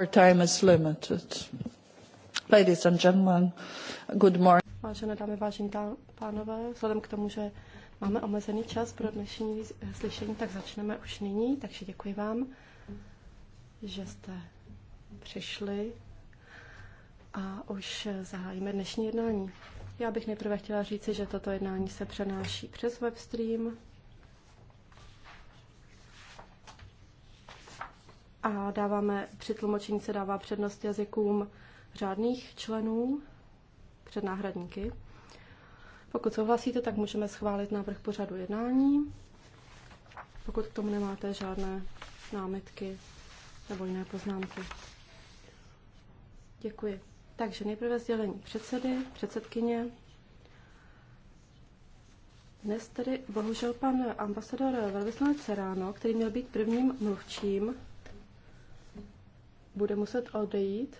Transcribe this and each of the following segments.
Vážené dámy, vážení pánové, vzhledem k tomu, že máme omezený čas pro dnešní slyšení, tak začneme už nyní, takže děkuji vám, že jste přišli a už zahájíme dnešní jednání. Já bych nejprve chtěla říci, že toto jednání se přenáší přes webstream a dáváme, při tlumočení se dává přednost jazykům řádných členů před náhradníky. Pokud souhlasíte, tak můžeme schválit návrh pořadu jednání. Pokud k tomu nemáte žádné námitky nebo jiné poznámky. Děkuji. Takže nejprve sdělení předsedy, předsedkyně. Dnes tedy bohužel pan ambasador velvyslanec Ceráno, který měl být prvním mluvčím bude muset odejít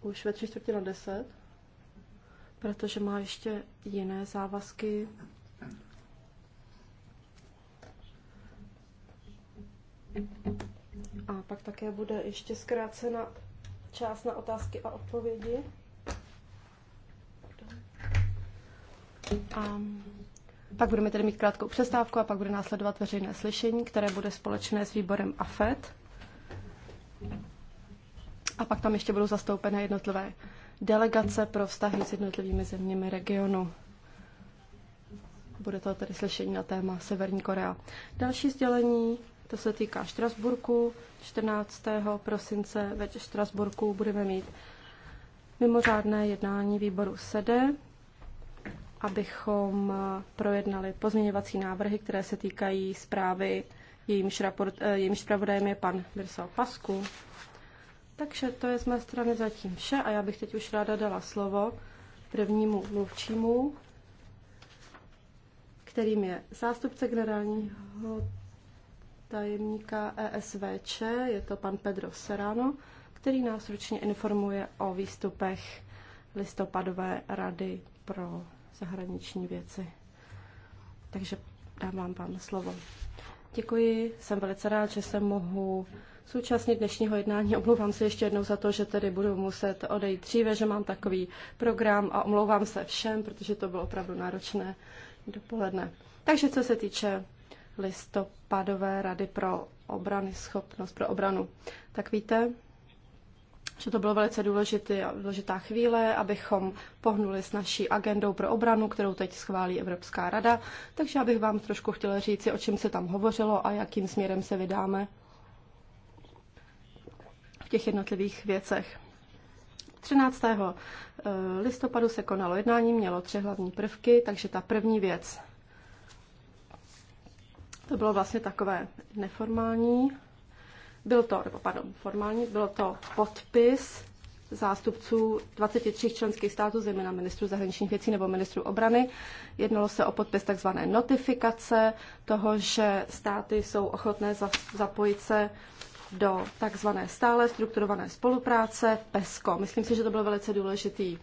už ve tři čtvrtě na deset, protože má ještě jiné závazky. A pak také bude ještě zkrácena část na otázky a odpovědi. A pak budeme tedy mít krátkou přestávku a pak bude následovat veřejné slyšení, které bude společné s výborem AFET. A pak tam ještě budou zastoupené jednotlivé delegace pro vztahy s jednotlivými zeměmi regionu. Bude to tedy slyšení na téma Severní Korea. Další sdělení, to se týká Štrasburku. 14. prosince ve Štrasburku budeme mít mimořádné jednání výboru SEDE, abychom eh, projednali pozměňovací návrhy, které se týkají zprávy jejímž, raport, eh, jejímž zpravodajem je pan Mirsal Pasku. Takže to je z mé strany zatím vše a já bych teď už ráda dala slovo prvnímu mluvčímu, kterým je zástupce generálního tajemníka ESVČ, je to pan Pedro Serrano, který nás ručně informuje o výstupech listopadové rady pro zahraniční věci. Takže dávám vám slovo. Děkuji, jsem velice rád, že se mohu současně dnešního jednání. Omlouvám se ještě jednou za to, že tedy budu muset odejít dříve, že mám takový program a omlouvám se všem, protože to bylo opravdu náročné dopoledne. Takže co se týče listopadové rady pro obrany schopnost, pro obranu, tak víte, že to bylo velice důležitý, důležitá chvíle, abychom pohnuli s naší agendou pro obranu, kterou teď schválí Evropská rada. Takže abych vám trošku chtěla říci, o čem se tam hovořilo a jakým směrem se vydáme v těch jednotlivých věcech. 13. Eh, listopadu se konalo jednání, mělo tři hlavní prvky, takže ta první věc. To bylo vlastně takové neformální byl to, nebo pardon, formálně, byl to podpis zástupců 23 členských států, zejména ministru zahraničních věcí nebo ministru obrany. Jednalo se o podpis tzv. notifikace toho, že státy jsou ochotné zapojit se do tzv. stále strukturované spolupráce PESCO. Myslím si, že to byl velice důležitý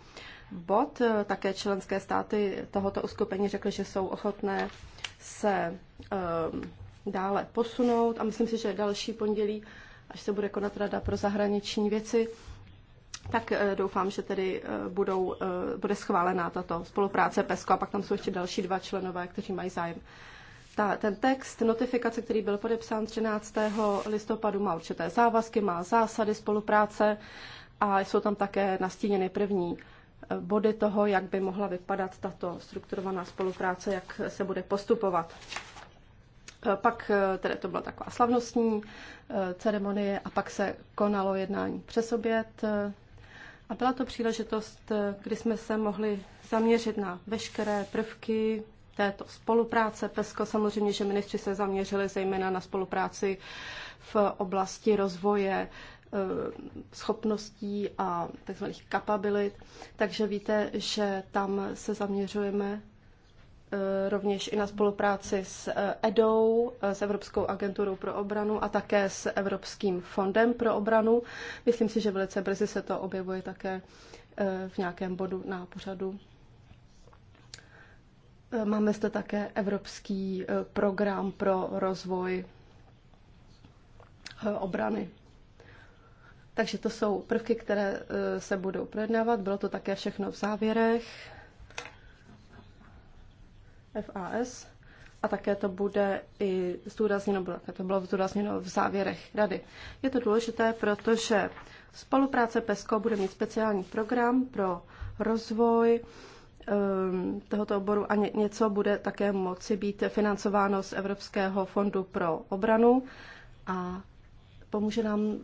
bod. Také členské státy tohoto uskupení řekly, že jsou ochotné se um, dále posunout a myslím si, že další pondělí, až se bude konat Rada pro zahraniční věci, tak eh, doufám, že tedy eh, budou, eh, bude schválená tato spolupráce PESCO a pak tam jsou ještě další dva členové, kteří mají zájem. Ta, ten text notifikace, který byl podepsán 13. listopadu, má určité závazky, má zásady spolupráce a jsou tam také nastíněny první body toho, jak by mohla vypadat tato strukturovaná spolupráce, jak se bude postupovat. Eh, pak eh, tedy to byla taková slavnostní eh, ceremonie a pak se konalo jednání přes oběd. A byla to příležitost, kdy jsme se mohli zaměřit na veškeré prvky této spolupráce PESCO. Samozřejmě, že ministři se zaměřili zejména na spolupráci v oblasti rozvoje schopností a tzv. kapabilit. Takže víte, že tam se zaměřujeme Eh, rovněž i na spolupráci s EDou, eh, e eh, s Evropskou agenturou pro obranu a také s Evropským fondem pro obranu. Myslím si, že velice brzy se to objevuje také v nějakém bodu na pořadu. Máme zde také Evropský program pro rozvoj obrany. Takže to jsou prvky, které se budou projednávat. Bylo to také všechno v závěrech. FAS a také to bude i zdůrazněno, bylo to bylo zdůrazněno v závěrech rady. Je to důležité, protože spolupráce PESCO bude mít speciální program pro rozvoj um, tohoto oboru a ně, něco bude také moci být financováno z Evropského fondu pro obranu a pomůže nám,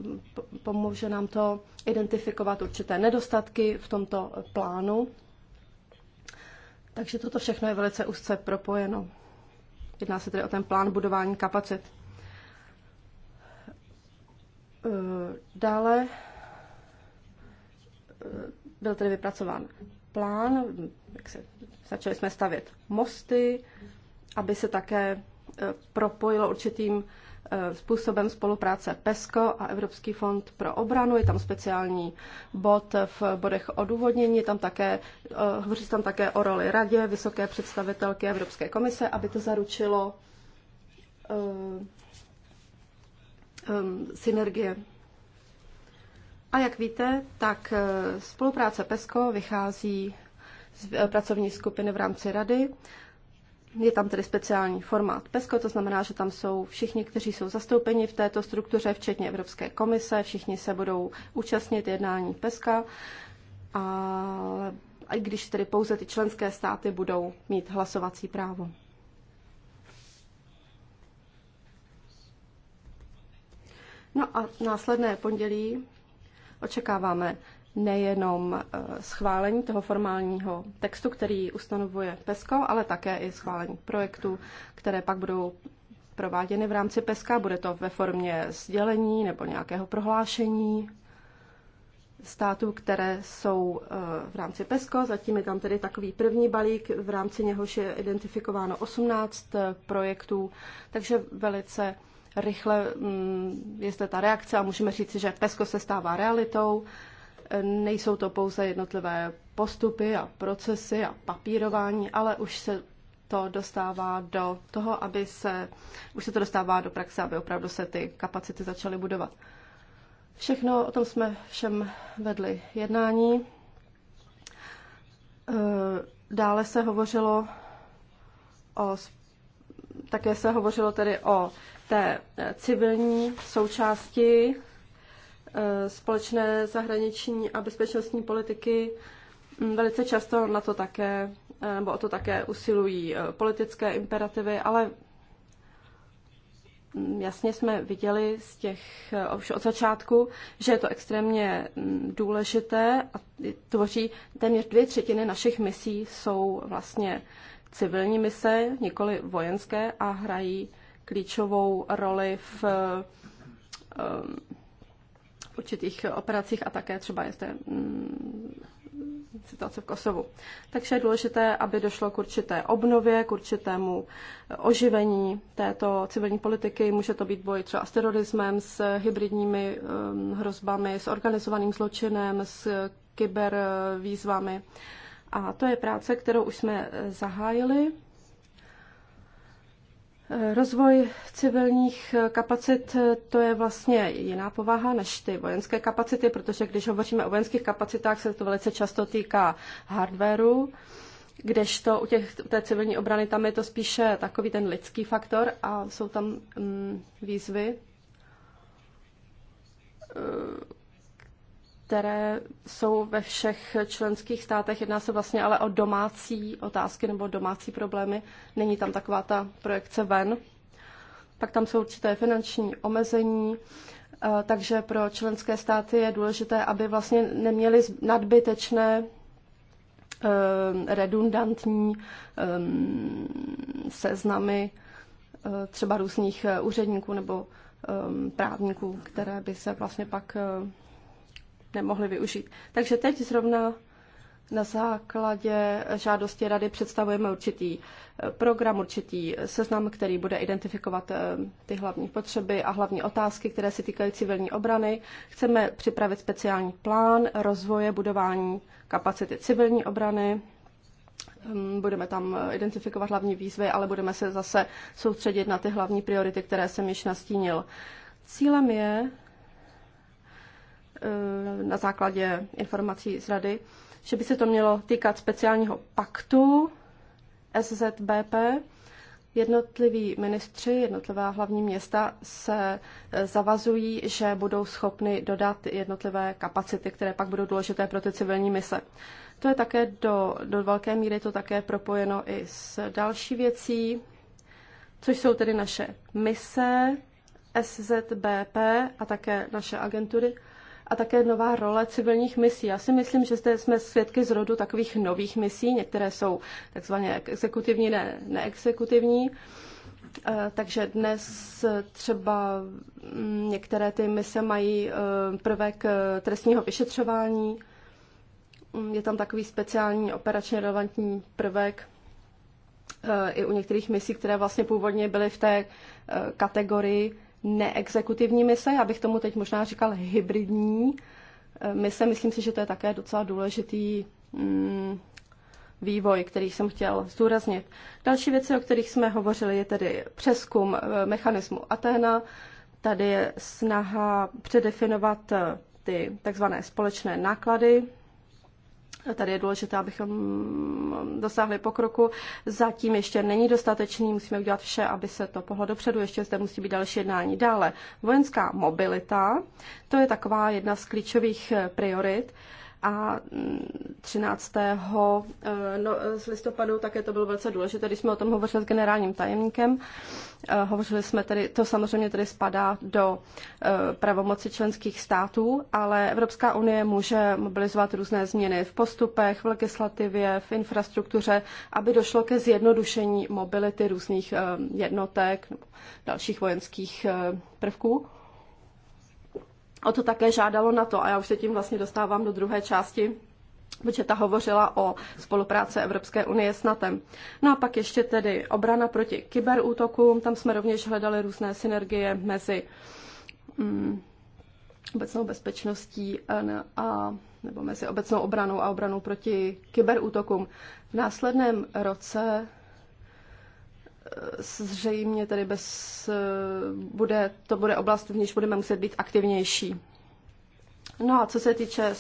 pomůže nám to identifikovat určité nedostatky v tomto plánu takže toto všechno je velice úzce propojeno. Jedná se tedy o ten plán budování kapacit. Eh, dále eh, byl tedy vypracován plán, jak se, začali jsme stavět mosty, aby se také eh, propojilo určitým Eh, způsobem spolupráce PESCO a Evropský fond pro obranu. Je tam speciální bod v bodech odůvodnění, tam také, eh, hovoří tam také o roli radě, vysoké představitelky Evropské komise, aby to zaručilo eh, synergie. A jak víte, tak spolupráce PESCO vychází z pracovní skupiny v rámci rady je tam tedy speciální formát PESCO, to znamená, že tam jsou všichni, kteří jsou zastoupeni v této struktuře, včetně Evropské komise, všichni se budou účastnit jednání PESCA, A i když tedy pouze ty členské státy budou mít hlasovací právo. No a následné pondělí očekáváme nejenom eh, schválení toho formálního textu, který ustanovuje PESCO, ale také i schválení projektů, které pak budou prováděny v rámci PESCO. Bude to ve formě sdělení nebo nějakého prohlášení států, které jsou eh, v rámci PESCO. Zatím je tam tedy takový první balík, v rámci něhož je identifikováno 18 eh, projektů, takže velice rychle mm, je zde ta reakce a můžeme říci, že PESCO se stává realitou. Nejsou to pouze jednotlivé postupy a procesy a papírování, ale už se to dostává do toho, aby se, už se to dostává do praxe, aby opravdu se ty kapacity začaly budovat. Všechno o tom jsme všem vedli jednání. Eh, dále se hovořilo o, také se hovořilo tedy o té eh, civilní součásti Eh, společné zahraniční a bezpečnostní politiky mm, velice často na to také, eh, nebo o to také usilují eh, politické imperativy, ale mm, jasně jsme viděli z těch, už od začátku, že je to extrémně mm, důležité a tvoří téměř dvě třetiny našich misí jsou vlastně civilní mise, nikoli vojenské a hrají klíčovou roli v určitých operacích a také třeba je zde mm, situace v Kosovu. Takže je důležité, aby došlo k určité obnově, k určitému oživení této civilní politiky. Může to být boj třeba s terorismem, s hybridními um, hrozbami, s organizovaným zločinem, s kybervýzvami. A to je práce, kterou už jsme zahájili Rozvoj civilních kapacit to je vlastně jiná povaha než ty vojenské kapacity, protože když hovoříme o vojenských kapacitách, se to velice často týká hardwareu, kdežto u, těch, u té civilní obrany tam je to spíše takový ten lidský faktor a jsou tam mm, výzvy, které jsou ve všech členských státech. Jedná se vlastně ale o domácí otázky nebo domácí problémy. Není tam taková ta projekce ven. Pak tam jsou určité finanční omezení, eh, takže pro členské státy je důležité, aby vlastně neměly nadbytečné eh, redundantní ehm, seznamy eh, třeba různých úředníků nebo ehm, právníků, které by se vlastně pak nemohli využít. Takže teď zrovna na základě žádosti rady představujeme určitý eh, program, určitý eh, seznam, který bude identifikovat eh, ty hlavní potřeby a hlavní otázky, které se týkají civilní obrany. Chceme připravit speciální plán rozvoje budování kapacity civilní obrany. Ehm, budeme tam identifikovat hlavní výzvy, ale budeme se zase soustředit na ty hlavní priority, které jsem již nastínil. Cílem je Eh, na základě informací z rady, že by se to mělo týkat speciálního paktu SZBP. Jednotliví ministři, jednotlivá hlavní města se eh, zavazují, že budou schopny dodat jednotlivé kapacity, které pak budou důležité pro ty civilní mise. To je také do, do velké míry to také propojeno i s další věcí, což jsou tedy naše mise, SZBP a také naše agentury a také nová role civilních misí. Já si myslím, že zde jsme svědky zrodu takových nových misí, některé jsou takzvaně exekutivní, ne, neexekutivní. Eh, takže dnes třeba mm, některé ty mise mají eh, prvek eh, trestního vyšetřování, mm, je tam takový speciální operačně relevantní prvek i u některých misí, které vlastně původně byly v té kategorii neexekutivní mise, já bych tomu teď možná říkal hybridní eh, mise. Myslím si, že to je také docela důležitý mm, vývoj, který jsem chtěl zdůraznit. Další věci, o kterých jsme hovořili, je tedy přeskum eh, mechanismu Athena. Tady je snaha předefinovat eh, ty takzvané společné náklady Tady je důležité, abychom dosáhli pokroku. Zatím ještě není dostatečný, musíme udělat vše, aby se to pohlo dopředu. Ještě zde musí být další jednání. Dále, vojenská mobilita, to je taková jedna z klíčových priorit a 13. Mm, eh, no, eh, z listopadu také to bylo velice důležité, když jsme o tom hovořili s generálním tajemníkem. Eh, hovořili jsme tedy, to samozřejmě tedy spadá do pravomoci členských států, ale Evropská unie může mobilizovat různé změny v postupech, v legislativě, v infrastruktuře, aby došlo ke zjednodušení mobility různých jednotek nebo dalších vojenských prvků o to také žádalo na to a já už se tím vlastně dostávám do druhé části protože ta hovořila o spolupráce Evropské unie s NATO. No a pak ještě tedy obrana proti kyberútokům, tam jsme rovněž hledali různé synergie mezi mm, obecnou bezpečností a nebo mezi obecnou obranou a obranou proti kyberútokům. V následném roce zřejmě tedy bez, eh, bude, to bude oblast, v níž budeme muset být aktivnější. No a co se týče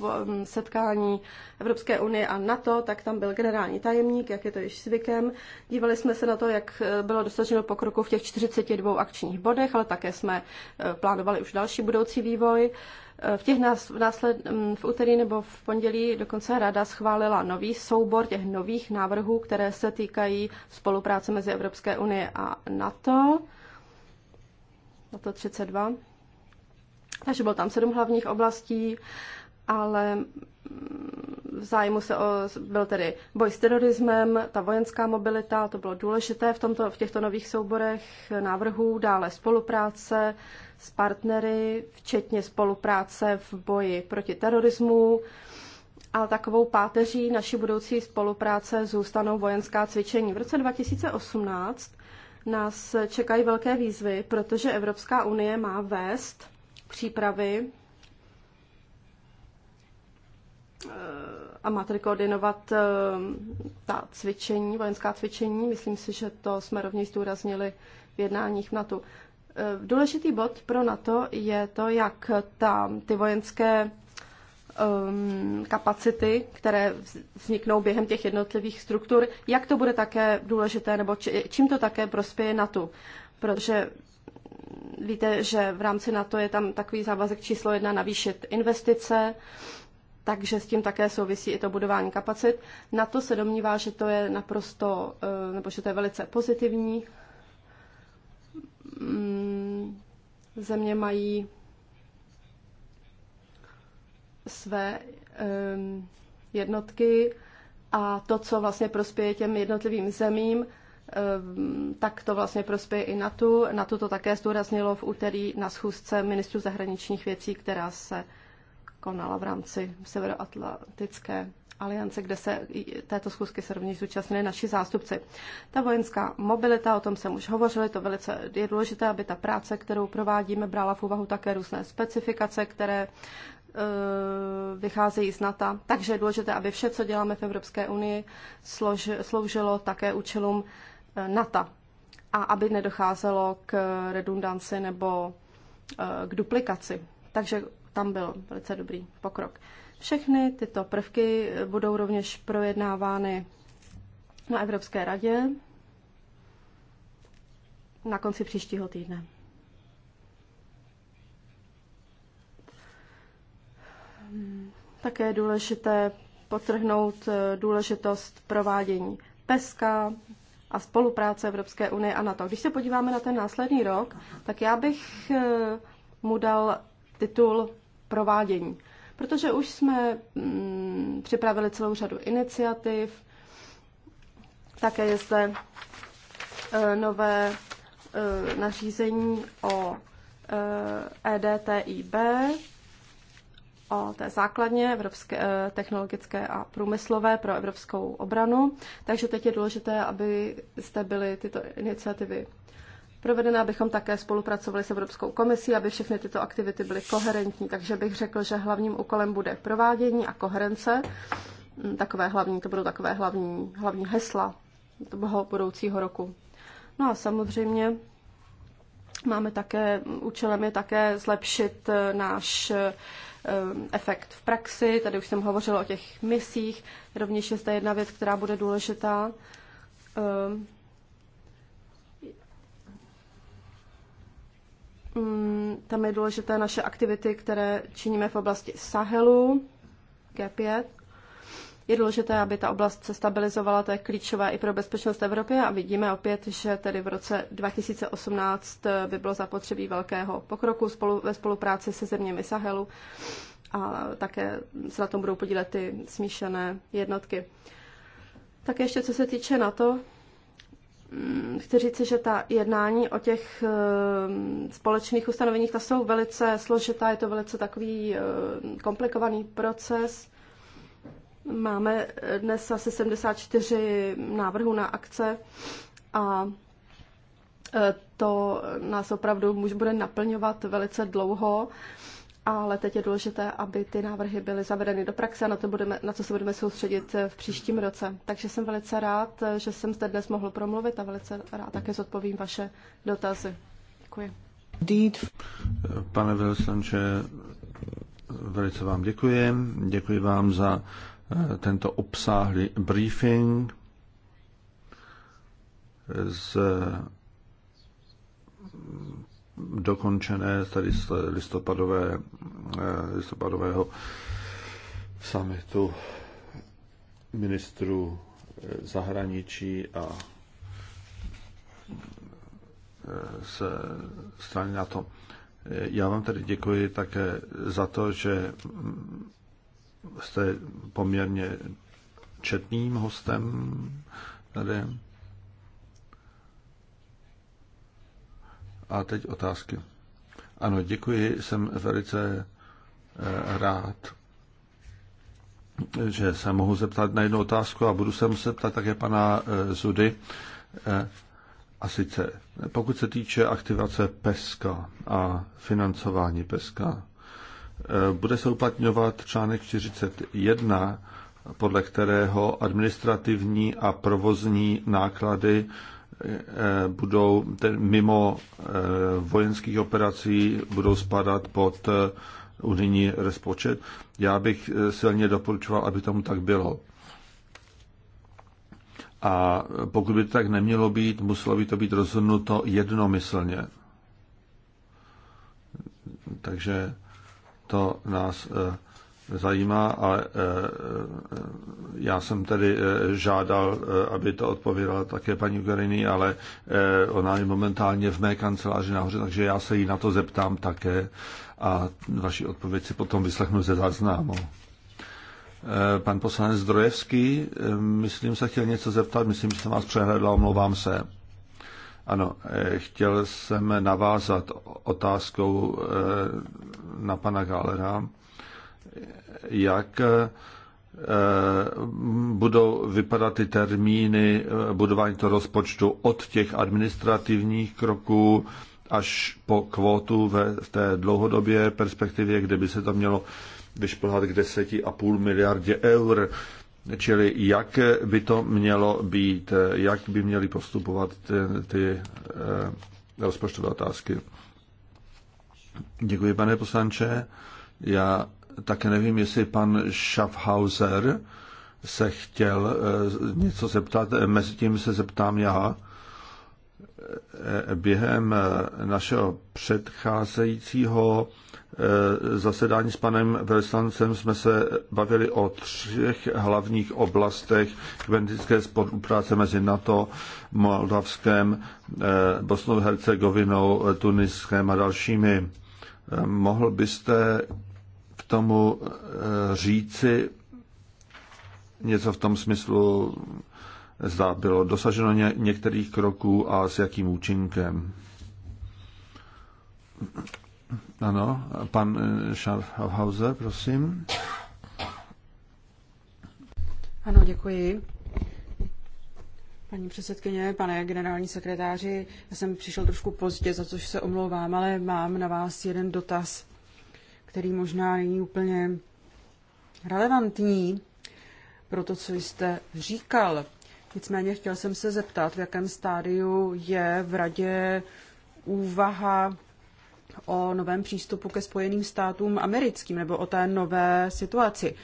Mm, setkání Evropské unie a NATO, tak tam byl generální tajemník, jak je to již zvykem. Dívali jsme se na to, jak eh, bylo dosaženo pokroku v těch 42 akčních bodech, ale také jsme eh, plánovali už další budoucí vývoj. Eh, v těch nás, v, násled, mm, v úterý nebo v pondělí dokonce rada schválila nový soubor těch nových návrhů, které se týkají spolupráce mezi Evropské unie a NATO. NATO 32. Takže bylo tam sedm hlavních oblastí ale v zájmu se o, byl tedy boj s terorismem, ta vojenská mobilita, to bylo důležité v, tomto, v těchto nových souborech návrhů, dále spolupráce s partnery, včetně spolupráce v boji proti terorismu. A takovou páteří naší budoucí spolupráce zůstanou vojenská cvičení. V roce 2018 nás čekají velké výzvy, protože Evropská unie má vést přípravy Eh, a máte koordinovat eh, ta cvičení, vojenská cvičení. Myslím si, že to jsme rovněž zdůraznili v jednáních v NATO. Eh, důležitý bod pro NATO je to, jak ta, ty vojenské um, kapacity, které vzniknou během těch jednotlivých struktur, jak to bude také důležité, nebo či, čím to také prospěje NATO. Protože víte, že v rámci NATO je tam takový závazek číslo jedna navýšit investice, uh, takže s tím také souvisí i to budování kapacit. Na to se domnívá, že to je naprosto, eh, nebo že to je velice pozitivní. Mm, země mají své eh, jednotky a to, co vlastně prospěje těm jednotlivým zemím, eh, tak to vlastně prospěje i NATO. NATO to také zdůraznilo v úterý na schůzce ministrů zahraničních věcí, která se konala v rámci Severoatlantické aliance, kde se této schůzky se rovněž zúčastnili naši zástupci. Ta vojenská mobilita, o tom jsem už hovořili, to velice je důležité, aby ta práce, kterou provádíme, brala v úvahu také různé specifikace, které e, vycházejí z NATO. Takže je důležité, aby vše, co děláme v Evropské unii, slož, sloužilo také účelům e, NATO a aby nedocházelo k redundanci nebo e, k duplikaci. Takže tam byl velice dobrý pokrok. Všechny tyto prvky budou rovněž projednávány na Evropské radě na konci příštího týdne. Také je důležité potrhnout eh, důležitost provádění PESKA a spolupráce Evropské unie a NATO. Když se podíváme na ten následný rok, tak já bych eh, mu dal titul provádění. Protože už jsme mm, připravili celou řadu iniciativ, také je zde e, nové e, nařízení o EDTIB, e o té základně evropské, technologické a průmyslové pro evropskou obranu. Takže teď je důležité, aby jste byli tyto iniciativy provedena, abychom také spolupracovali s Evropskou komisí, aby všechny tyto aktivity byly koherentní. Takže bych řekl, že hlavním úkolem bude provádění a koherence. Mm, takové hlavní, to budou takové hlavní, hlavní hesla toho budoucího roku. No a samozřejmě máme také, účelem je také zlepšit eh, náš eh, efekt v praxi. Tady už jsem hovořila o těch misích. Rovněž je zde jedna věc, která bude důležitá ehm, Mm, tam je důležité naše aktivity, které činíme v oblasti Sahelu, G5. Je důležité, aby ta oblast se stabilizovala, to je klíčové i pro bezpečnost Evropy a vidíme opět, že tedy v roce 2018 eh, by bylo zapotřebí velkého pokroku spolu, ve spolupráci se zeměmi Sahelu a také se na tom budou podílet ty smíšené jednotky. Tak ještě co se týče NATO, chci říci, že ta jednání o těch eh, společných ustanoveních, ta jsou velice složitá, je to velice takový eh, komplikovaný proces. Máme dnes asi 74 návrhů na akce a eh, to nás opravdu muž bude naplňovat velice dlouho ale teď je důležité, aby ty návrhy byly zavedeny do praxe a na, to budeme, na co se budeme soustředit eh, v příštím roce. Takže jsem velice rád, eh, že jsem zde dnes mohl promluvit a velice rád také zodpovím vaše dotazy. Děkuji. Pane Velsanče, velice vám děkuji. Děkuji vám za eh, tento obsáhlý briefing z dokončené tady z listopadové, eh, listopadového samitu ministrů eh, zahraničí a eh, se strany na to. Já vám tedy děkuji také za to, že mm, jste poměrně četným hostem tady A teď otázky. Ano, děkuji, jsem velice eh, rád, že se mohu zeptat na jednu otázku a budu se muset ptat také pana eh, Zudy. Eh, a sice, pokud se týče aktivace PESKA a financování PESKA, bude se uplatňovat článek 41, podle kterého administrativní a provozní náklady Eh, budou mimo eh, vojenských operací budou spadat pod eh, unijní rozpočet. Já bych silně doporučoval, aby tomu tak bylo. A pokud by to tak nemělo být, muselo by to být rozhodnuto jednomyslně. Takže to nás zajímá a e, e, já jsem tedy e, žádal, aby to odpovědala také paní Ugariny, ale ona je momentálně v mé kanceláři nahoře, takže já se jí na to zeptám také a vaši odpověď si potom vyslechnu ze záznamu. Pan poslanec Zdrojevský, myslím se, chtěl něco zeptat, myslím, že jsem vás přehledla, omlouvám se. Ano, chtěl jsem navázat otázkou na pana Galera jak eh, budou vypadat ty termíny eh, budování toho rozpočtu od těch administrativních kroků až po kvótu ve, v té dlouhodobě perspektivě, kde by se to mělo vyšplhat k 10,5 miliardě eur. Čili jak by to mělo být, eh, jak by měly postupovat ty, ty eh, rozpočtové otázky. Děkuji, pane poslanče. Já tak nevím, jestli pan Schaffhauser se chtěl eh, něco zeptat, eh, mezi tím se zeptám já. Eh, během našeho předcházejícího zasedání s panem Velslancem jsme se bavili o třech hlavních oblastech kybernetické spolupráce mezi NATO, Moldavském, Bosnou Hercegovinou, Tuniskem a dalšími. Mohl byste tomu eh, říci něco v tom smyslu, zda bylo dosaženo ně, některých kroků a s jakým účinkem. Ano, pan eh, Schaffhauser, prosím. Ano, děkuji. Paní předsedkyně, pane generální sekretáři, já jsem přišel trošku pozdě, za což se omlouvám, ale mám na vás jeden dotaz který možná není úplně relevantní pro to, co jste říkal. Nicméně chtěl jsem se zeptat, v jakém stádiu je v radě úvaha o novém přístupu ke Spojeným státům americkým nebo o té nové situaci.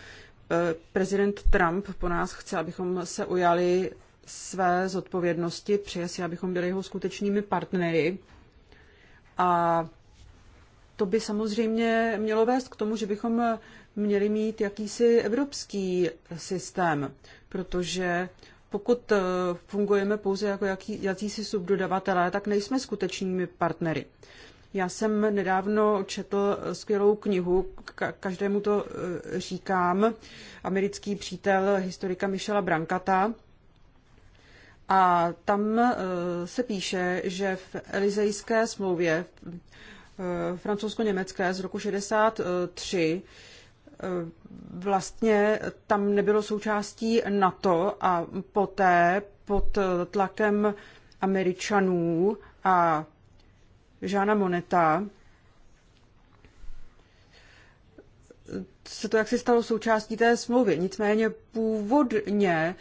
Eh, prezident Trump po nás chce, abychom se ujali své zodpovědnosti, přeje si, abychom byli jeho skutečnými partnery. A to by samozřejmě mělo vést k tomu, že bychom měli mít jakýsi evropský systém, protože pokud eh, fungujeme pouze jako jaký, jakýsi subdodavatelé, tak nejsme skutečnými partnery. Já jsem nedávno četl skvělou knihu, ka- každému to eh, říkám, americký přítel historika Michela Brankata. A tam eh, se píše, že v Elizejské smlouvě Eh, francouzsko-německé z roku 63 eh, vlastně tam nebylo součástí NATO a poté pod tlakem Američanů a Žána Moneta se to jaksi stalo součástí té smlouvy. Nicméně původně e,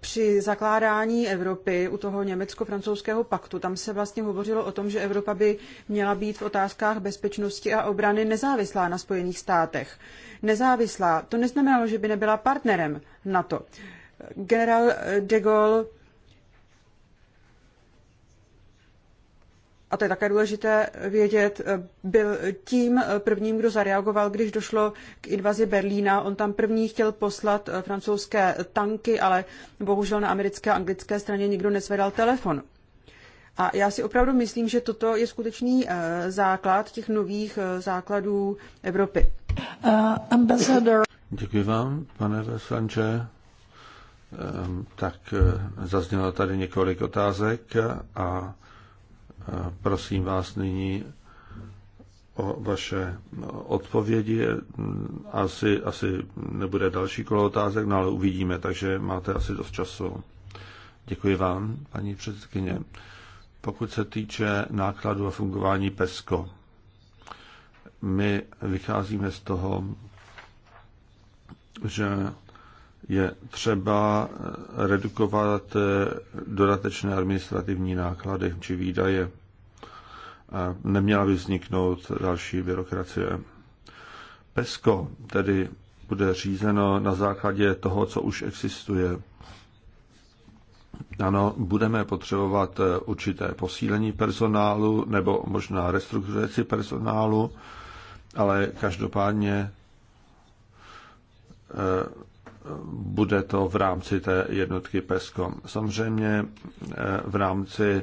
při zakládání Evropy u toho německo-francouzského paktu, tam se vlastně hovořilo o tom, že Evropa by měla být v otázkách bezpečnosti a obrany nezávislá na Spojených státech. Nezávislá, to neznamenalo, že by nebyla partnerem NATO. Generál de Gaulle a to je také důležité vědět, eh, byl tím eh, prvním, kdo zareagoval, když došlo k invazi Berlína. On tam první chtěl poslat eh, francouzské tanky, ale bohužel na americké a anglické straně nikdo nesvedal telefon. A já si opravdu myslím, že toto je skutečný základ těch nových základů Evropy. Uh, ambassador. Děkuji vám, pane Veslanče. Ehm, tak zaznělo tady několik otázek a prosím vás nyní o vaše odpovědi. Asi, asi nebude další kolo otázek, no ale uvidíme, takže máte asi dost času. Děkuji vám, paní předsedkyně. Pokud se týče nákladu a fungování PESCO, my vycházíme z toho, že je třeba eh, redukovat eh, dodatečné administrativní náklady či výdaje. Neměla by vzniknout další byrokracie. PESCO tedy bude řízeno na základě toho, co už existuje. Ano, budeme potřebovat eh, určité posílení personálu nebo možná restrukturaci personálu, ale každopádně bude to v rámci té jednotky PESCO. Samozřejmě eh, v rámci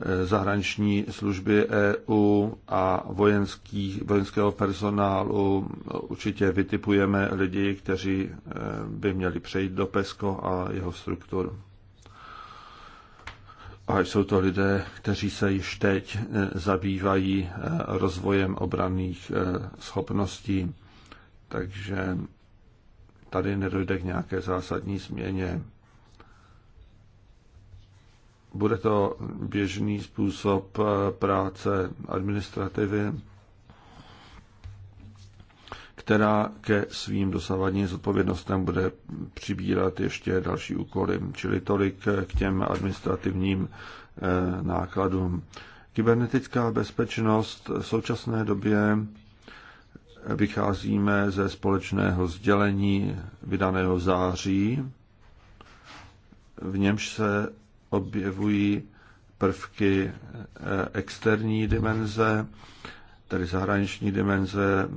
eh, zahraniční služby EU a vojenských, vojenského personálu eh, určitě vytipujeme lidi, kteří by měli přejít do PESCO a jeho strukturu. A jsou to lidé, kteří se již teď zabývají rozvojem obraných schopností. Takže tady nedojde k nějaké zásadní změně. Bude to běžný způsob eh, práce administrativy, která ke svým dosavadním zodpovědnostem bude přibírat ještě další úkoly, čili tolik eh, k těm administrativním eh, nákladům. Kybernetická bezpečnost v současné době vycházíme ze společného sdělení vydaného v září, v němž se objevují prvky eh, externí dimenze, tedy zahraniční dimenze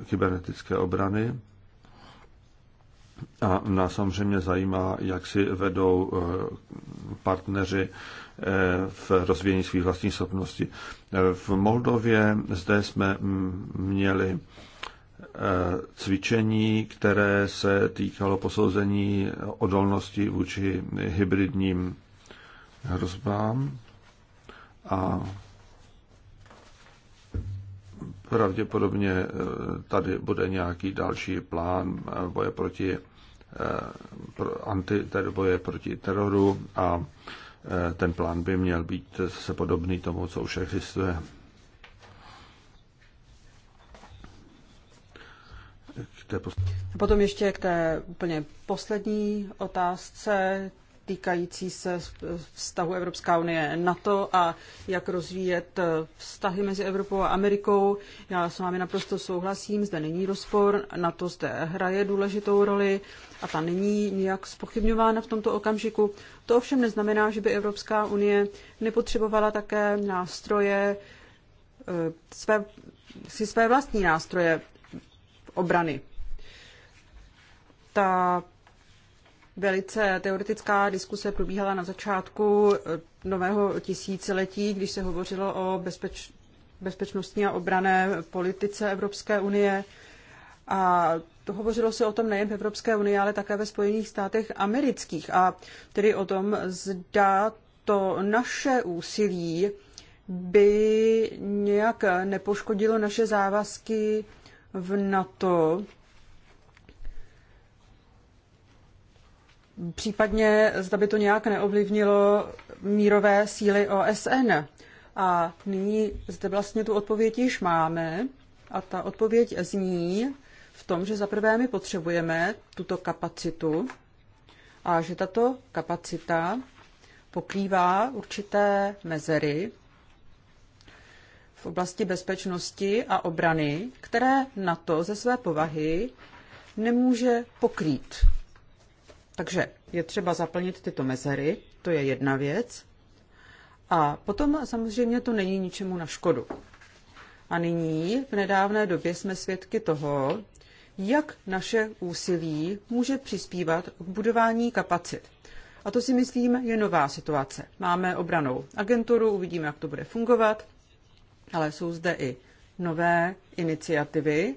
eh, kybernetické obrany a nás samozřejmě zajímá, jak si vedou eh, partneři eh, v rozvíjení svých vlastních schopností. Eh, v Moldově zde jsme mm, měli cvičení, které se týkalo posouzení odolnosti vůči hybridním hrozbám a pravděpodobně tady bude nějaký další plán boje proti Eh, anti, boje proti teroru a eh, ten plán by měl být se podobný tomu, co už existuje. K té A potom ještě k té úplně poslední otázce týkající se vztahu Evropská unie NATO a jak rozvíjet vztahy mezi Evropou a Amerikou. Já s vámi naprosto souhlasím, zde není rozpor, NATO zde hraje důležitou roli a ta není nijak spochybňována v tomto okamžiku. To ovšem neznamená, že by Evropská unie nepotřebovala také nástroje, eh, své, si své vlastní nástroje obrany. Ta Velice teoretická diskuse probíhala na začátku eh, nového tisíciletí, když se hovořilo o bezpeč, bezpečnostní a obrané politice Evropské unie. A to hovořilo se o tom nejen v Evropské unii, ale také ve Spojených státech amerických. A tedy o tom, zda to naše úsilí by nějak nepoškodilo naše závazky v NATO případně zda by to nějak neovlivnilo mírové síly OSN. A nyní zde vlastně tu odpověď již máme a ta odpověď zní v tom, že zaprvé my potřebujeme tuto kapacitu a že tato kapacita pokrývá určité mezery v oblasti bezpečnosti a obrany, které NATO ze své povahy nemůže pokrýt takže je třeba zaplnit tyto mezery, to je jedna věc. A potom samozřejmě to není ničemu na škodu. A nyní v nedávné době jsme svědky toho, jak naše úsilí může přispívat k budování kapacit. A to si myslím je nová situace. Máme obranou agenturu, uvidíme, jak to bude fungovat, ale jsou zde i nové iniciativy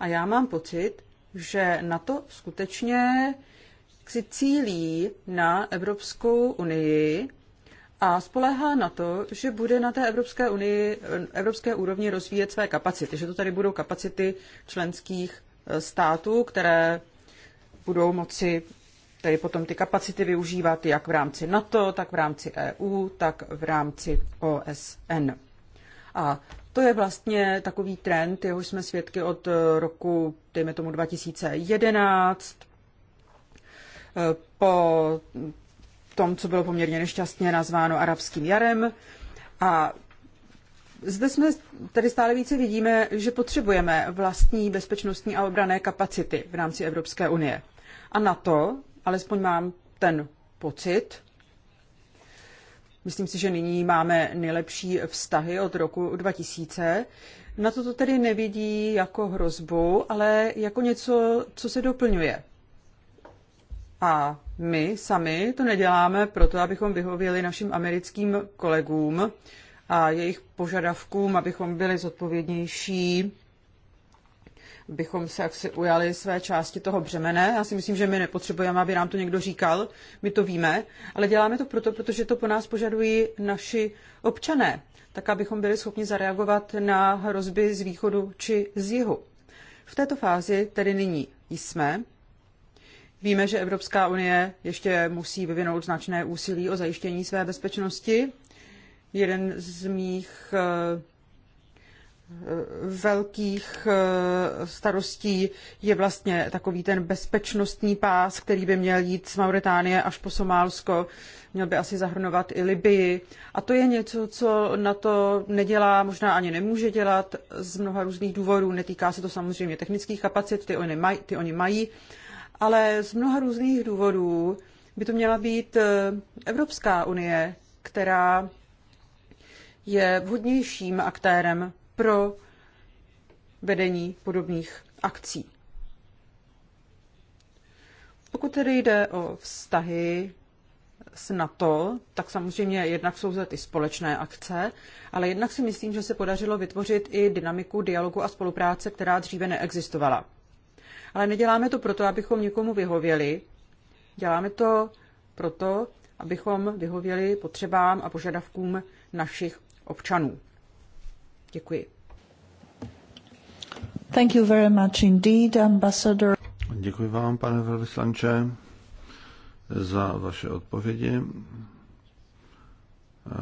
a já mám pocit, že na to skutečně si cílí na Evropskou unii a spolehá na to, že bude na té Evropské unii, evropské úrovni rozvíjet své kapacity, že to tady budou kapacity členských eh, států, které budou moci tedy potom ty kapacity využívat jak v rámci NATO, tak v rámci EU, tak v rámci OSN. A to je vlastně takový trend, jehož jsme svědky od eh, roku, dejme tomu 2011, po tom, co bylo poměrně nešťastně nazváno arabským jarem. A zde jsme tady stále více vidíme, že potřebujeme vlastní bezpečnostní a obrané kapacity v rámci Evropské unie. A na to, alespoň mám ten pocit, myslím si, že nyní máme nejlepší vztahy od roku 2000, na to to tedy nevidí jako hrozbu, ale jako něco, co se doplňuje. A my sami to neděláme proto, abychom vyhověli našim americkým kolegům a jejich požadavkům, abychom byli zodpovědnější, abychom se jaksi ujali své části toho břemene. Já si myslím, že my nepotřebujeme, aby nám to někdo říkal, my to víme, ale děláme to proto, protože to po nás požadují naši občané, tak abychom byli schopni zareagovat na hrozby z východu či z jihu. V této fázi tedy nyní jsme Víme, že Evropská unie ještě musí vyvinout značné úsilí o zajištění své bezpečnosti. Jeden z mých eh, velkých eh, starostí je vlastně takový ten bezpečnostní pás, který by měl jít z Mauritánie až po Somálsko, měl by asi zahrnovat i Libii. A to je něco, co na to nedělá, možná ani nemůže dělat z mnoha různých důvodů. Netýká se to samozřejmě technických kapacit, ty oni, maj, ty oni mají, ale z mnoha různých důvodů by to měla být eh, Evropská unie, která je vhodnějším aktérem pro vedení podobných akcí. Pokud tedy jde o vztahy s NATO, tak samozřejmě jednak jsou zde ty společné akce, ale jednak si myslím, že se podařilo vytvořit i dynamiku dialogu a spolupráce, která dříve neexistovala ale neděláme to proto, abychom někomu vyhověli. Děláme to proto, abychom vyhověli potřebám a požadavkům našich občanů. Děkuji. Thank you very much indeed, ambassador. Děkuji vám, pane velvyslanče, za vaše odpovědi.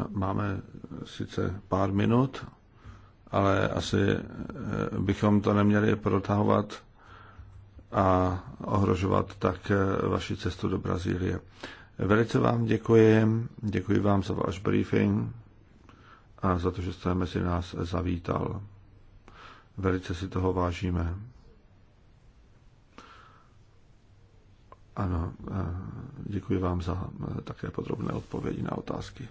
Máme sice pár minut, ale asi eh, bychom to neměli protahovat a ohrožovat tak eh, vaši cestu do Brazílie. Velice vám děkuji, děkuji vám za váš briefing a za to, že jste mezi nás zavítal. Velice si toho vážíme. Ano, eh, děkuji vám za eh, také podrobné odpovědi na otázky.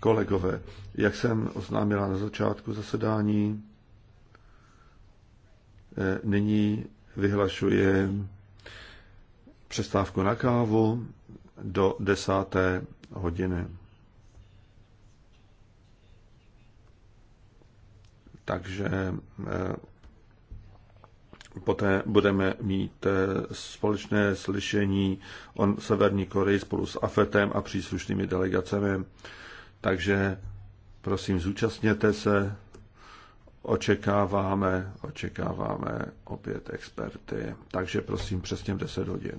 Kolegové, jak jsem oznámila na začátku zasedání, eh, nyní vyhlašuji přestávku na kávu do desáté hodiny. Takže eh, poté budeme mít eh, společné slyšení o Severní Koreji spolu s AFETem a příslušnými delegacemi. Takže Prosím, zúčastněte se. Očekáváme, očekáváme opět experty. Takže prosím, přesně v 10 hodin.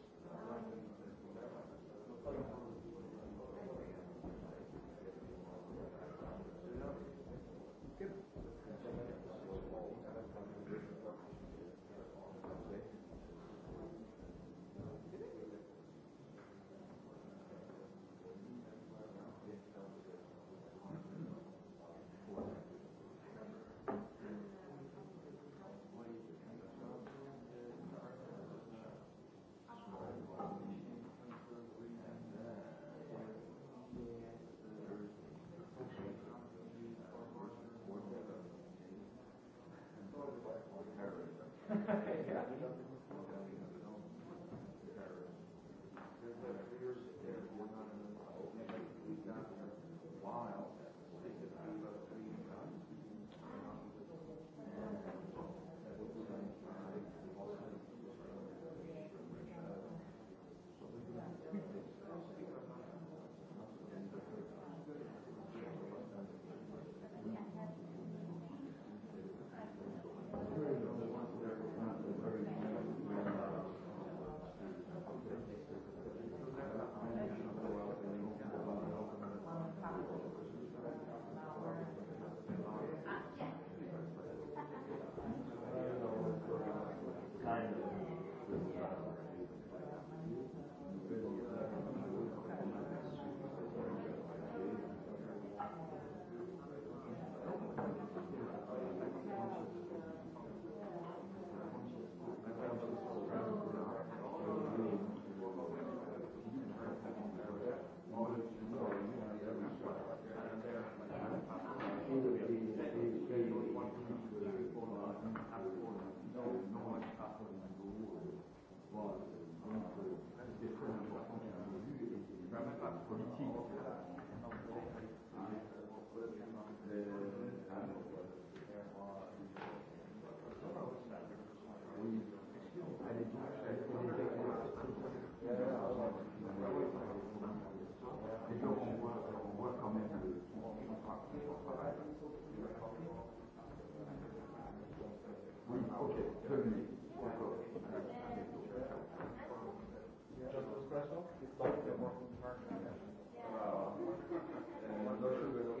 yeah. Prasov, Yeah. Uh, and I'm not sure whether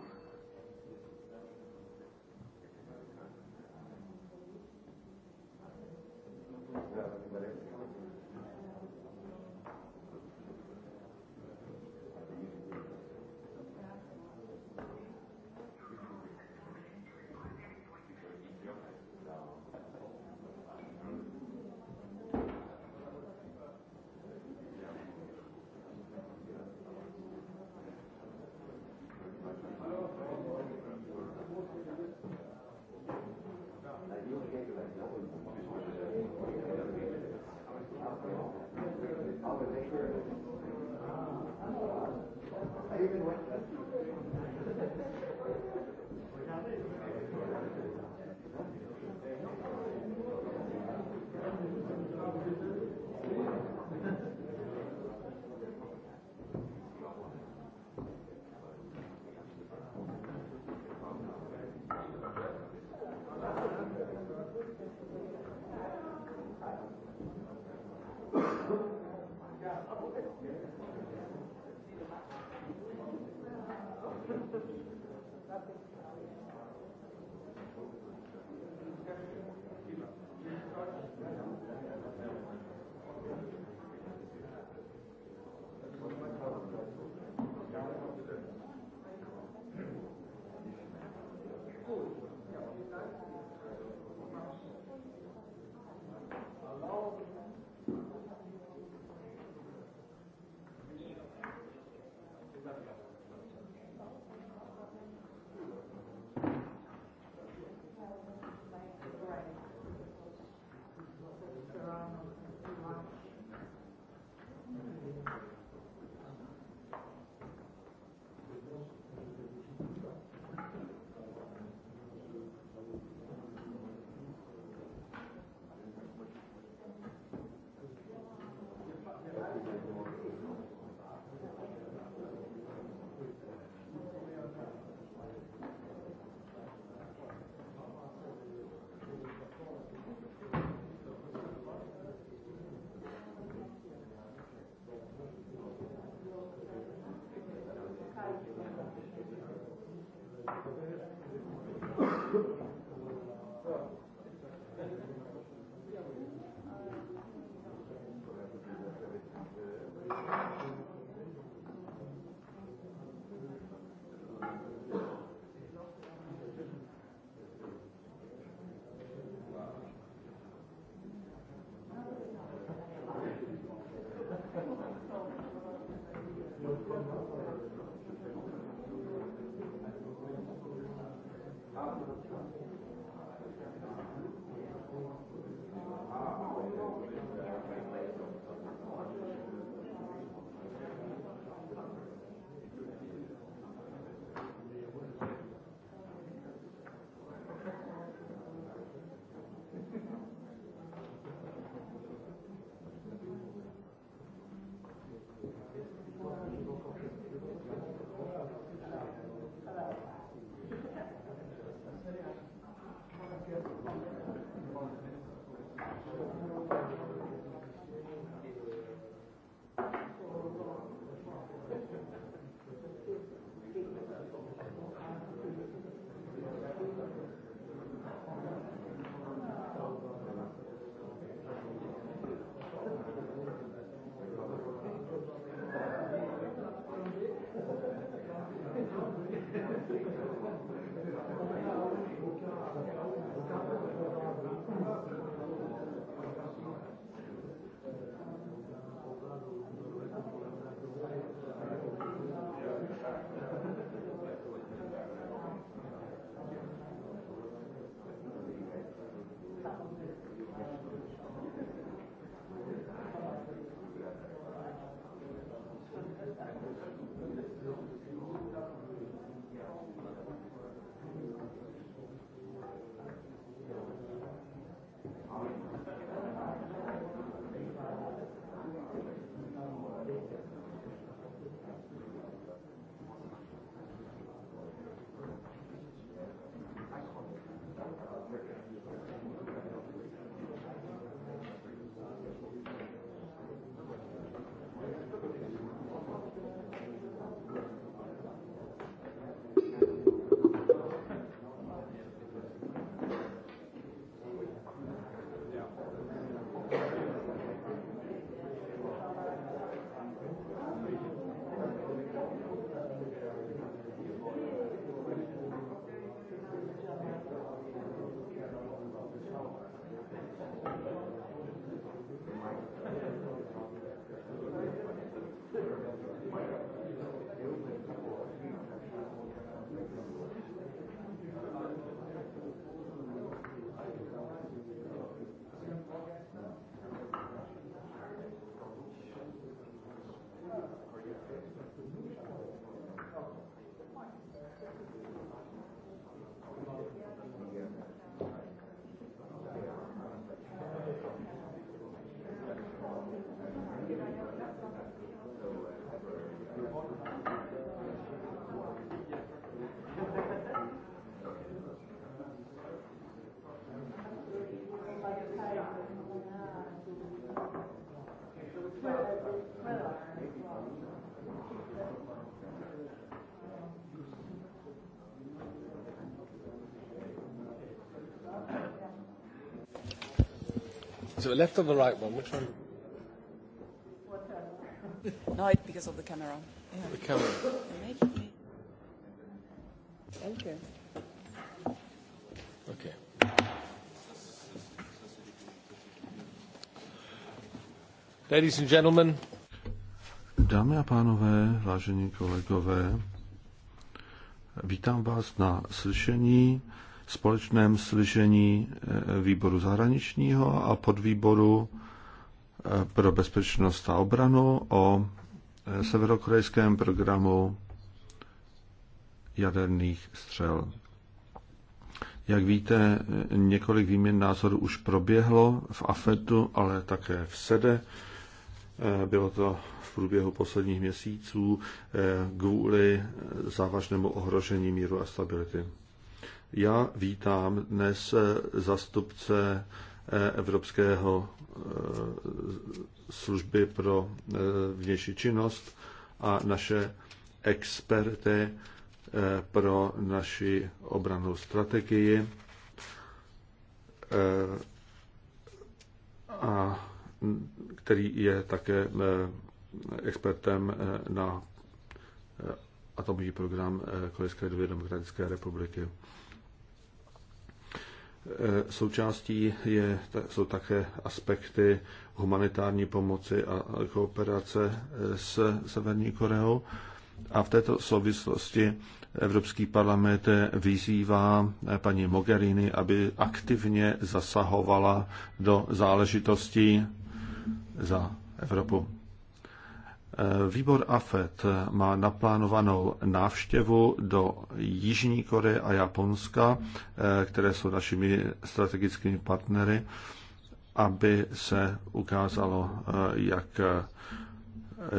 Is it the left or the right one? Which one? No, it's because of the camera. Yeah. The camera. Okay. Okay. Ladies and gentlemen. Dámy a pánové, vážení kolegové, vítám vás na slyšení společném slyšení eh, výboru zahraničního a podvýboru eh, pro bezpečnost a obranu o eh, severokorejském programu jaderných střel. Jak víte, několik výměn názorů už proběhlo v AFETu, ale také v SEDE. Bylo to v průběhu posledních měsíců kvůli závažnému ohrožení míru a stability. Já vítám dnes eh, zastupce eh, Evropského eh, služby pro vnější činnost a naše experty pro naši obranou strategii. A který je také expertem na atomový program Korejské lidově demokratické republiky. Eh, součástí je, jsou také aspekty humanitární pomoci a kooperace eh, s Severní Koreou. A v této souvislosti Evropský parlament vyzývá eh, paní Mogherini, aby aktivně zasahovala do záležitostí za Evropu. Výbor AFET má naplánovanou návštěvu do Jižní Koreje a Japonska, eh, které jsou našimi strategickými partnery, aby se ukázalo, eh, jak eh,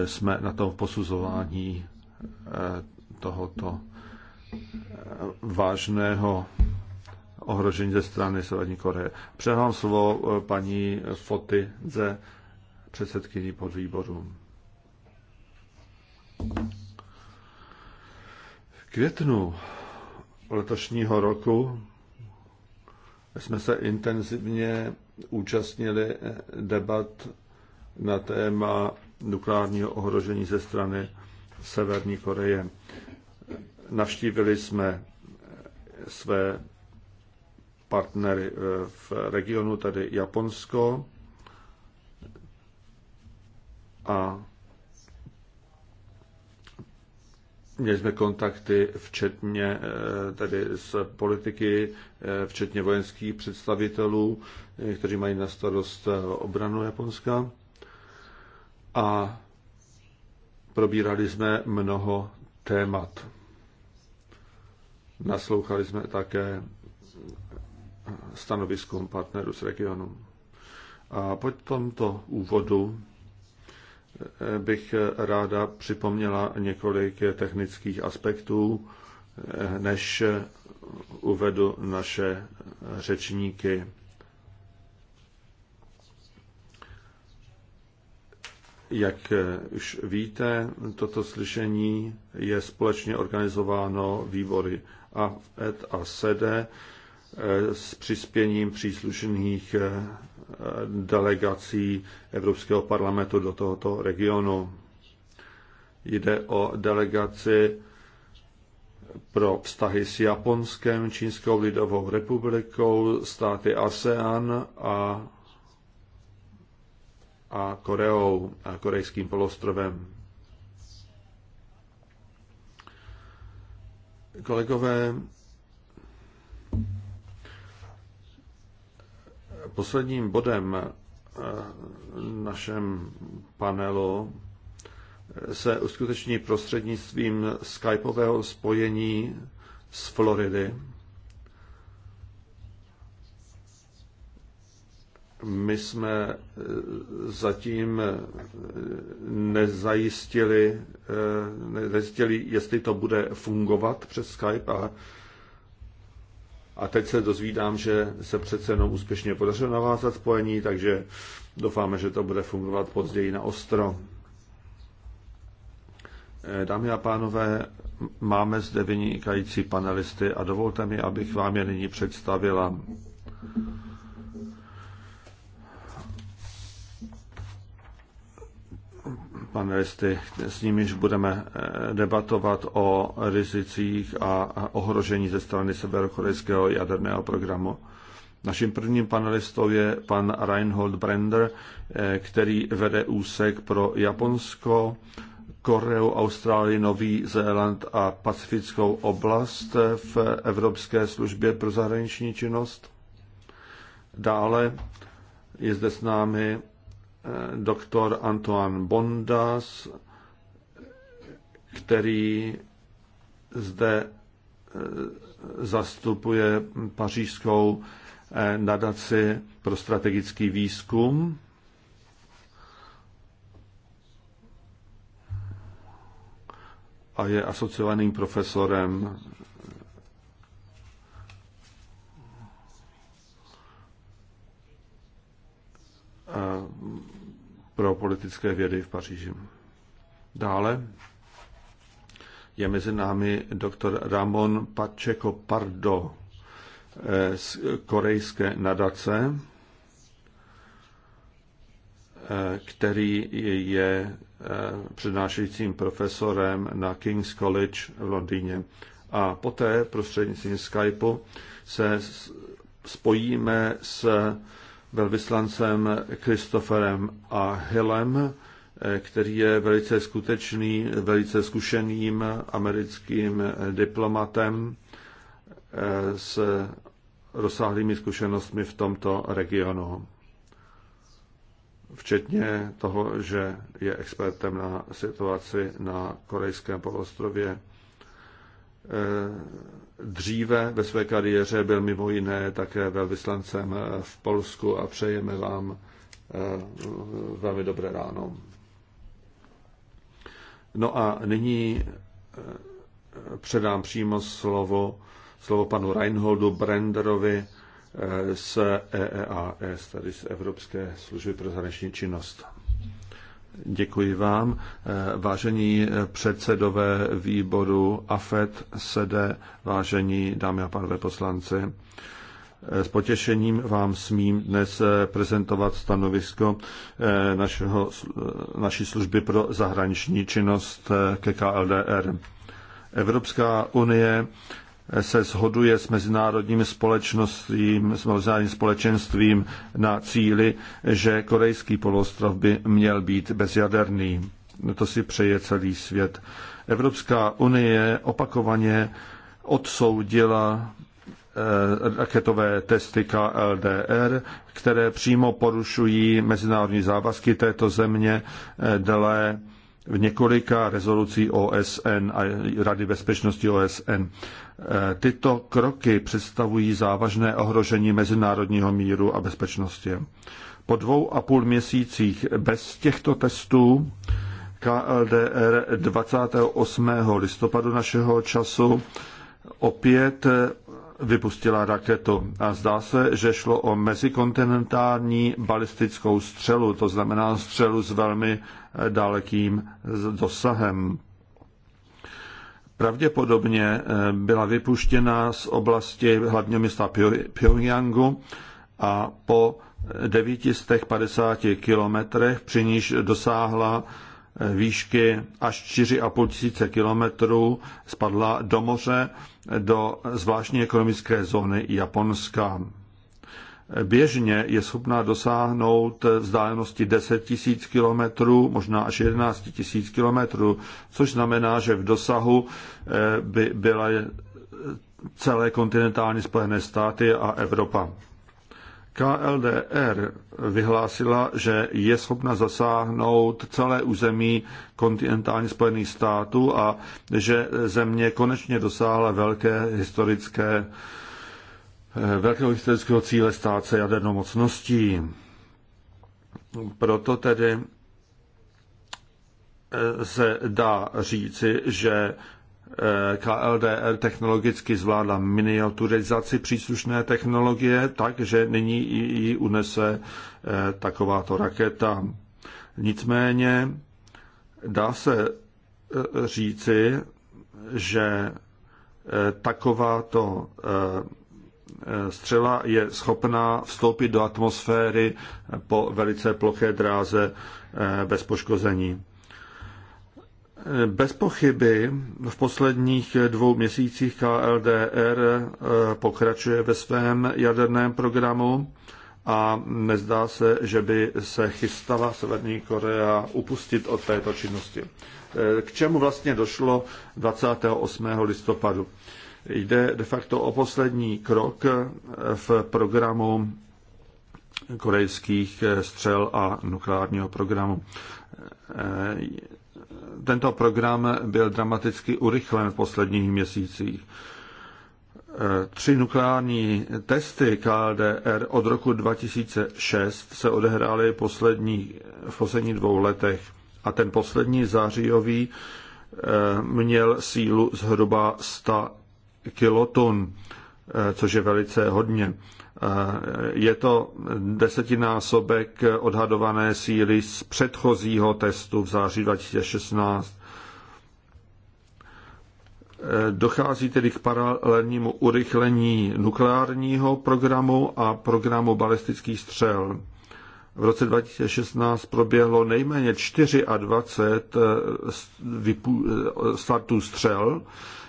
jsme na tom posuzování tohoto vážného ohrožení ze strany Severní Koreje. Předám slovo paní Foty ze předsedkyní podvýboru. V květnu letošního roku jsme se intenzivně účastnili debat na téma nukleárního ohrožení ze strany Severní Koreje. Navštívili jsme své partnery eh, v regionu, tedy Japonsko a Měli jsme kontakty včetně eh, tedy s politiky, eh, včetně vojenských představitelů, eh, kteří mají na starost obranu Japonska. A probírali jsme mnoho témat. Naslouchali jsme také stanoviskům partnerů z regionu. A po tomto úvodu bych ráda připomněla několik technických aspektů, než uvedu naše řečníky. Jak už víte, toto slyšení je společně organizováno výbory AFED a SEDE e e s přispěním příslušných delegací Evropského parlamentu do tohoto regionu. Jde o delegaci pro vztahy s Japonskem, Čínskou lidovou republikou, státy ASEAN a, a Koreou a korejským polostrovem. Kolegové, Posledním bodem eh, našem panelu eh, se uskuteční prostřednictvím skypového spojení z Floridy. My jsme eh, zatím nezajistili, nezajistili, jestli to bude fungovat přes Skype a a teď se dozvídám, že se přece jenom úspěšně podařilo navázat spojení, takže doufáme, že to bude fungovat později na ostro. Eh, dámy a pánové, máme zde vynikající panelisty a dovolte mi, abych vám je nyní představila. panelisty, s nimiž budeme eh, debatovat o rizicích a ohrožení ze strany severokorejského jaderného programu. Naším prvním panelistou je pan Reinhold Brender, eh, který vede úsek pro Japonsko, Koreu, Austrálii, Nový Zéland a Pacifickou oblast v Evropské službě pro zahraniční činnost. Dále je zde s námi Eh, doktor Antoine Bondas, který zde eh, zastupuje pařížskou eh, nadaci pro strategický výzkum. A je asociovaným profesorem pro politické vědy v Paříži. Dále je mezi námi doktor Ramon Pacheco Pardo eh, z korejské nadace, eh, který je eh, přednášejícím profesorem na King's College v Londýně. A poté prostřednictvím Skypeu se spojíme s velvyslancem Christopherem a Hillem, eh, který je velice skutečný, velice zkušeným americkým eh, diplomatem eh, s rozsáhlými zkušenostmi v tomto regionu. Včetně toho, že je expertem na situaci na korejském polostrově Eh, dříve ve své kariéře byl mimo jiné také velvyslancem v Polsku a přejeme vám eh, velmi dobré ráno. No a nyní eh, předám přímo slovo, slovo panu Reinholdu Brenderovi z EEAS, tedy z Evropské služby pro zahraniční činnost. Děkuji vám. Eh, vážení předsedové výboru AFET, SEDE, vážení dámy a pánové poslanci, eh, s potěšením vám smím dnes eh, prezentovat stanovisko našeho, naší služby pro zahraniční činnost ke KLDR. Evropská unie se shoduje s mezinárodním společnostím, s mezinárodním společenstvím na cíli, že korejský poloostrov by měl být bezjaderný. To si přeje celý svět. Evropská unie opakovaně odsoudila eh, raketové testy KLDR, které přímo porušují mezinárodní závazky této země eh, dle v několika rezolucí OSN a Rady bezpečnosti OSN. E, tyto kroky představují závažné ohrožení mezinárodního míru a bezpečnosti. Po dvou a půl měsících bez těchto testů KLDR 28. listopadu našeho času opět vypustila raketu a zdá se, že šlo o mezikontinentální balistickou střelu, to znamená střelu s velmi dalekým dosahem. Pravděpodobně eh, byla vypuštěna z oblasti hlavního města Pyongyangu a po 950 eh, kilometrech, při níž dosáhla eh, výšky až 4,5 tisíce kilometrů, spadla do moře do zvláštní ekonomické zóny Japonska běžně je schopná dosáhnout vzdálenosti 10 000 km, možná až 11 000 km, což znamená, že v dosahu eh, by byla celé kontinentální Spojené státy a Evropa. KLDR vyhlásila, že je schopna zasáhnout celé území kontinentální Spojených států a že země konečně dosáhla velké historické Eh, velkého historického cíle stát se jadernou mocností. Proto tedy eh, se dá říci, že eh, KLDR technologicky zvládla miniaturizaci příslušné technologie, takže nyní ji unese takováto raketa. Nicméně dá se říci, že takováto střela je schopná vstoupit do atmosféry po velice ploché dráze eh, bez poškození. Eh, bez pochyby v posledních dvou měsících KLDR eh, pokračuje ve svém jaderném programu a nezdá se, že by se chystala Severní Korea upustit od této činnosti. K čemu vlastně došlo 28. listopadu? Jde de facto o poslední krok v programu korejských střel a nukleárního programu. Tento program byl dramaticky urychlen v posledních měsících. Tři nukleární testy KLDR od roku 2006 se odehrály poslední, v posledních dvou letech a ten poslední zářijový eh, měl sílu zhruba 100 Kiloton, eh, což je velice hodně. Eh, je to desetinásobek odhadované síly z předchozího testu v září 2016. Eh, dochází tedy k paralelnímu urychlení nukleárního programu a programu balistických střel. V roce 2016 proběhlo nejméně 24 startů střel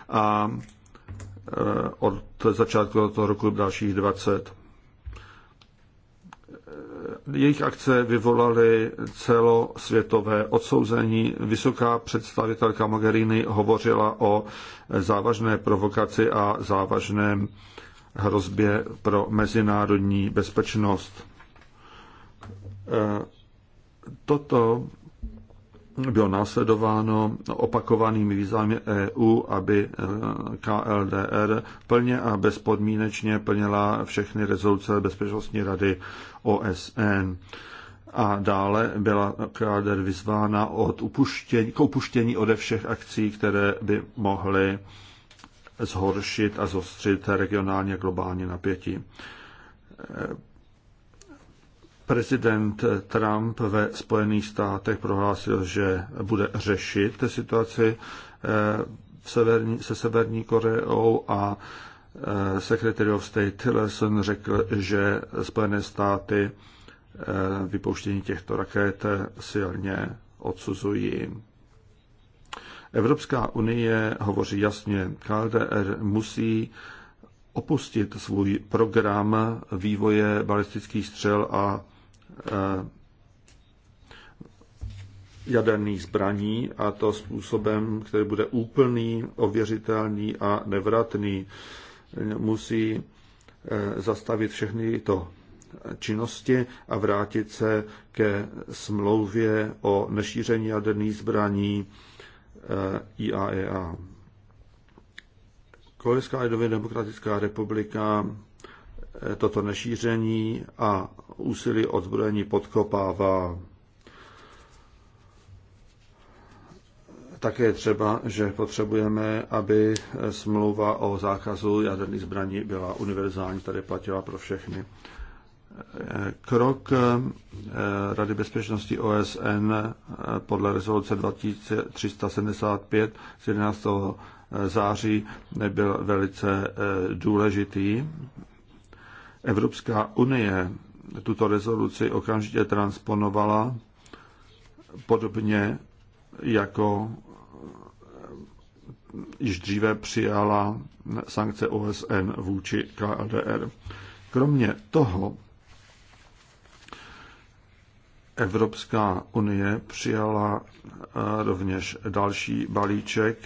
a Eh, od začátku toho roku dalších 20. Eh, jejich akce vyvolaly celosvětové odsouzení. Vysoká představitelka Mogherini hovořila o závažné provokaci a závažném hrozbě pro mezinárodní bezpečnost. Eh, toto bylo následováno opakovanými výzvami EU, aby eh, KLDR plně a bezpodmínečně plnila všechny rezoluce Bezpečnostní rady OSN. A dále byla KLDR vyzvána od upuštění, k upuštění ode všech akcí, které by mohly zhoršit a zostřit regionálně globální napětí prezident Trump ve Spojených státech prohlásil, že bude řešit situaci eh, v severní, se Severní Koreou a eh, Secretary of State Tillerson řekl, že Spojené státy eh, vypouštění těchto raket silně odsuzují. Evropská unie hovoří jasně, KDR musí opustit svůj program vývoje balistických střel a Eh, jaderných zbraní a to způsobem, který bude úplný, ověřitelný a nevratný. Musí eh, zastavit všechny tyto činnosti a vrátit se ke smlouvě o nešíření jaderných zbraní eh, IAEA. Korejská lidově demokratická republika toto nešíření a úsilí odzbrojení podkopává Také třeba, že potřebujeme, aby smlouva o zákazu jaderných zbraní byla univerzální, tady platila pro všechny. Krok eh, Rady bezpečnosti OSN eh, podle rezoluce 2375 z 11. Eh, září nebyl velice důležitý Evropská unie tuto rezoluci okamžitě transponovala, podobně jako eh, již dříve přijala sankce OSN vůči KLDR. Kromě toho Evropská unie přijala eh, rovněž další balíček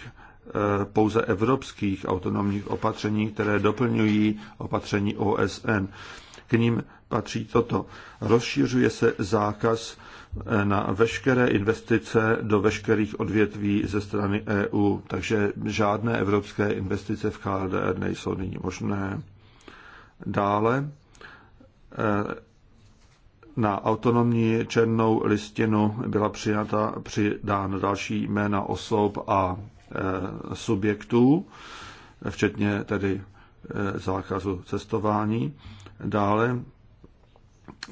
Eh, pouze evropských autonomních opatření, které doplňují opatření OSN. K ním patří toto. Rozšířuje se zákaz eh, na veškeré investice do veškerých odvětví ze strany EU, takže žádné evropské investice v KLDR nejsou nyní možné. Dále eh, na autonomní černou listinu byla přijata přidána další jména osob a Eh, subjektů, včetně tedy eh, zákazu cestování. Dále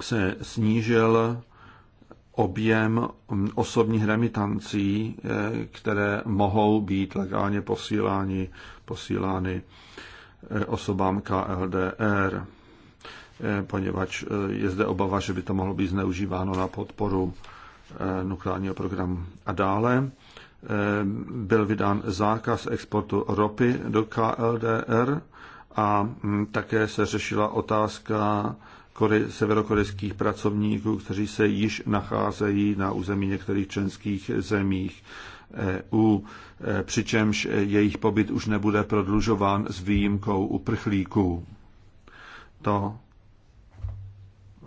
se snížil objem osobních remitancí, eh, které mohou být legálně posílány, posílány osobám KLDR, poněvadž je zde obava, že by to mohlo být zneužíváno na podporu nukleárního programu. A dále Eh, byl vydán zákaz exportu ropy do KLDR a mm, také se řešila otázka severokorejských pracovníků, kteří se již nacházejí na území některých členských zemích EU, eh, přičemž jejich pobyt už nebude prodlužován s výjimkou uprchlíků. To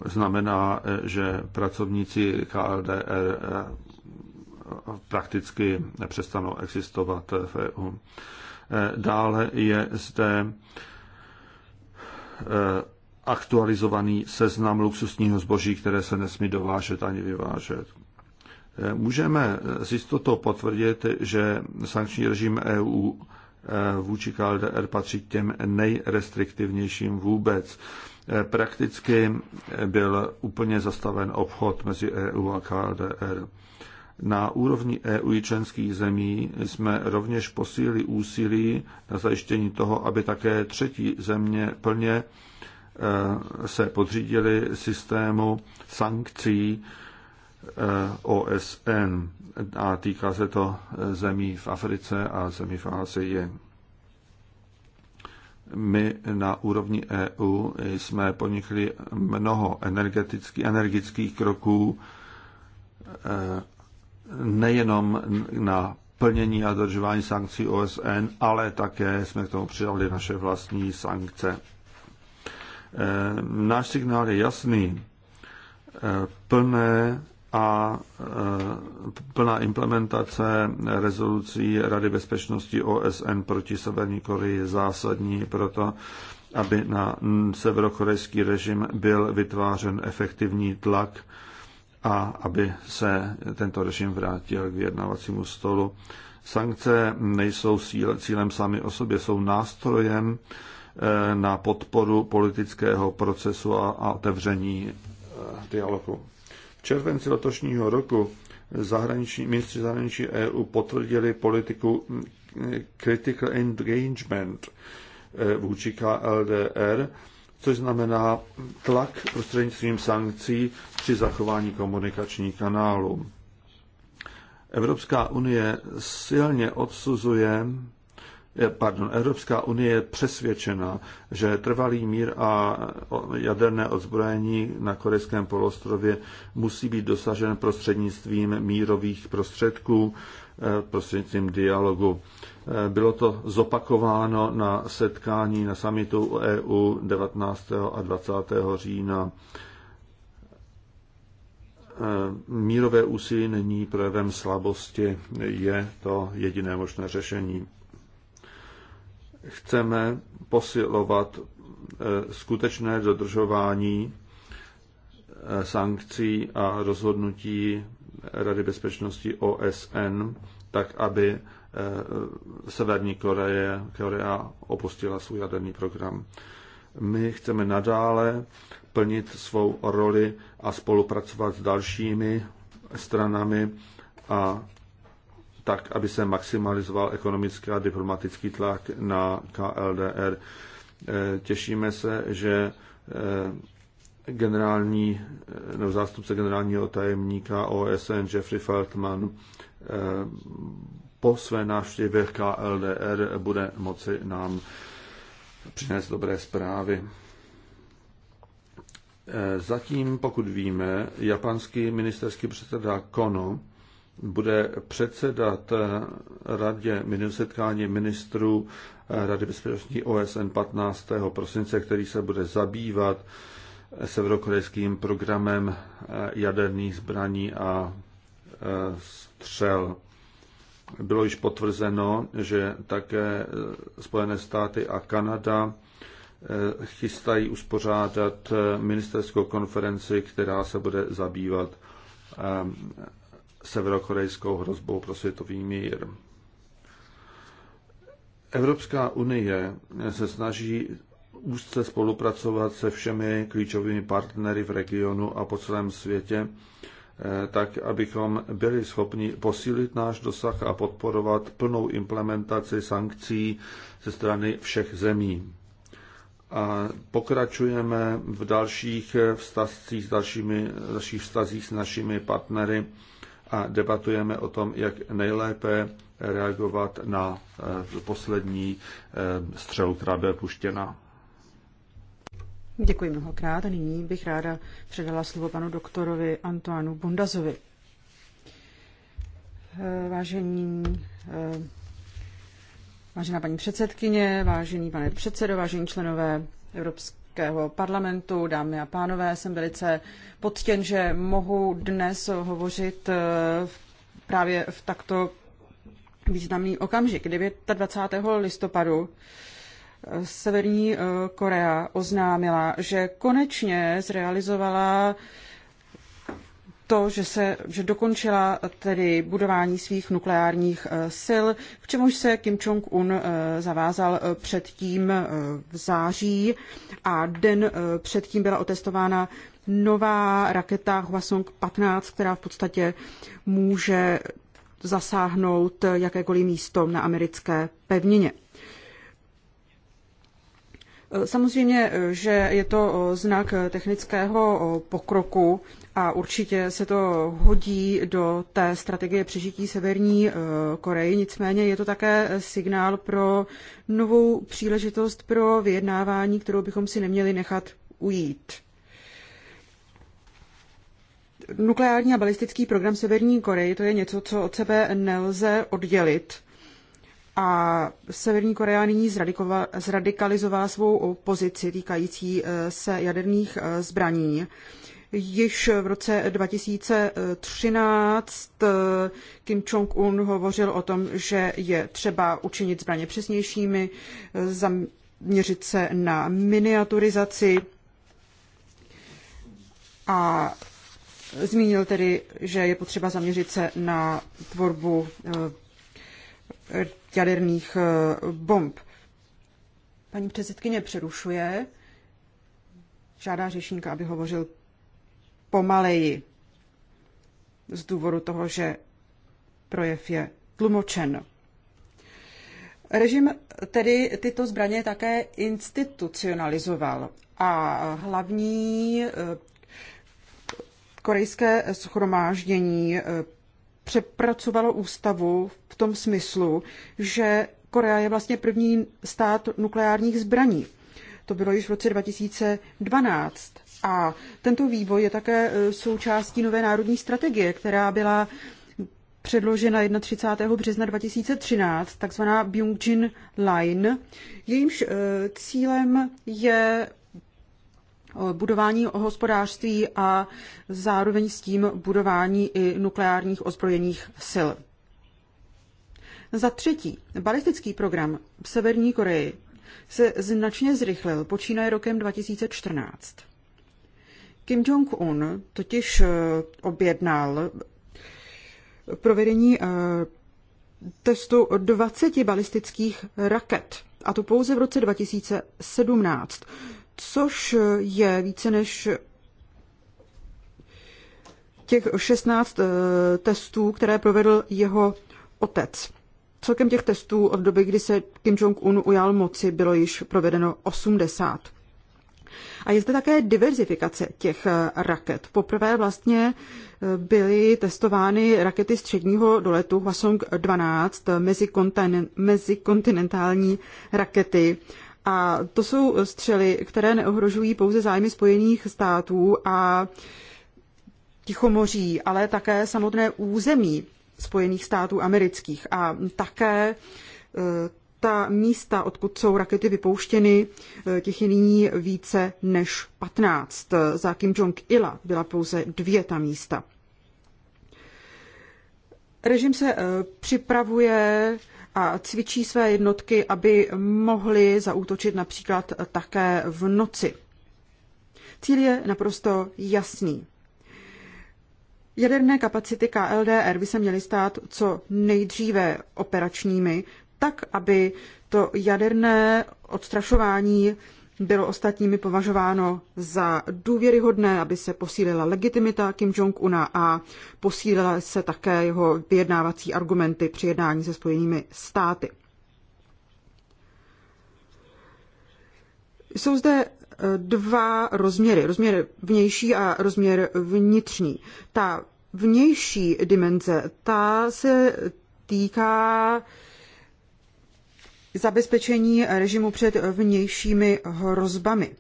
znamená, eh, že pracovníci KLDR prakticky přestanou existovat v EU. Dále je zde eh, aktualizovaný seznam luxusního zboží, které se nesmí dovážet ani vyvážet. Eh, můžeme s jistotou potvrdit, že sankční režim EU eh, vůči KLDR patří k těm nejrestriktivnějším vůbec. Prakticky byl úplně zastaven obchod mezi EU a KLDR. Na úrovni EU i členských zemí jsme rovněž posílili úsilí na zajištění toho, aby také třetí země plně e, se podřídili systému sankcí e, OSN a týká se to e, zemí v Africe a zemí v Asii. My na úrovni EU jsme podnikli mnoho energetických, energických kroků nejenom na plnění a dodržování sankcí OSN, ale také jsme k tomu přidali naše vlastní sankce. Eh, náš signál je jasný. Eh, plné a eh, plná implementace rezolucí Rady bezpečnosti OSN proti Severní Koreji je zásadní proto, aby na severokorejský režim byl vytvářen efektivní tlak a aby se tento režim vrátil k vyjednávacímu stolu. Sankce nejsou cílem sami o sobě, jsou nástrojem eh, na podporu politického procesu a otevření eh, dialogu. V červenci letošního roku zahraniční, ministři zahraničí EU potvrdili politiku hm, critical engagement eh, vůči KLDR což znamená tlak prostřednictvím sankcí při zachování komunikačních kanálů. Evropská unie silně odsuzuje, eh, pardon, Evropská unie je přesvědčena, že trvalý mír a jaderné odzbrojení na korejském polostrově musí být dosažen prostřednictvím mírových prostředků, prostřednictvím dialogu. Bylo to zopakováno na setkání na samitu EU 19. a 20. října. Mírové úsilí není projevem slabosti, je to jediné možné řešení. Chceme posilovat eh, skutečné dodržování eh, sankcí a rozhodnutí Rady bezpečnosti OSN, tak aby eh, Severní Koreje, Korea opustila svůj jaderný program. My chceme nadále plnit svou roli a spolupracovat s dalšími stranami a tak, aby se maximalizoval ekonomický a diplomatický tlak na KLDR. Eh, těšíme se, že eh, generální, eh, nebo zástupce generálního tajemníka OSN Jeffrey Feldman eh, po své návštěvě KLDR bude moci nám přinést dobré zprávy. Eh, zatím, pokud víme, japonský ministerský předseda Kono bude předsedat radě setkání ministrů Rady bezpečnosti OSN 15. prosince, který se bude zabývat severokorejským programem eh, jaderných zbraní a eh, střel. Bylo již potvrzeno, že také eh, Spojené státy a Kanada chystají uspořádat ministerskou konferenci, která se bude zabývat severokorejskou hrozbou pro světový mír. Evropská unie se snaží úzce spolupracovat se všemi klíčovými partnery v regionu a po celém světě, eh, tak abychom byli schopni posílit náš dosah a podporovat plnou implementaci sankcí ze strany všech zemí. A pokračujeme v dalších vztazích s dalšími, dalších vztazích s našimi partnery a debatujeme o tom, jak nejlépe reagovat na eh, poslední eh, střelu, která byla puštěna. Děkuji mnohokrát a nyní bych ráda předala slovo panu doktorovi Antoánu Bondazovi. Eh, vážení, eh, vážená paní předsedkyně, vážený pane předsedo, vážení členové Evropského parlamentu, dámy a pánové, jsem velice podtěn, že mohu dnes hovořit eh, právě v takto významný okamžik, 29. listopadu Severní eh, Korea oznámila, že konečně zrealizovala to, že, se, že dokončila tedy budování svých nukleárních eh, sil, k čemuž se Kim Jong-un eh, zavázal předtím v září a den předtím byla otestována nová raketa Hwasong-15, která v podstatě může zasáhnout jakékoliv místo na americké pevnině. Samozřejmě, že je to eh, znak technického eh, pokroku a určitě se to hodí do té strategie přežití Severní eh, Koreji. Nicméně je to také signál pro novou příležitost pro vyjednávání, kterou bychom si neměli nechat ujít. Nukleární a balistický program Severní Koreji to je něco, co od sebe nelze oddělit a Severní Korea nyní zradikalizovala svou pozici týkající e, se jaderných e, zbraní. Již v roce 2013 e, Kim Jong-un hovořil o tom, že je třeba učinit zbraně přesnějšími, zaměřit se na miniaturizaci a zmínil tedy, že je potřeba zaměřit se na tvorbu jaderných eh, bomb. Paní předsedkyně přerušuje, žádá řečníka, aby hovořil pomaleji z důvodu toho, že projev je tlumočen. Režim tedy tyto zbraně také institucionalizoval a hlavní eh, korejské schromáždění eh, přepracovalo ústavu v tom smyslu, že Korea je vlastně první stát nukleárních zbraní. To bylo již v roce 2012. A tento vývoj je také e, součástí nové národní strategie, která byla předložena 31. března 2013, takzvaná Byungjin Line. Jejímž e, cílem je budování hospodářství a zároveň s tím budování i nukleárních ozbrojených sil. Za třetí, balistický program v Severní Koreji se značně zrychlil počínaje rokem 2014. Kim Jong-un totiž eh, objednal provedení eh, testu 20 balistických raket, a to pouze v roce 2017, což je více než těch 16 eh, testů, které provedl jeho otec. Celkem těch testů od doby, kdy se Kim Jong-un ujal moci, bylo již provedeno 80. A je zde také diverzifikace těch eh, raket. Poprvé vlastně eh, byly testovány rakety středního doletu Hwasong-12, mezikontinentální rakety a to jsou střely, které neohrožují pouze zájmy Spojených států a Tichomoří, ale také samotné území Spojených států amerických a také e, ta místa, odkud jsou rakety vypouštěny, e, těch je nyní více než 15. E, za Kim Jong-ila byla pouze dvě ta místa. Režim se eh, připravuje a cvičí své jednotky, aby mohly zaútočit například eh, také v noci. Cíl je naprosto jasný. Jaderné kapacity KLDR by se měly stát co nejdříve operačními, tak aby to jaderné odstrašování bylo ostatními považováno za důvěryhodné, aby se posílila legitimita Kim Jong-una a posílila se také jeho vyjednávací argumenty při jednání se spojenými státy. Jsou zde e, dva rozměry, rozměr vnější a rozměr vnitřní. Ta vnější dimenze, ta se týká zabezpečení režimu před vnějšími hrozbami.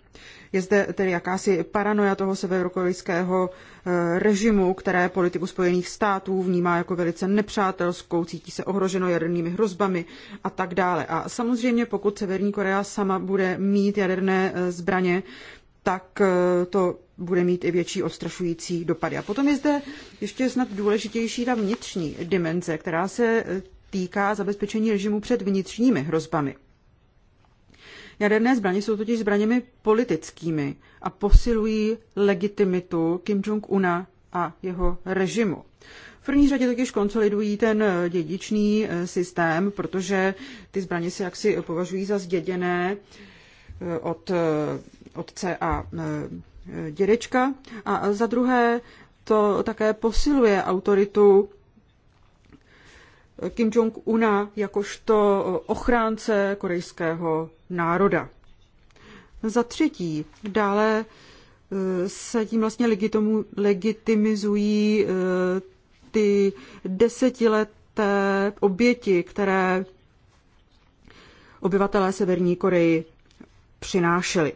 Je zde tedy jakási paranoja toho severokorejského eh, režimu, které politiku Spojených států vnímá jako velice nepřátelskou, cítí se ohroženo jadernými hrozbami a tak dále. A samozřejmě, pokud Severní Korea sama bude mít jaderné eh, zbraně, tak eh, to bude mít i větší odstrašující dopady. A potom je zde ještě snad důležitější ta vnitřní dimenze, která se týká zabezpečení režimu před vnitřními hrozbami. Jaderné zbraně jsou totiž zbraněmi politickými a posilují legitimitu Kim Jong-una a jeho režimu. V první řadě totiž konsolidují ten dědičný eh, systém, protože ty zbraně se jaksi považují za zděděné eh, od eh, otce a dědečka. A za druhé to také posiluje autoritu Kim Jong-una jakožto ochránce korejského národa. Za třetí, dále e, se tím vlastně legitimu, legitimizují e, ty desetileté oběti, které obyvatelé Severní Koreji přinášeli,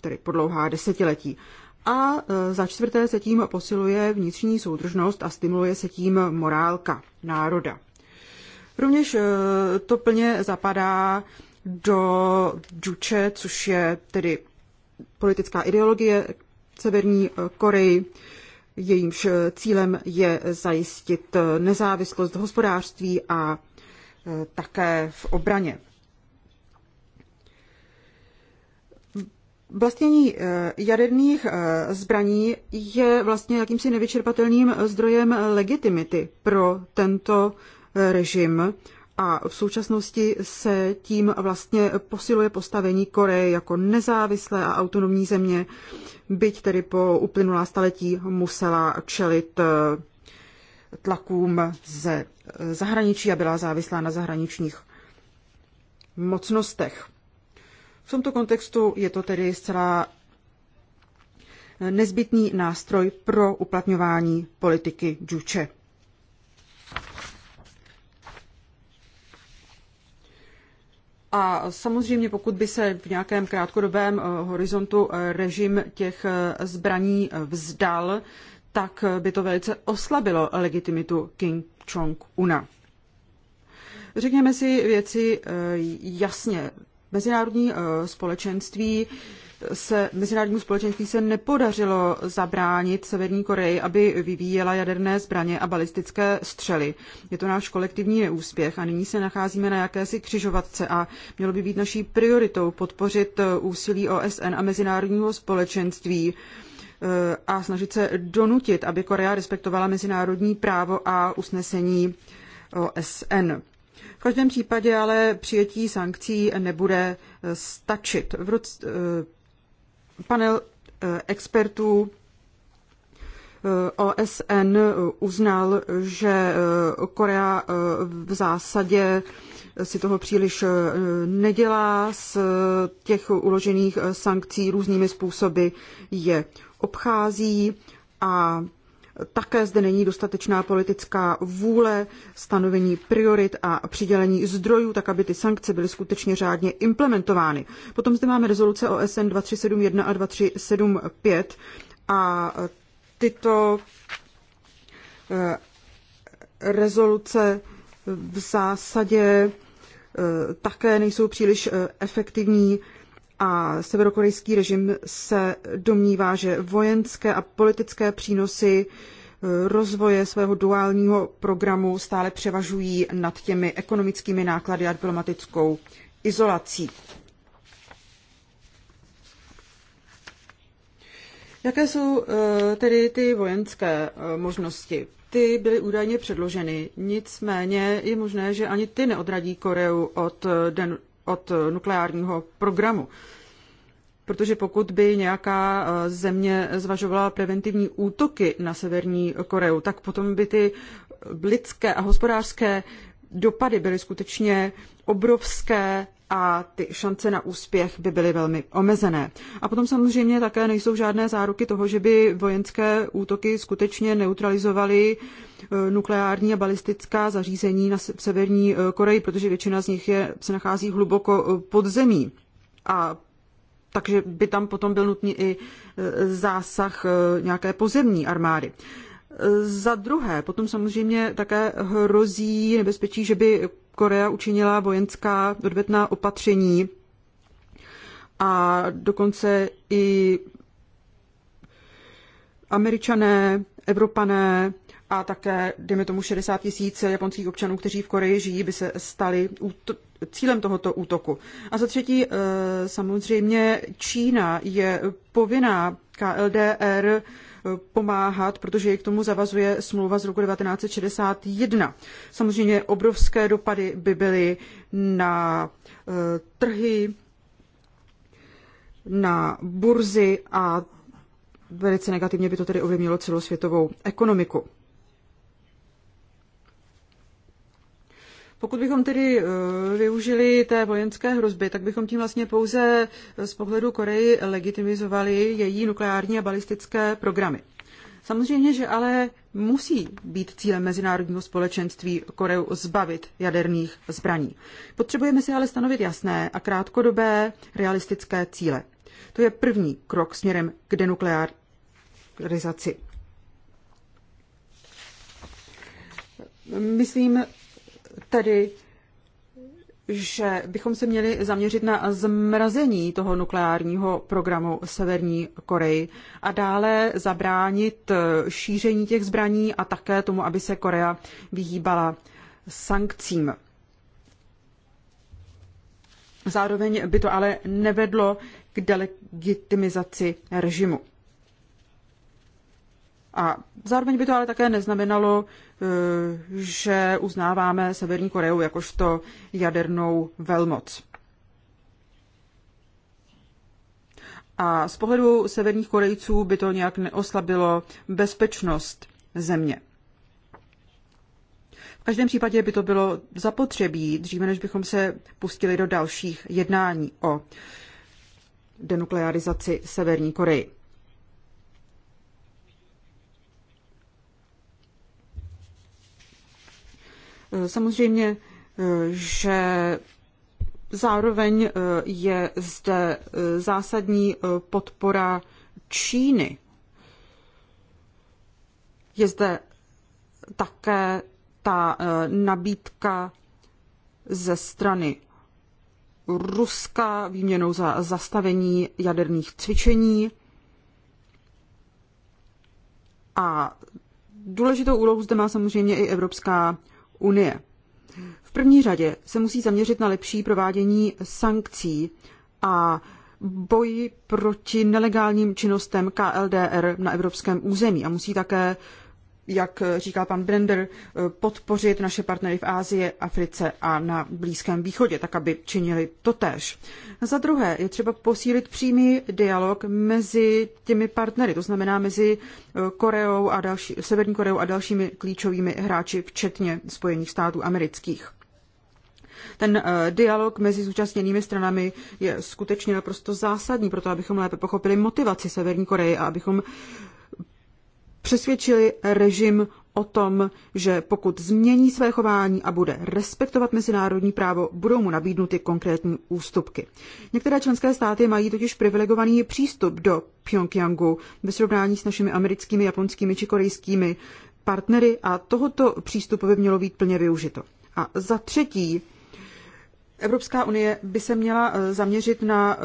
tedy po dlouhá desetiletí. A e, za čtvrté se tím posiluje vnitřní soudržnost a stimuluje se tím morálka národa. Rovněž eh, to plně zapadá do Juche, což je tedy politická ideologie Severní eh, Koreji. Jejímž eh, cílem je zajistit nezávislost hospodářství a také v obraně. Vlastnění jaderných zbraní je vlastně jakýmsi nevyčerpatelným zdrojem legitimity pro tento režim a v současnosti se tím vlastně posiluje postavení Koreje jako nezávislé a autonomní země, byť tedy po uplynulá staletí musela čelit eh, tlakům ze zahraničí a byla závislá na zahraničních mocnostech. V tomto kontextu je to tedy zcela nezbytný nástroj pro uplatňování politiky Juche. A samozřejmě, pokud by se v nějakém krátkodobém eh, horizontu eh, režim těch eh, zbraní vzdal, tak by to velice oslabilo legitimitu King Chong-una. Řekněme si věci jasně. Mezinárodní společenství se mezinárodnímu společenství se nepodařilo zabránit Severní Koreji, aby vyvíjela jaderné zbraně a balistické střely. Je to náš kolektivní neúspěch a nyní se nacházíme na jakési křižovatce a mělo by být naší prioritou podpořit úsilí OSN a mezinárodního společenství eh, a snažit se donutit, aby Korea respektovala mezinárodní právo a usnesení OSN. V každém případě ale přijetí sankcí nebude stačit. V roce, eh, panel eh, expertů eh, OSN uznal, že eh, Korea v zásadě si toho příliš nedělá, z těch uložených sankcí různými způsoby je obchází a také zde není dostatečná politická vůle, stanovení priorit a přidělení zdrojů, tak aby ty sankce byly skutečně řádně implementovány. Potom zde máme rezoluce OSN 2371 a 2375 a tyto eh, rezoluce v zásadě eh, také nejsou příliš eh, efektivní a severokorejský režim se domnívá, že vojenské a politické přínosy eh, rozvoje svého duálního programu stále převažují nad těmi ekonomickými náklady a diplomatickou izolací. Jaké jsou eh, tedy ty vojenské eh, možnosti? Ty byly údajně předloženy, nicméně je možné, že ani ty neodradí Koreu od od eh, nukleárního programu. Protože pokud by nějaká eh, země zvažovala preventivní útoky na Severní Koreu, tak potom by ty lidské a hospodářské dopady byly skutečně obrovské a ty šance na úspěch by byly velmi omezené. A potom samozřejmě také nejsou žádné záruky toho, že by vojenské útoky skutečně neutralizovaly e, nukleární a balistická zařízení na severní e, Koreji, protože většina z nich je, se nachází hluboko e, pod zemí. A takže by tam potom byl nutný i zásah nějaké pozemní armády. Za druhé, potom samozřejmě také hrozí nebezpečí, že by Korea učinila vojenská odvetná opatření a dokonce i američané, evropané a také, dejme tomu, 60 tisíc japonských občanů, kteří v Koreji žijí, by se stali cílem tohoto útoku. A za třetí, eh, samozřejmě, Čína je povinná KLDR pomáhat, protože je k tomu zavazuje smlouva z roku 1961. Samozřejmě obrovské dopady by byly na eh, trhy, na burzy a velice negativně by to tedy ovlivnilo celosvětovou světovou ekonomiku. Pokud bychom tedy eh, využili té vojenské hrozby, tak bychom tím vlastně pouze eh, z pohledu Koreji legitimizovali její nukleární a balistické programy. Samozřejmě, že ale musí být cílem mezinárodního společenství Koreu zbavit jaderných zbraní. Potřebujeme si ale stanovit jasné a krátkodobé realistické cíle. To je první krok směrem k denuklearizaci. Myslím tedy, že bychom se měli zaměřit na zmrazení toho nukleárního programu Severní Koreji a dále zabránit šíření těch zbraní a také tomu, aby se Korea vyhýbala sankcím. Zároveň by to ale nevedlo k delegitimizaci režimu. A zároveň by to ale také neznamenalo, e, že uznáváme Severní Koreu jakožto jadernou velmoc. A z pohledu severních Korejců by to nějak neoslabilo bezpečnost země. V každém případě by to bylo zapotřebí, dříve než bychom se pustili do dalších jednání o denuklearizaci Severní Koreji. Samozřejmě, eh, že zároveň eh, je zde eh, zásadní podpora Číny. Je zde také ta nabídka ze strany Ruska výměnou za zastavení jaderných cvičení. A důležitou úlohu zde má samozřejmě i Evropská unie. V první řadě se musí zaměřit na lepší provádění sankcí a boji proti nelegálním činnostem KLDR na evropském území a musí také jak eh, říkal pan Brender, eh, podpořit naše partnery v Ázii, Africe a na Blízkém východě, tak aby činili totéž. Za druhé je třeba posílit přímý dialog mezi těmi partnery, to znamená mezi eh, Koreou a další, Severní Koreou a dalšími klíčovými hráči, včetně Spojených států amerických. Ten dialog mezi zúčastněnými stranami je skutečně naprosto zásadní pro to, abychom lépe pochopili motivaci Severní Koreje a abychom přesvědčili režim o tom, že pokud změní své chování a bude respektovat mezinárodní právo, budou mu nabídnuty konkrétní ústupky. Některé členské státy mají totiž privilegovaný přístup do Pyongyangu ve srovnání s našimi americkými, japonskými či korejskými partnery a tohoto přístupu by mělo být plně využito. A za třetí, Evropská unie by se měla eh, zaměřit na eh,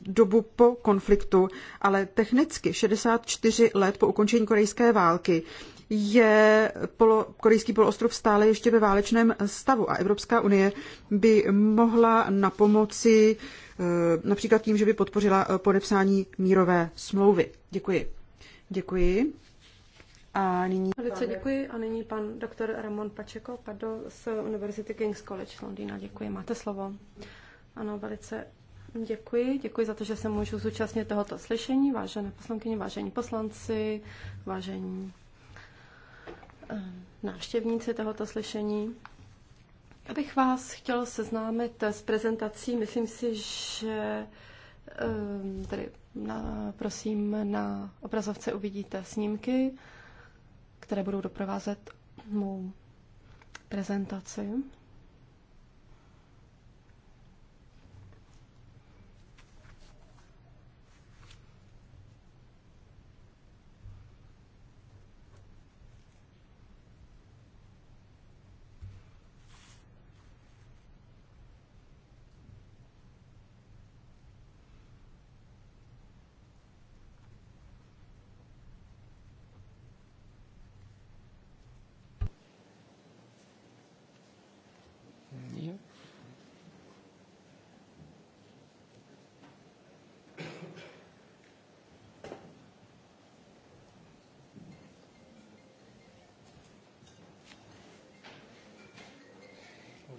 dobu po konfliktu, ale technicky 64 let po ukončení korejské války je polo, korejský poloostrov stále ještě ve válečném stavu a Evropská unie by mohla na pomoci eh, například tím, že by podpořila podepsání mírové smlouvy. Děkuji. Děkuji. A nyní... Velice děkuji a nyní pan doktor Ramon Pačeko pardon, z Univerzity King's College Londýna. Děkuji, máte slovo. Ano, velice děkuji. Děkuji za to, že se můžu zúčastnit tohoto slyšení. Vážené poslankyně, vážení poslanci, vážení eh, návštěvníci tohoto slyšení. Abych vás chtěl seznámit s prezentací. Myslím si, že eh, tedy na, prosím, na obrazovce uvidíte snímky které budou doprovázet mou prezentaci.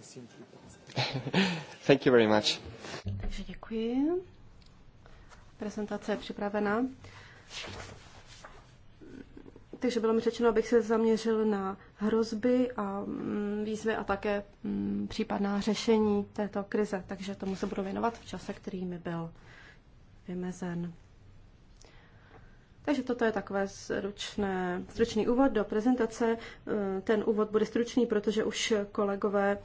Thank you very much. Takže děkuji. Prezentace je připravena. Takže bylo mi řečeno, abych se zaměřil na hrozby a mm, výzvy a také mm, případná řešení této krize. Takže tomu se budu věnovat v čase, který mi byl vymezen. Takže toto je takové stručné, stručný úvod do prezentace. Eh, ten úvod bude stručný, protože už kolegové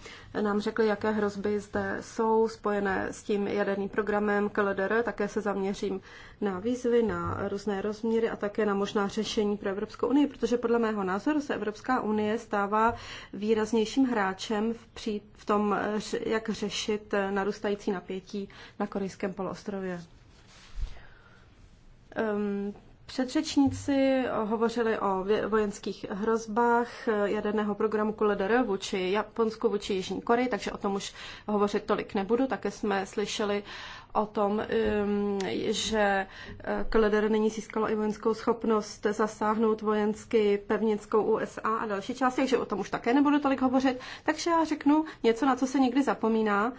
nám řekli, jaké hrozby zde jsou spojené s tím jaderným programem KLDR. Také se zaměřím na výzvy, na různé rozměry a také na možná řešení pro Evropskou unii, protože podle mého názoru se Evropská unie stává výraznějším hráčem v, pří, v tom, eh, jak řešit eh, narůstající napětí na korejském poloostrově. Um, Předřečníci hovořili o vojenských hrozbách eh, jaderného programu KULDR vůči Japonsku, vůči Jižní Koreji, takže o tom už hovořit tolik nebudu. Také jsme slyšeli o tom, ehm, že eh, KULDR nyní získalo i vojenskou schopnost zasáhnout vojensky pevnickou USA a další části, takže o tom už také nebudu tolik hovořit. Takže já řeknu něco, na co se někdy zapomíná,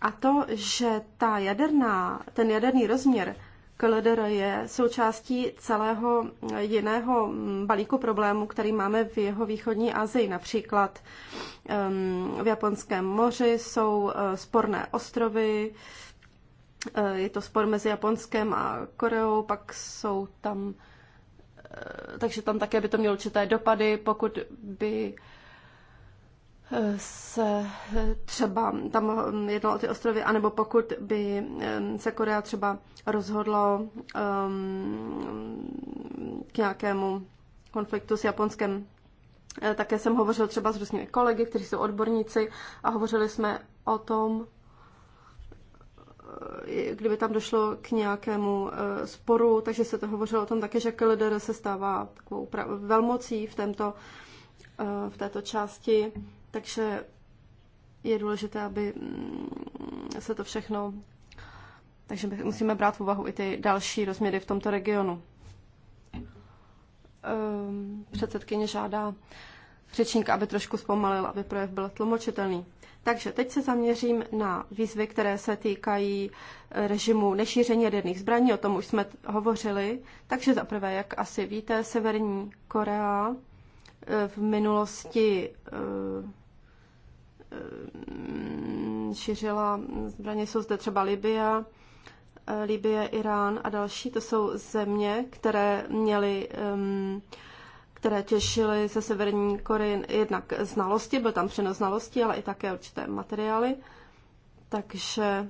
a to, že ta jaderná, ten jaderný rozměr KLDR je součástí celého jiného balíku problémů, který máme v jeho východní Asii. Například ehm, v Japonském moři jsou eh, sporné ostrovy, eh, je to spor mezi Japonskem a Koreou, pak jsou tam, eh, takže tam také by to mělo určité dopady, pokud by se třeba tam jednalo o ty ostrovy, anebo pokud by se Korea třeba rozhodlo um, k nějakému konfliktu s Japonskem. E, také jsem hovořil třeba s různými kolegy, kteří jsou odborníci a hovořili jsme o tom, e, kdyby tam došlo k nějakému e, sporu, takže se to hovořilo o tom také, že KLDR se stává takovou velmocí v, tento, v této části takže je důležité, aby mm, se to všechno, takže musíme brát v úvahu i ty další rozměry v tomto regionu. Ehm, předsedkyně žádá řečníka, aby trošku zpomalil, aby projev byl tlumočitelný. Takže teď se zaměřím na výzvy, které se týkají eh, režimu nešíření jaderných zbraní, o tom už jsme hovořili. Takže zaprvé, jak asi víte, Severní Korea v minulosti eh, eh, šířila zbraně, jsou zde třeba Libia, eh, Libie, Irán a další. To jsou země, které měly které těšily ze Severní Koreje jednak znalosti, byl tam přenos znalosti, ale i také určité materiály. Takže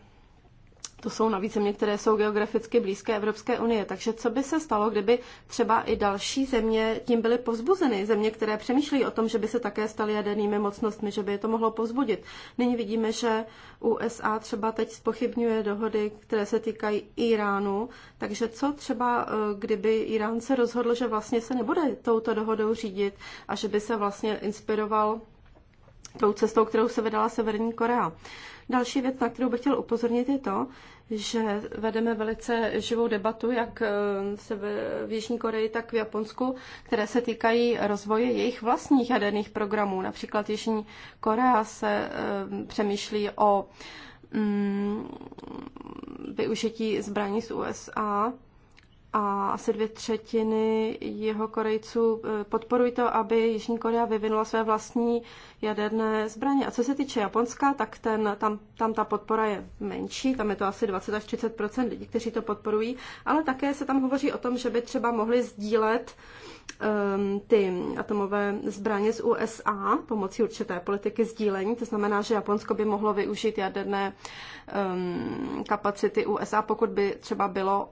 to jsou navíc země, které jsou geograficky blízké Evropské unie. Takže co by se stalo, kdyby třeba i další země tím byly povzbuzeny? Země, které přemýšlí o tom, že by se také staly jadernými mocnostmi, že by je to mohlo povzbudit. Nyní vidíme, že USA třeba teď spochybňuje dohody, které se týkají Iránu. Takže co třeba, eh, kdyby Irán se rozhodl, že vlastně se nebude touto dohodou řídit a že by se vlastně inspiroval tou cestou, kterou se vydala Severní Korea. Další věc, na kterou bych chtěl upozornit, je to, že vedeme velice živou debatu, jak eh, se v Jižní Koreji, tak v Japonsku, které se týkají rozvoje jejich vlastních jaderných programů. Například Jižní Korea se eh, přemýšlí o mm, využití zbraní z USA a asi dvě třetiny jeho Korejců eh, podporují to, aby Jižní Korea vyvinula své vlastní jaderné zbraně. A co se týče Japonska, tak ten, tam, tam ta podpora je menší, tam je to asi 20 až 30 lidí, kteří to podporují, ale také se tam hovoří o tom, že by třeba mohli sdílet um, ty atomové zbraně z USA pomocí určité politiky sdílení. To znamená, že Japonsko by mohlo využít jaderné um, kapacity USA, pokud by třeba bylo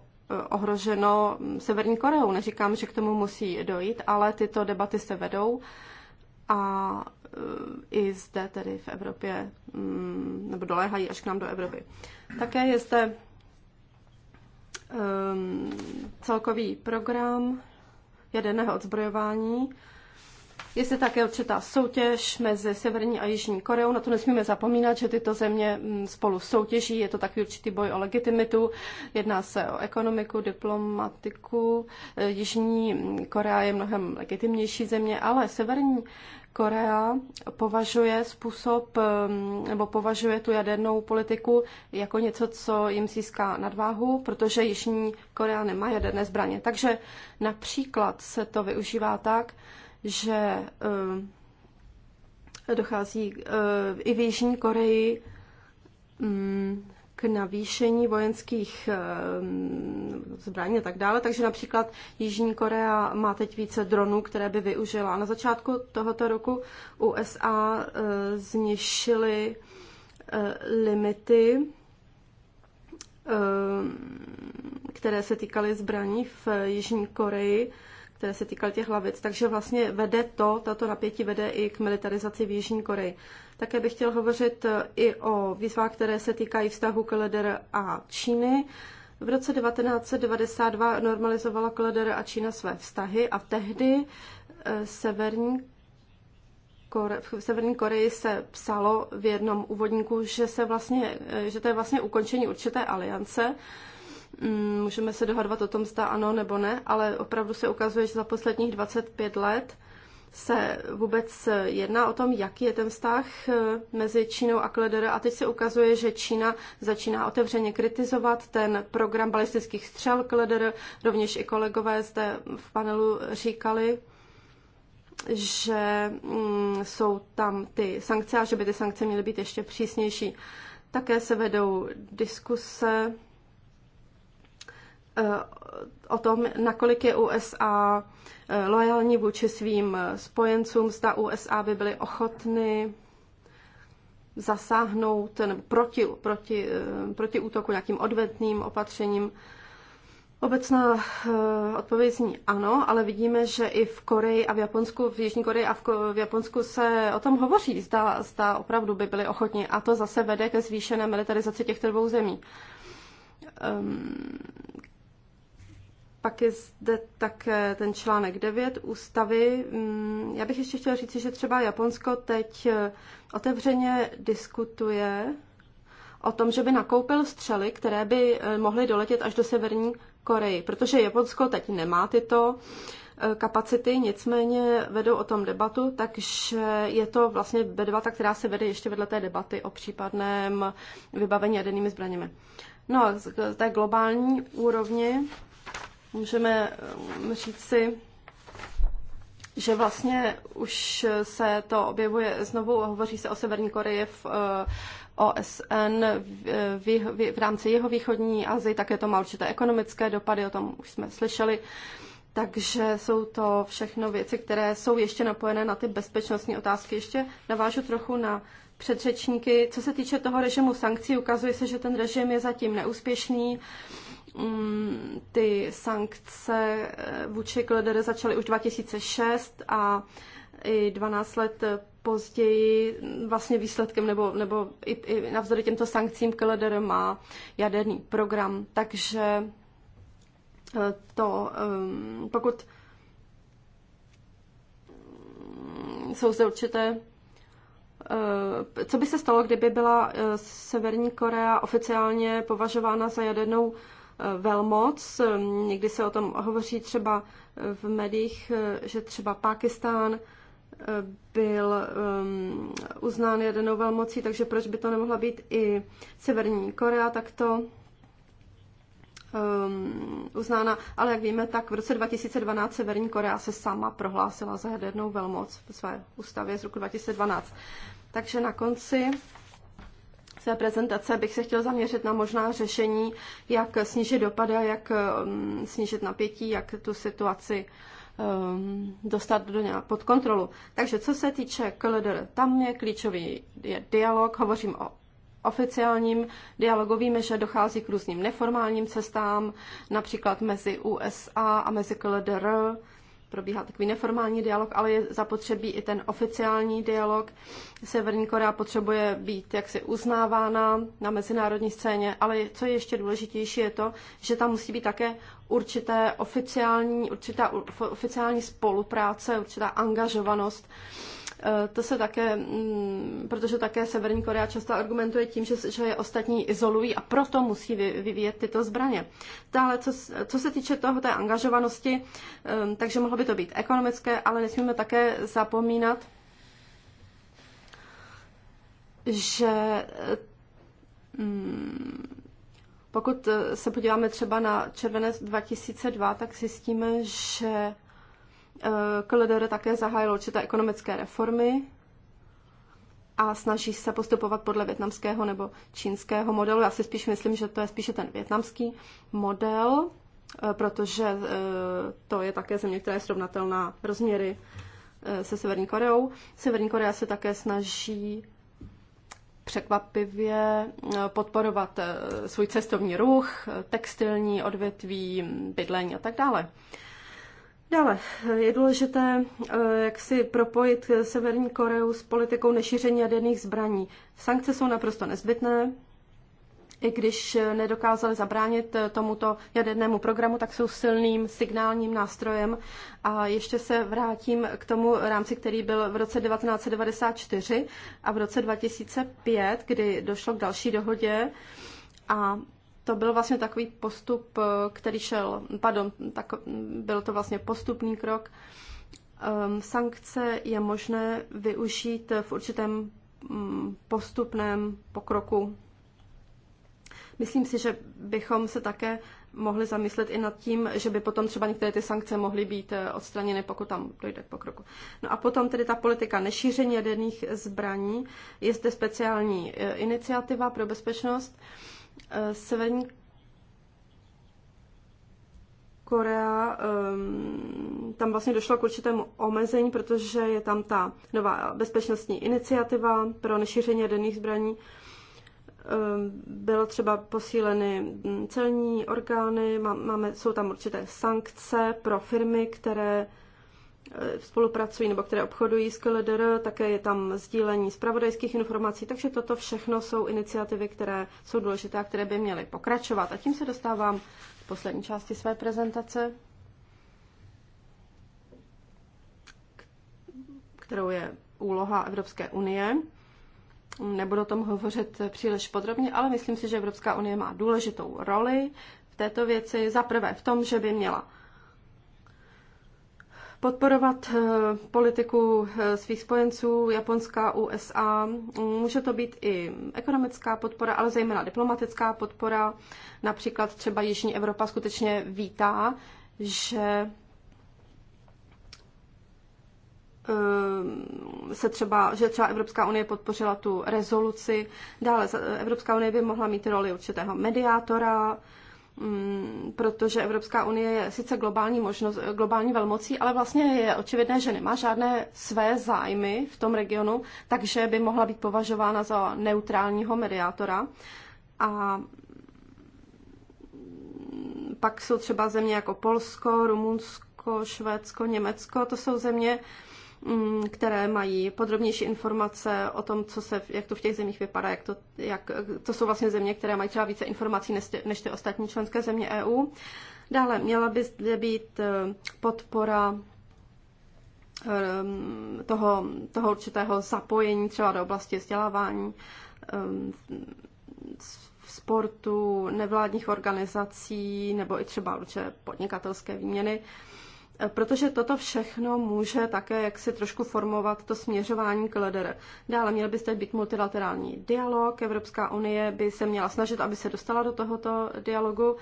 ohroženo Severní Koreou. Neříkám, že k tomu musí dojít, ale tyto debaty se vedou a e, i zde tedy v Evropě, mm, nebo doléhají až k nám do Evropy. Také je zde e, celkový program jaderného odzbrojování, je zde také určitá soutěž mezi Severní a Jižní Koreou. Na to nesmíme zapomínat, že tyto země mm, spolu soutěží. Je to takový určitý boj o legitimitu. Jedná se o ekonomiku, diplomatiku. Eh, Jižní mm, Korea je mnohem legitimnější země, ale Severní Korea považuje způsob mm, nebo považuje tu jadernou politiku jako něco, co jim získá nadváhu, protože Jižní Korea nemá jaderné zbraně. Takže například se to využívá tak, že eh, dochází eh, i v Jižní Koreji mm, k navýšení vojenských eh, zbraní a tak dále. Takže například Jižní Korea má teď více dronů, které by využila. Na začátku tohoto roku USA znišily limity, které se týkaly zbraní v Jižní Koreji které se týkaly těch hlavic. Takže vlastně vede to, tato napětí vede i k militarizaci v Jižní Koreji. Také bych chtěl hovořit eh, i o výzvách, které se týkají vztahu Kleder a Číny. V roce 1992 normalizovala Kleder a Čína své vztahy a tehdy eh, severní v Severní Koreji se psalo v jednom úvodníku, že, se vlastně, eh, že to je vlastně ukončení určité aliance, Mm, můžeme se dohadovat o tom, zda ano nebo ne, ale opravdu se ukazuje, že za posledních 25 let se vůbec jedná o tom, jaký je ten vztah eh, mezi Čínou a KLDR. A teď se ukazuje, že Čína začíná otevřeně kritizovat ten program balistických střel KLDR. Rovněž i kolegové zde v panelu říkali, že mm, jsou tam ty sankce a že by ty sankce měly být ještě přísnější. Také se vedou diskuse Eh, o tom, nakolik je USA eh, lojální vůči svým eh, spojencům, zda USA by byly ochotny zasáhnout nebo proti, proti, proti útoku nějakým odvetným opatřením. Obecná odpověď zní ano, ale vidíme, že i v Koreji a v Japonsku, v Jižní Koreji a v, v Japonsku se o tom hovoří, zda, zda opravdu by byli ochotní A to zase vede ke zvýšené militarizaci těchto dvou zemí. Ehm, pak je zde také ten článek 9 ústavy. Mm, já bych ještě chtěla říct, že třeba Japonsko teď eh, otevřeně diskutuje o tom, že by nakoupil střely, které by eh, mohly doletět až do Severní Koreji, protože Japonsko teď nemá tyto eh, kapacity, nicméně vedou o tom debatu, takže je to vlastně debata, která se vede ještě vedle té debaty o případném vybavení jadernými zbraněmi. No, a z té globální úrovni můžeme um, říct si, že vlastně už se to objevuje znovu, hovoří se o Severní Koreji v eh, OSN v, v, eh, v, v rámci jeho východní Azii, také to má určité ekonomické dopady, o tom už jsme slyšeli. Takže jsou to všechno věci, které jsou ještě napojené na ty bezpečnostní otázky. Ještě navážu trochu na předřečníky. Co se týče toho režimu sankcí, ukazuje se, že ten režim je zatím neúspěšný. Mm, ty sankce eh, vůči Kledere začaly už 2006 a i 12 let později vlastně výsledkem nebo, nebo i, i navzdory těmto sankcím Kleder má jaderný program. Takže eh, to, eh, pokud jsou zde určité co by se stalo, kdyby byla Severní Korea oficiálně považována za jadernou velmoc. Někdy se o tom hovoří třeba v médiích, že třeba Pákistán eh, byl ehm, uznán jadernou velmocí, takže proč by to nemohla být i Severní Korea takto ehm, uznána. Ale jak víme, tak v roce 2012 Severní Korea se sama prohlásila za jadernou velmoc v své ústavě z roku 2012. Takže na konci své prezentace bych se chtěl zaměřit na možná řešení, jak snížit dopady, jak um, snížit napětí, jak tu situaci um, dostat do nějak pod kontrolu. Takže co se týče KLDR, tam je klíčový je dialog, hovořím o oficiálním dialogu víme, že dochází k různým neformálním cestám, například mezi USA a mezi KLDR probíhá takový neformální dialog, ale je zapotřebí i ten oficiální dialog. Severní Korea potřebuje být jaksi uznávána na mezinárodní scéně, ale co je ještě důležitější je to, že tam musí být také určité oficiální, určitá oficiální spolupráce, určitá angažovanost. Uh, Eh, to se také, mm, protože také Severní Korea často argumentuje tím, že, že je ostatní izolují a proto musí vyvíjet tyto zbraně. Dále, co, co se týče toho té angažovanosti, eh, takže mohlo by to být ekonomické, ale nesmíme také zapomínat, že eh, mm, pokud se podíváme třeba na červenec 2002, tak zjistíme, že KLDR také zahájilo určité ekonomické reformy a snaží se postupovat podle větnamského nebo čínského modelu. Já si spíš myslím, že to je spíše ten větnamský model, eh, protože eh, to je také země, která je srovnatelná rozměry eh, se Severní Koreou. Severní Korea se také snaží překvapivě podporovat svůj cestovní ruch, textilní odvětví, bydlení a tak dále. Dále je důležité, eh, jak si propojit Severní Koreu s politikou nešíření jaderných zbraní. Sankce jsou naprosto nezbytné, i když nedokázali zabránit eh, tomuto jadernému programu, tak jsou silným signálním nástrojem. A ještě se vrátím k tomu rámci, který byl v roce 1994 a v roce 2005, kdy došlo k další dohodě. A to byl vlastně takový postup, eh, který šel, pardon, tak, byl to vlastně postupný krok. Ehm, sankce je možné využít v určitém mm, postupném pokroku. Myslím si, že bychom se také mohli zamyslet i nad tím, že by potom třeba některé ty sankce mohly být eh, odstraněny, pokud tam dojde k pokroku. No a potom tedy ta politika nešíření jaderných zbraní. Je zde speciální eh, iniciativa pro bezpečnost. Eh, Severní Korea, ehm, tam vlastně došlo k určitému omezení, protože je tam ta nová bezpečnostní iniciativa pro nešíření jaderných zbraní. Ehm, bylo třeba posíleny mm, celní orgány, máme, jsou tam určité sankce pro firmy, které Eh, spolupracují nebo které obchodují s KLDR, také je tam sdílení zpravodajských informací, takže toto všechno jsou iniciativy, které jsou důležité a které by měly pokračovat. A tím se dostávám k poslední části své prezentace, kterou je úloha Evropské unie. Nebudu o tom hovořit příliš podrobně, ale myslím si, že Evropská unie má důležitou roli v této věci. Za prvé v tom, že by měla podporovat eh, politiku eh, svých spojenců Japonska, USA. Může to být i ekonomická podpora, ale zejména diplomatická podpora. Například třeba Jižní Evropa skutečně vítá, že eh, se třeba, že třeba Evropská unie podpořila tu rezoluci. Dále Evropská unie by mohla mít roli určitého mediátora, Mm, protože Evropská unie je sice globální, možnost, globální velmocí, ale vlastně je očividné, že nemá žádné své zájmy v tom regionu, takže by mohla být považována za neutrálního mediátora. A pak jsou třeba země jako Polsko, Rumunsko, Švédsko, Německo, to jsou země, Mm, které mají podrobnější informace o tom, co se, jak to v těch zemích vypadá, jak to, jak, to jsou vlastně země, které mají třeba více informací než ty, než ty ostatní členské země EU. Dále měla by zde být eh, podpora eh, toho, toho určitého zapojení třeba do oblasti vzdělávání, eh, sportu, nevládních organizací nebo i třeba určitě podnikatelské výměny protože toto všechno může také jaksi trošku formovat to směřování k LDR. Dále měl by být multilaterální dialog, Evropská unie by se měla snažit, aby se dostala do tohoto dialogu.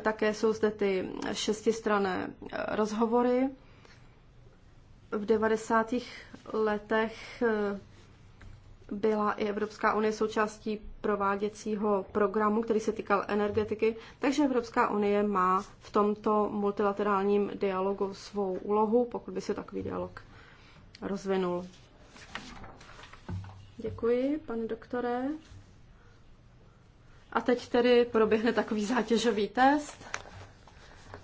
Také jsou zde ty šestistrané eh, rozhovory. V 90. letech eh, byla i Evropská unie součástí prováděcího programu, který se týkal energetiky, takže Evropská unie má v tomto multilaterálním dialogu svou úlohu, pokud by se takový dialog rozvinul. Děkuji, pane doktore. A teď tedy proběhne takový zátěžový test,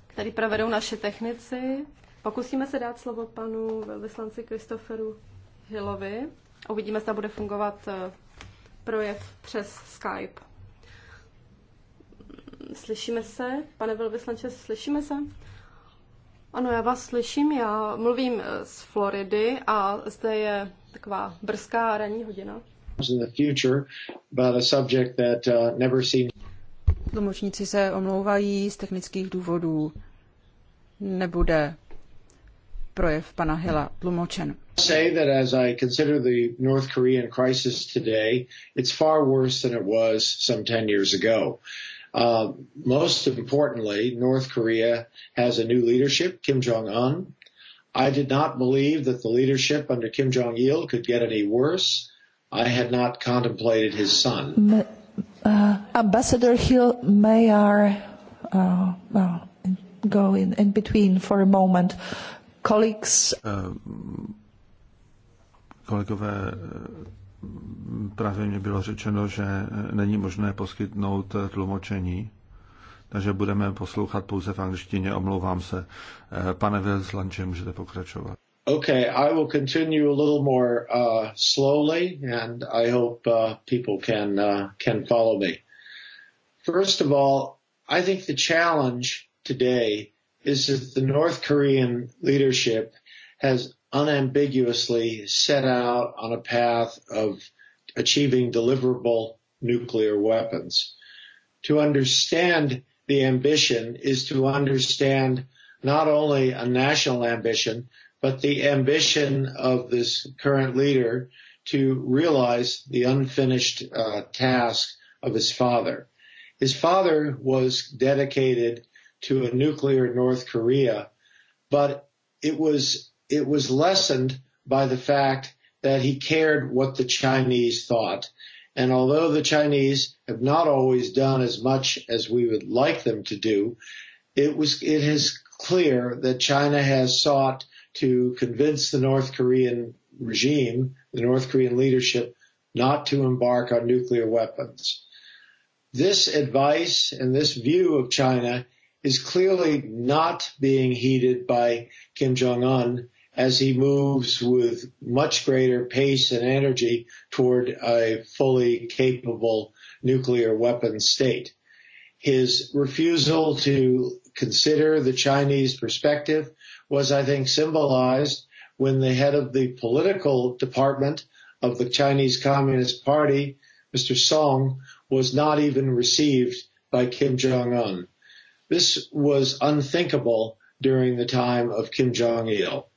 který provedou naši technici. Pokusíme se dát slovo panu velvyslanci Kristoferu Hillovi. Uvidíme, zda bude fungovat eh, projev přes Skype. Slyšíme se, pane velvyslanče, slyšíme se? Ano, já vás slyším, já mluvím eh, z Floridy a zde je taková brzká ranní hodina. Uh, Tlumočníci se omlouvají z technických důvodů. Nebude projev pana Hilla tlumočen. Say that as I consider the North Korean crisis today, it's far worse than it was some 10 years ago. Uh, most importantly, North Korea has a new leadership, Kim Jong Un. I did not believe that the leadership under Kim Jong Il could get any worse. I had not contemplated his son. M- uh, Ambassador Hill, may I uh, uh, well, go in, in between for a moment? Uh, colleagues. Eh, kolegové, eh, právě mě bylo řečeno, že eh, není možné poskytnout tlumočení, takže budeme poslouchat pouze v angličtině, omlouvám se. Pane Velslanče, můžete pokračovat. Okay, I will continue a little more uh, slowly, and I hope uh, people can uh, can follow me. First of all, I think the challenge today is that the North Korean leadership has unambiguously set out on a path of achieving deliverable nuclear weapons. To understand the ambition is to understand not only a national ambition, but the ambition of this current leader to realize the unfinished uh, task of his father. His father was dedicated to a nuclear North Korea, but it was it was lessened by the fact that he cared what the Chinese thought. And although the Chinese have not always done as much as we would like them to do, it was it is clear that China has sought to convince the North Korean regime, the North Korean leadership, not to embark on nuclear weapons. This advice and this view of China is clearly not being heeded by Kim Jong Un as he moves with much greater pace and energy toward a fully capable nuclear weapon state. His refusal to consider the Chinese perspective was, I think, symbolized when the head of the political department of the Chinese Communist Party, Mr. Song, was not even received by Kim Jong Un. This was unthinkable during the time of Kim Jong il.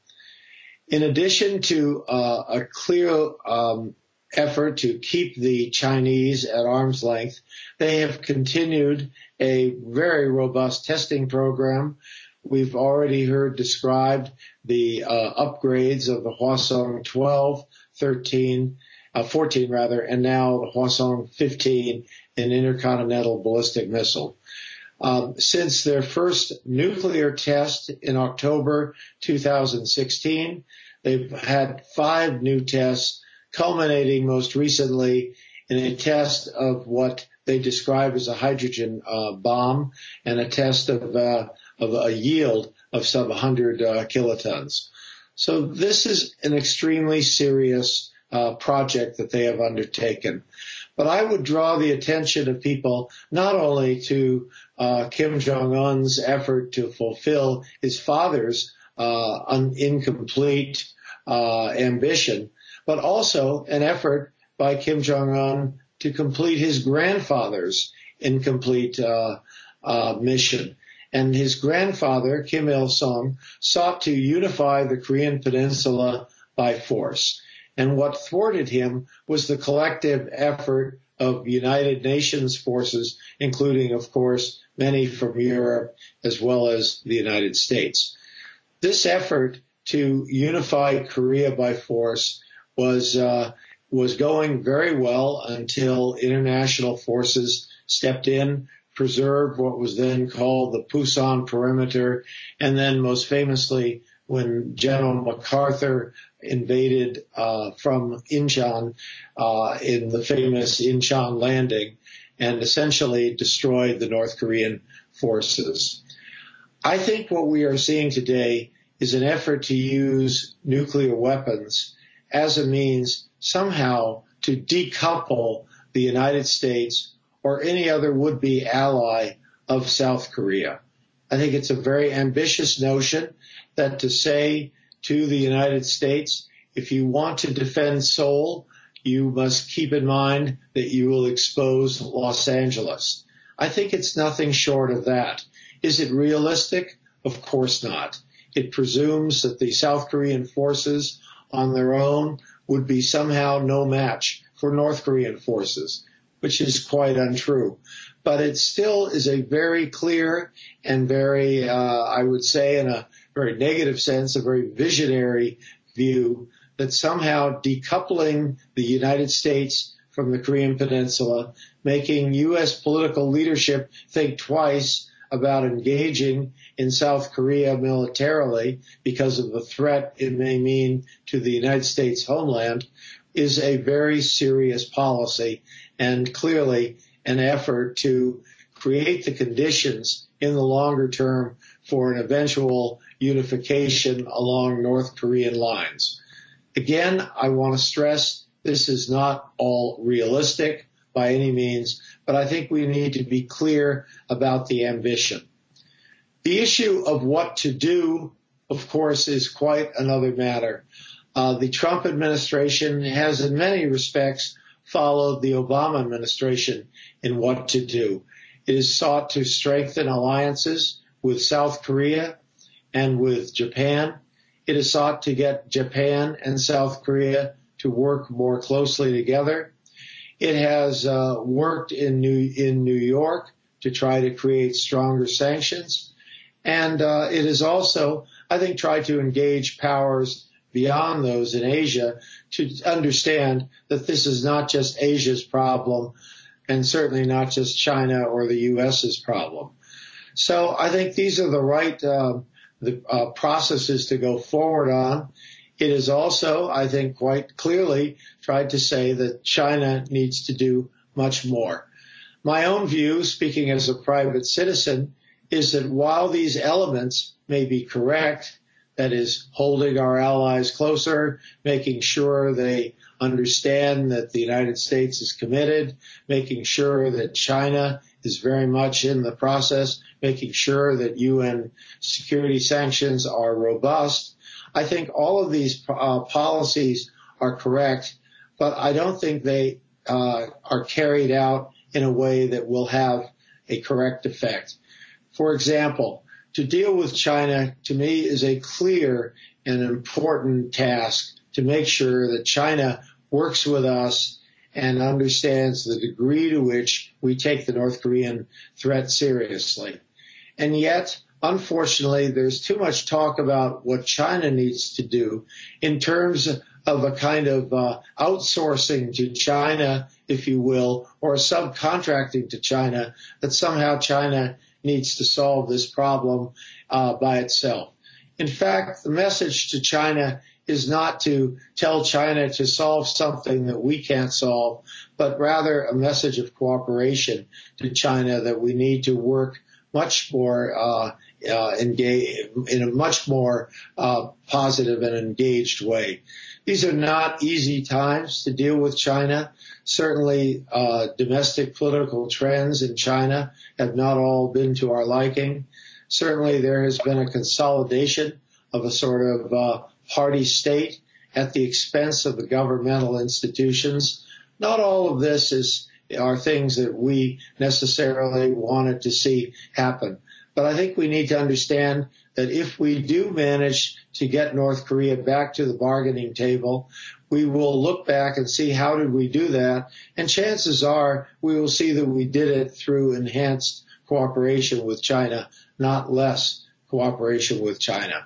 In addition to uh, a clear um, effort to keep the Chinese at arm's length, they have continued a very robust testing program. We've already heard described the uh, upgrades of the Hwasong 12, 13, uh, 14 rather, and now the Hwasong 15, an intercontinental ballistic missile. Um, since their first nuclear test in October 2016, they've had five new tests, culminating most recently in a test of what they describe as a hydrogen uh, bomb and a test of, uh, of a yield of some 100 uh, kilotons. So this is an extremely serious uh, project that they have undertaken. But I would draw the attention of people not only to uh, Kim Jong Un's effort to fulfill his father's uh, un- incomplete uh, ambition, but also an effort by Kim Jong Un to complete his grandfather's incomplete uh, uh, mission. And his grandfather, Kim Il Sung, sought to unify the Korean Peninsula by force. And what thwarted him was the collective effort of United Nations forces, including, of course, many from Europe as well as the United States. This effort to unify Korea by force was uh, was going very well until international forces stepped in, preserved what was then called the Pusan perimeter, and then most famously when General MacArthur invaded uh, from Incheon uh, in the famous Incheon landing and essentially destroyed the North Korean forces. I think what we are seeing today is an effort to use nuclear weapons as a means somehow to decouple the United States or any other would-be ally of South Korea. I think it's a very ambitious notion that to say to the United States, if you want to defend Seoul, you must keep in mind that you will expose Los Angeles. I think it's nothing short of that. Is it realistic? Of course not. It presumes that the South Korean forces on their own would be somehow no match for North Korean forces, which is quite untrue but it still is a very clear and very, uh, I would say, in a very negative sense, a very visionary view that somehow decoupling the United States from the Korean Peninsula, making U.S. political leadership think twice about engaging in South Korea militarily because of the threat it may mean to the United States homeland is a very serious policy. And clearly an effort to create the conditions in the longer term for an eventual unification along North Korean lines. Again, I want to stress this is not all realistic by any means, but I think we need to be clear about the ambition. The issue of what to do, of course, is quite another matter. Uh, the Trump administration has in many respects followed the Obama administration in what to do. It has sought to strengthen alliances with South Korea and with Japan. It has sought to get Japan and South Korea to work more closely together. It has uh, worked in New in New York to try to create stronger sanctions, and uh, it has also, I think, tried to engage powers beyond those in Asia to understand that this is not just Asia's problem and certainly not just China or the U.S.'s problem. So I think these are the right uh, the, uh, processes to go forward on. It is also, I think, quite clearly tried to say that China needs to do much more. My own view, speaking as a private citizen, is that while these elements may be correct, that is holding our allies closer, making sure they understand that the United States is committed, making sure that China is very much in the process, making sure that UN security sanctions are robust. I think all of these uh, policies are correct, but I don't think they uh, are carried out in a way that will have a correct effect. For example, to deal with China to me is a clear and important task to make sure that China works with us and understands the degree to which we take the North Korean threat seriously. And yet, unfortunately, there's too much talk about what China needs to do in terms of a kind of uh, outsourcing to China, if you will, or subcontracting to China, that somehow China needs to solve this problem uh, by itself. In fact, the message to China is not to tell China to solve something that we can't solve, but rather a message of cooperation to China that we need to work much more uh, uh, engage, in a much more uh, positive and engaged way. These are not easy times to deal with China. Certainly, uh, domestic political trends in China have not all been to our liking. Certainly, there has been a consolidation of a sort of uh, party state at the expense of the governmental institutions. Not all of this is are things that we necessarily wanted to see happen. But I think we need to understand that if we do manage to get North Korea back to the bargaining table, we will look back and see how did we do that. And chances are we will see that we did it through enhanced cooperation with China, not less cooperation with China.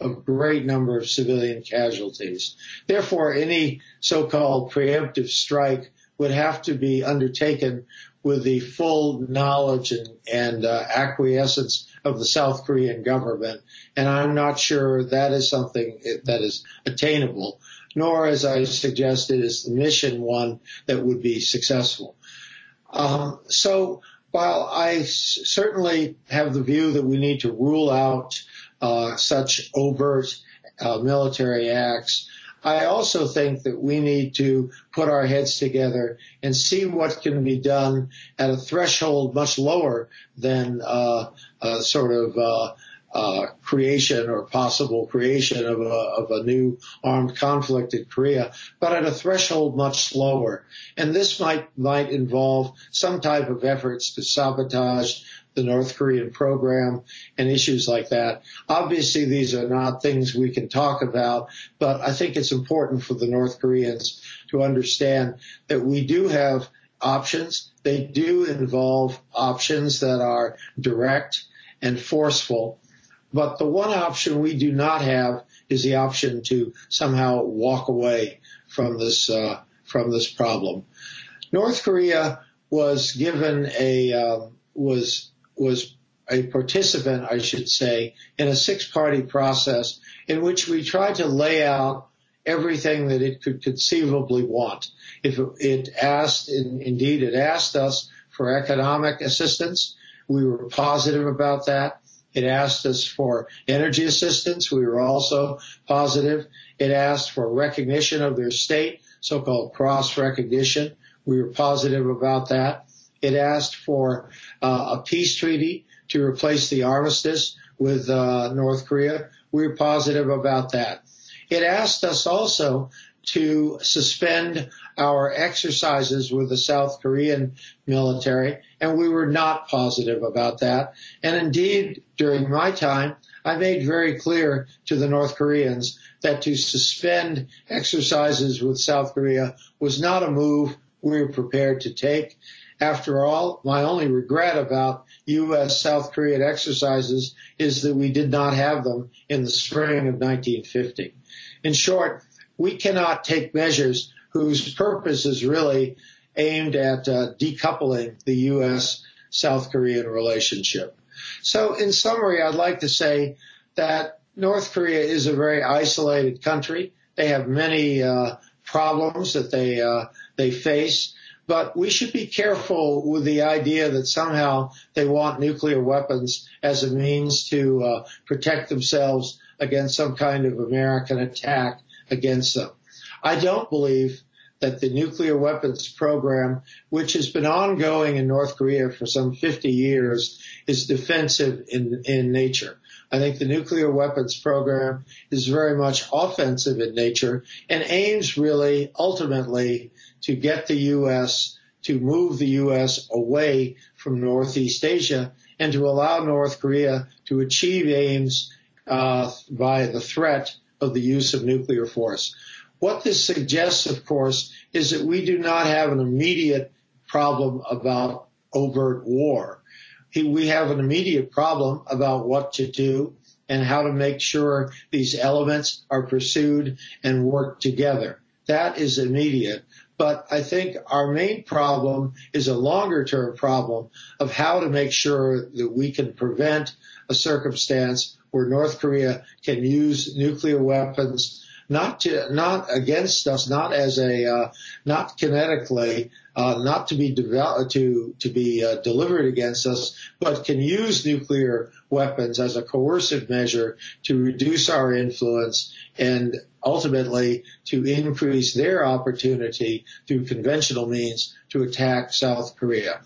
a great number of civilian casualties. Therefore, any so-called preemptive strike would have to be undertaken with the full knowledge and, and uh, acquiescence of the South Korean government. And I'm not sure that is something that is attainable, nor, as I suggested, is the mission one that would be successful. Um, so while I certainly have the view that we need to rule out Uh, such overt uh, military acts. I also think that we need to put our heads together and see what can be done at a threshold much lower than uh, a sort of uh, uh, creation or possible creation of a, of a new armed conflict in Korea, but at a threshold much lower. And this might might involve some type of efforts to sabotage the North Korean program and issues like that. Obviously, these are not things we can talk about, but I think it's important for the North Koreans to understand that we do have options. They do involve options that are direct and forceful. But the one option we do not have is the option to somehow walk away from this uh, from this problem. North Korea was given a uh, was was a participant, I should say, in a six-party process in which we tried to lay out everything that it could conceivably want. If it asked, indeed, it asked us for economic assistance, we were positive about that. It asked us for energy assistance. We were also positive. It asked for recognition of their state, so-called cross recognition. We were positive about that. It asked for uh, a peace treaty to replace the armistice with uh, North Korea. We we're positive about that. It asked us also to suspend our exercises with the South Korean military, and we were not positive about that. And indeed, during my time, I made very clear to the North Koreans that to suspend exercises with South Korea was not a move we were prepared to take. After all, my only regret about U.S. South Korean exercises is that we did not have them in the spring of 1950. In short, we cannot take measures whose purpose is really aimed at uh, decoupling the U.S. South Korean relationship. So in summary, I'd like to say that North Korea is a very isolated country. They have many uh, problems that they uh, they face. But we should be careful with the idea that somehow they want nuclear weapons as a means to uh, protect themselves against some kind of American attack against them. I don't believe that the nuclear weapons program, which has been ongoing in North Korea for some 50 years, is defensive in, in nature. I think the nuclear weapons program is very much offensive in nature and aims really ultimately to get the U.S. to move the U.S. away from Northeast Asia and to allow North Korea to achieve aims uh, by the threat of the use of nuclear force. What this suggests, of course, is that we do not have an immediate problem about overt war. We have an immediate problem about what to do and how to make sure these elements are pursued and work together. That is immediate. But I think our main problem is a longer term problem of how to make sure that we can prevent a circumstance where North Korea can use nuclear weapons not to, not against us, not as a, uh, not kinetically, uh, not to be developed to to be uh, delivered against us, but can use nuclear weapons as a coercive measure to reduce our influence and ultimately to increase their opportunity through conventional means to attack South Korea.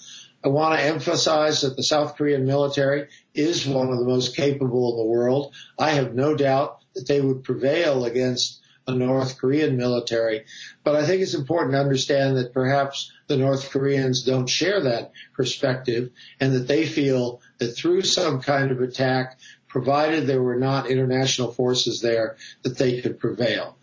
I want to emphasize that the South Korean military is one of the most capable in the world. I have no doubt that they would prevail against a North Korean military. But I think it's important to understand that perhaps the North Koreans don't share that perspective and that they feel that through some kind of attack, provided there were not international forces there, that they could prevail.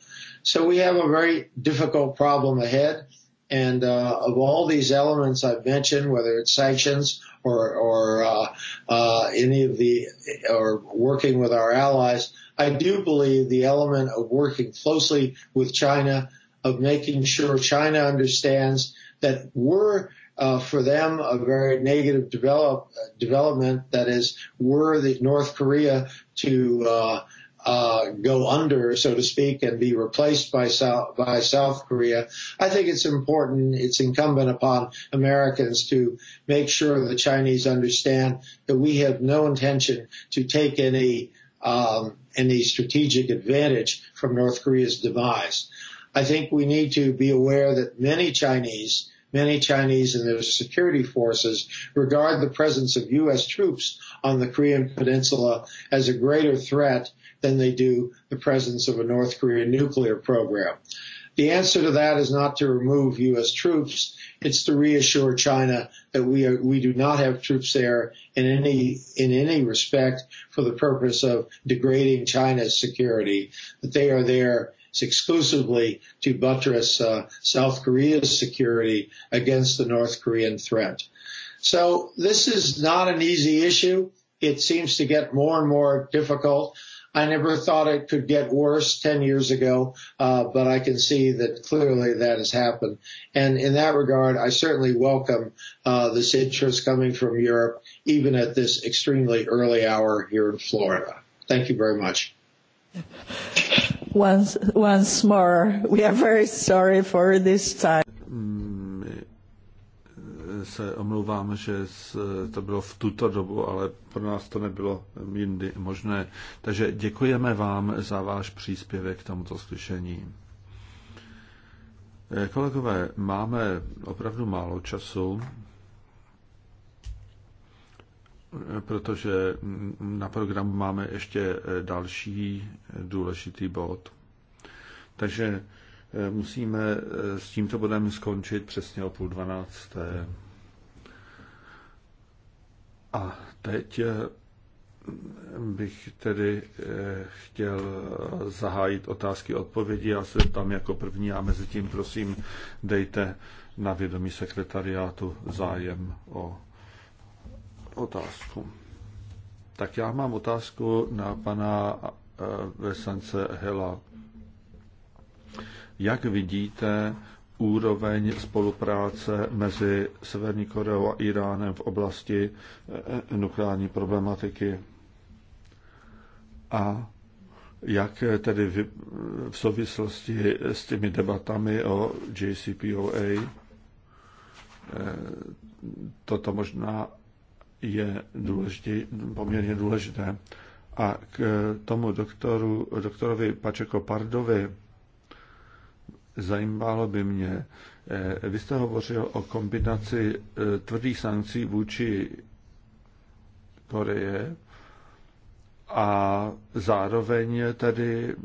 So we have a very difficult problem ahead. And uh, of all these elements I've mentioned, whether it's sanctions or, or uh, uh, any of the or working with our allies, i do believe the element of working closely with China, of making sure China understands that we're uh, for them a very negative develop, uh, development. That is, were the North Korea to uh, uh, go under, so to speak, and be replaced by South by South Korea. I think it's important. It's incumbent upon Americans to make sure the Chinese understand that we have no intention to take any um, and the strategic advantage from North Korea's demise. I think we need to be aware that many Chinese, many Chinese and their security forces regard the presence of U.S. troops on the Korean peninsula as a greater threat than they do the presence of a North Korean nuclear program. The answer to that is not to remove U.S. troops, It's to reassure China that we are, we do not have troops there in any, in any respect for the purpose of degrading China's security, that they are there exclusively to buttress uh, South Korea's security against the North Korean threat. So this is not an easy issue. It seems to get more and more difficult. I never thought it could get worse 10 years ago, uh, but I can see that clearly that has happened. And in that regard, I certainly welcome uh, this interest coming from Europe, even at this extremely early hour here in Florida. Thank you very much. Once, once more, we are very sorry for this time se omlouvám, že to bylo v tuto dobu, ale pro nás to nebylo jindy možné. Takže děkujeme vám za váš příspěvek k tomuto slyšení. Eh, kolegové, máme opravdu málo času, eh, protože na programu máme ještě eh, další důležitý bod. Takže musíme s tímto bodem skončit přesně o půl dvanácté. A teď eh, bych tedy eh, chtěl zahájit otázky a odpovědi. Já se tam jako první a mezi tím prosím dejte na vědomí sekretariátu zájem o otázku. Tak já mám otázku na pana eh, Vesance Hela. Jak vidíte úroveň spolupráce mezi Severní Koreou a Iránem v oblasti eh, nukleární problematiky. A jak tedy v souvislosti s těmi debatami o JCPOA, eh, toto možná je důležitý, poměrně důležité. A k tomu doktoru, doktorovi Pačeko Pardovi, zajímalo by mě, eh, vy jste hovořil o kombinaci eh, tvrdých sankcí vůči Koreje a zároveň tady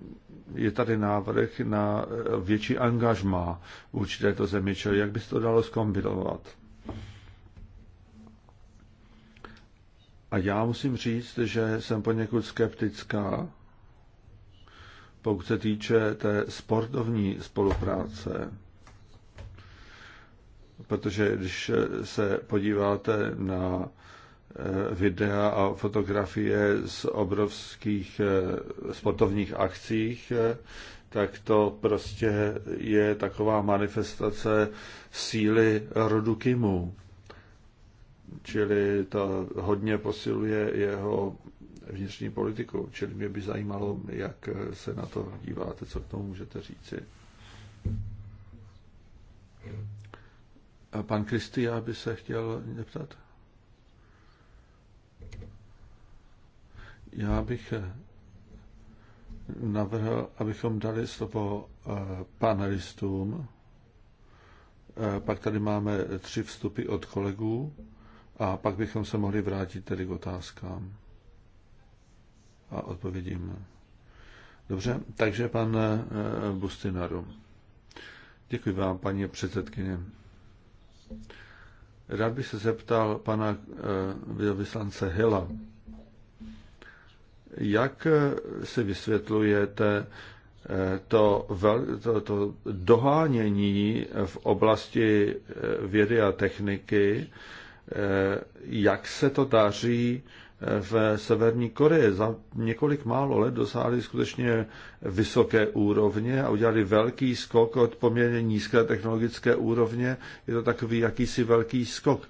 je tady návrh na eh, větší angažma vůči této zemi, čili jak by se to dalo zkombinovat. A já musím říct, že jsem poněkud skeptická, pokud se týče té sportovní spolupráce. Protože když se podíváte na eh, videa a fotografie z obrovských eh, sportovních akcích, eh, tak to prostě je taková manifestace síly rodu Kimu. Čili to hodně posiluje jeho vnitřní politiku. Čili mě by zajímalo, jak se na to díváte, co k tomu můžete říci. A pan Kristia by se chtěl zeptat? Já bych eh, navrhl, abychom dali slovo eh, panelistům. Eh, pak tady máme tři vstupy od kolegů a pak bychom se mohli vrátit tedy k otázkám a odpovědím. Dobře, takže pan eh, Bustinaru. Děkuji vám, paní předsedkyně. Rád bych se zeptal pana eh, vyslance Hela, jak eh, si vysvětlujete to, to, to dohánění v oblasti vědy a techniky, jak se to daří v Severní Koreji za několik málo let dosáhli skutečně vysoké úrovně a udělali velký skok od poměrně nízké technologické úrovně. Je to takový jakýsi velký skok.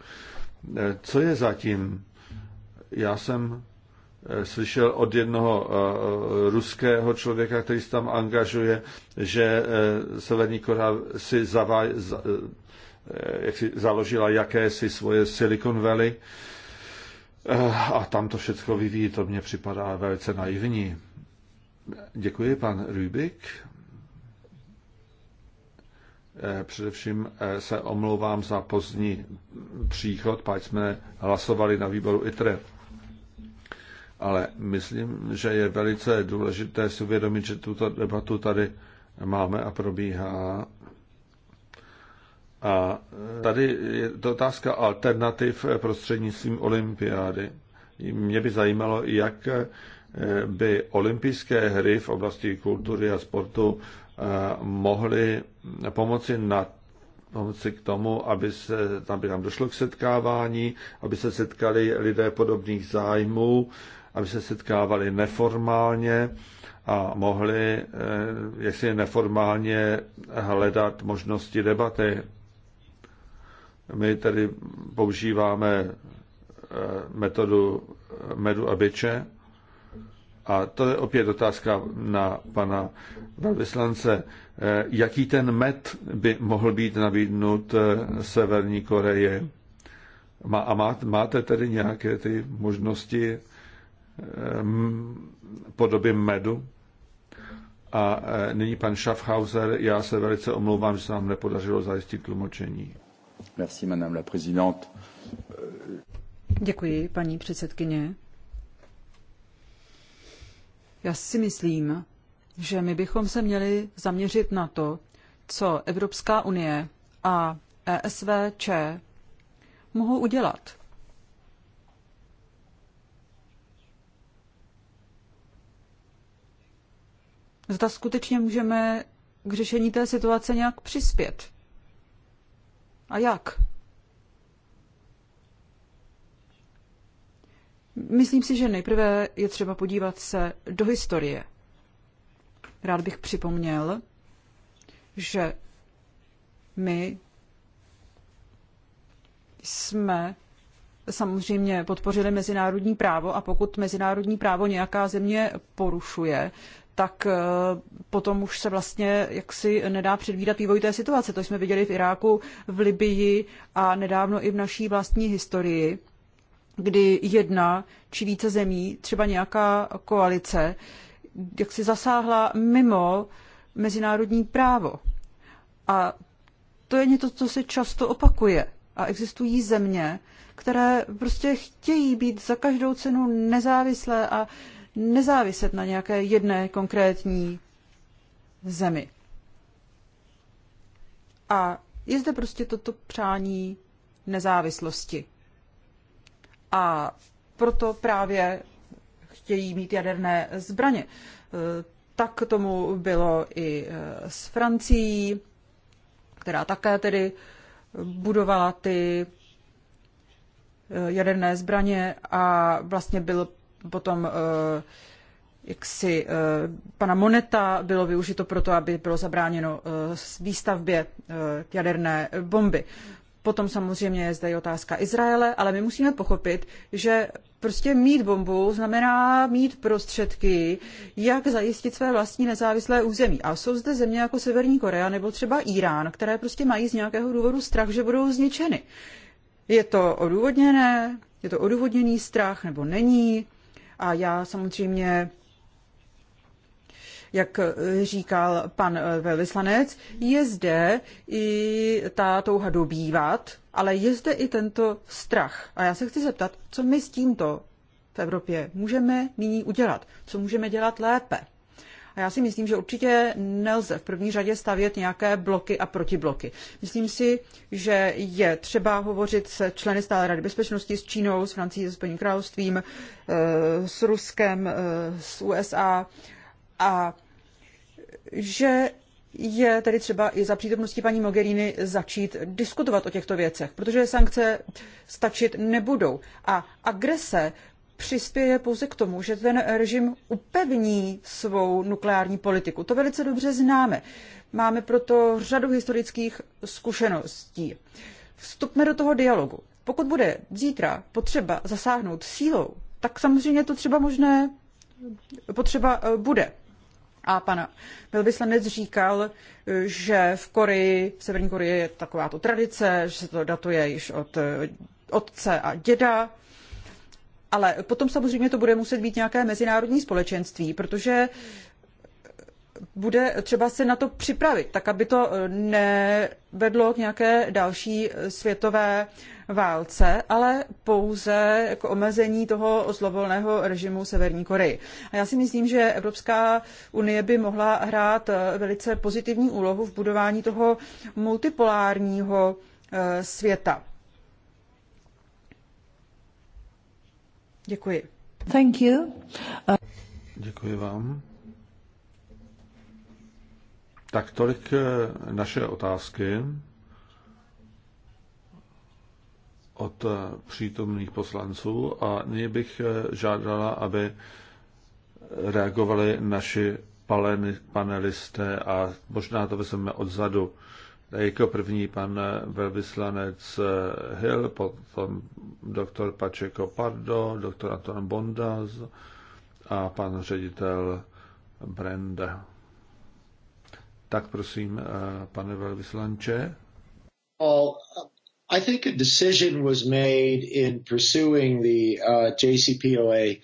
E, co je zatím? Já jsem e, slyšel od jednoho e, ruského člověka, který se tam angažuje, že Severní Korea si, zavá, jak si založila jakési svoje Silicon Valley Eh, a tam to všechno vyvíjí, to mně připadá velice naivní. Děkuji, pan Rubik. Eh, především eh, se omlouvám za pozdní příchod, pak jsme hlasovali na výboru ITRE. Ale myslím, že je velice důležité si uvědomit, že tuto debatu tady máme a probíhá a tady je to otázka alternativ prostřednictvím olympiády. Mě by zajímalo, jak eh, by olympijské hry v oblasti kultury a sportu eh, mohly pomoci na pomoci k tomu, aby, se, by tam došlo k setkávání, aby se setkali lidé podobných zájmů, aby se setkávali neformálně a mohli, eh, jestli neformálně, hledat možnosti debaty my tedy používáme eh, metodu eh, medu a byče. A to je opět otázka na pana velvyslance. Eh, jaký ten med by mohl být nabídnut Severní Koreji? A máte tedy nějaké ty možnosti podoby medu? A nyní pan Schaffhauser, já se velice omlouvám, že se nám nepodařilo zajistit tlumočení. Děkuji, paní předsedkyně. Já si myslím, že my bychom se měli zaměřit na to, co Evropská unie a ESVČ mohou udělat. Zda skutečně můžeme k řešení té situace nějak přispět. A jak? Myslím si, že nejprve je třeba podívat se do historie. Rád bych připomněl, že my jsme samozřejmě podpořili mezinárodní právo a pokud mezinárodní právo nějaká země porušuje, tak eh, potom už se vlastně jaksi nedá předvídat vývoj té situace. To jsme viděli v Iráku, v Libii a nedávno i v naší vlastní historii, kdy jedna či více zemí, třeba nějaká koalice, jaksi zasáhla mimo mezinárodní právo. A to je něco, co se často opakuje. A existují země, které prostě chtějí být za každou cenu nezávislé a nezáviset na nějaké jedné konkrétní zemi. A je zde prostě toto přání nezávislosti. A proto právě chtějí mít jaderné zbraně. E, tak tomu bylo i e, s Francií, která také tedy budovala ty e, jaderné zbraně a vlastně byl potom eh, jaksi eh, pana Moneta bylo využito proto, aby bylo zabráněno eh, výstavbě jaderné bomby. Potom samozřejmě je zde i otázka Izraele, ale my musíme pochopit, že prostě mít bombu znamená mít prostředky, jak zajistit své vlastní nezávislé území. A jsou zde země jako Severní Korea nebo třeba Irán, které prostě mají z nějakého důvodu strach, že budou zničeny. Je to odůvodněné, je to odůvodněný strach nebo není? A já samozřejmě jak říkal pan eh, velvyslanec, je zde i ta touha dobývat, ale je zde i tento strach. A já se chci zeptat, co my s tímto v Evropě můžeme nyní udělat? Co můžeme dělat lépe? A já si myslím, že určitě nelze v první řadě stavět nějaké bloky a protibloky. Myslím si, že je třeba hovořit se členy stále Rady bezpečnosti s Čínou, s Francií, s Spojeným královstvím, eh, s Ruskem, eh, s USA a že je tedy třeba i za přítomnosti paní Mogherini začít diskutovat o těchto věcech, protože sankce stačit nebudou. A agrese přispěje pouze k tomu, že ten režim upevní svou nukleární politiku. To velice dobře známe. Máme proto řadu historických zkušeností. Vstupme do toho dialogu. Pokud bude zítra potřeba zasáhnout sílou, tak samozřejmě to třeba možné potřeba eh, bude. A pan velvyslanec říkal, že v Koreji, v Severní Koreji je takováto tradice, že se to datuje již od eh, otce a děda, ale potom samozřejmě to bude muset být nějaké mezinárodní společenství, protože bude třeba se na to připravit, tak aby to eh, nevedlo k nějaké další eh, světové válce, ale pouze k omezení toho zlovolného režimu Severní Koreji. A já si myslím, že Evropská unie by mohla hrát eh, velice pozitivní úlohu v budování toho multipolárního světa. Děkuji. Thank you. Uh... Děkuji vám. Tak tolik eh, naše otázky od eh, přítomných poslanců a nyní bych eh, žádala, aby reagovali naši panelisté a možná to vezmeme odzadu. Jako první pan velvyslanec Hill, potom doktor Pacheco Pardo, doktor Anton Bondas a pan ředitel Brenda. Tak prosím, eh, pane velvyslanče. All, I think a decision was made in pursuing the uh, JCPOA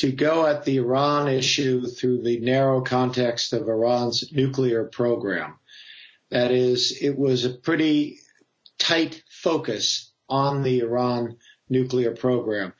to go at the Iran issue through the narrow context of Iran's nuclear program. That is, it was a pretty tight focus on the Iran nuclear program.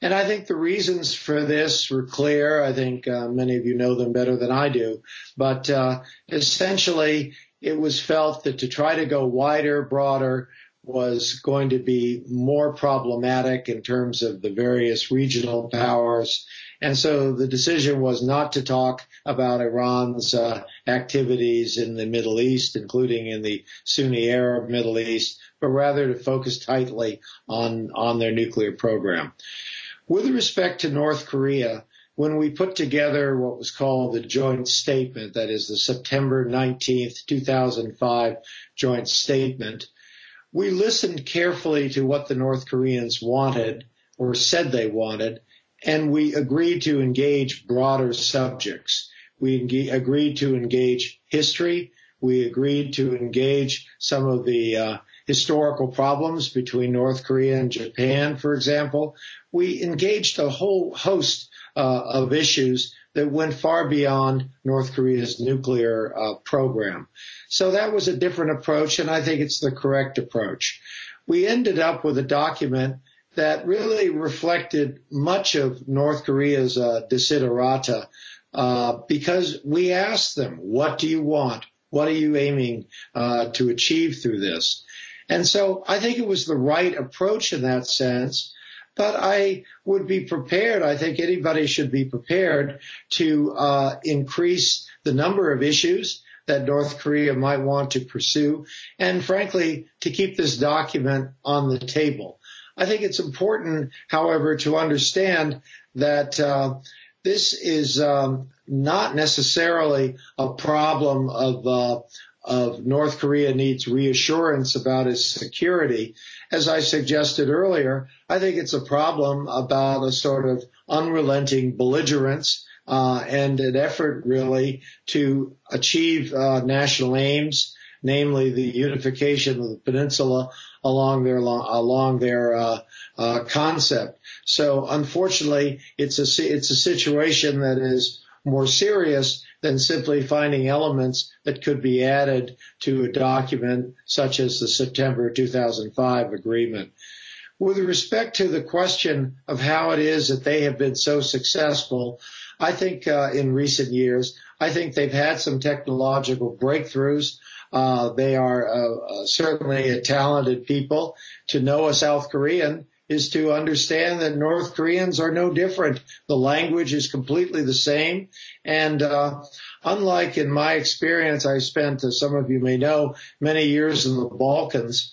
And I think the reasons for this were clear. I think uh, many of you know them better than I do. But uh, essentially, it was felt that to try to go wider, broader, was going to be more problematic in terms of the various regional powers And so the decision was not to talk about Iran's uh, activities in the Middle East, including in the Sunni Arab Middle East, but rather to focus tightly on, on their nuclear program. With respect to North Korea, when we put together what was called the joint statement, that is the September 19th, 2005 joint statement, we listened carefully to what the North Koreans wanted or said they wanted and we agreed to engage broader subjects. We enge- agreed to engage history. We agreed to engage some of the uh, historical problems between North Korea and Japan, for example. We engaged a whole host uh, of issues that went far beyond North Korea's nuclear uh, program. So that was a different approach, and I think it's the correct approach. We ended up with a document that really reflected much of North Korea's uh, desiderata uh, because we asked them, what do you want? What are you aiming uh, to achieve through this? And so I think it was the right approach in that sense. But I would be prepared. I think anybody should be prepared to uh, increase the number of issues that North Korea might want to pursue, and frankly, to keep this document on the table. I think it's important, however, to understand that uh, this is um, not necessarily a problem of uh, of North Korea needs reassurance about its security. As I suggested earlier, I think it's a problem about a sort of unrelenting belligerence uh, and an effort really to achieve uh, national aims namely the unification of the peninsula along their along their uh, uh, concept. So unfortunately, it's a it's a situation that is more serious than simply finding elements that could be added to a document such as the September 2005 agreement. With respect to the question of how it is that they have been so successful, I think uh, in recent years, I think they've had some technological breakthroughs. Uh, Uh, they are uh, uh, certainly a talented people. To know a South Korean is to understand that North Koreans are no different. The language is completely the same. And uh, unlike in my experience, I spent, as some of you may know, many years in the Balkans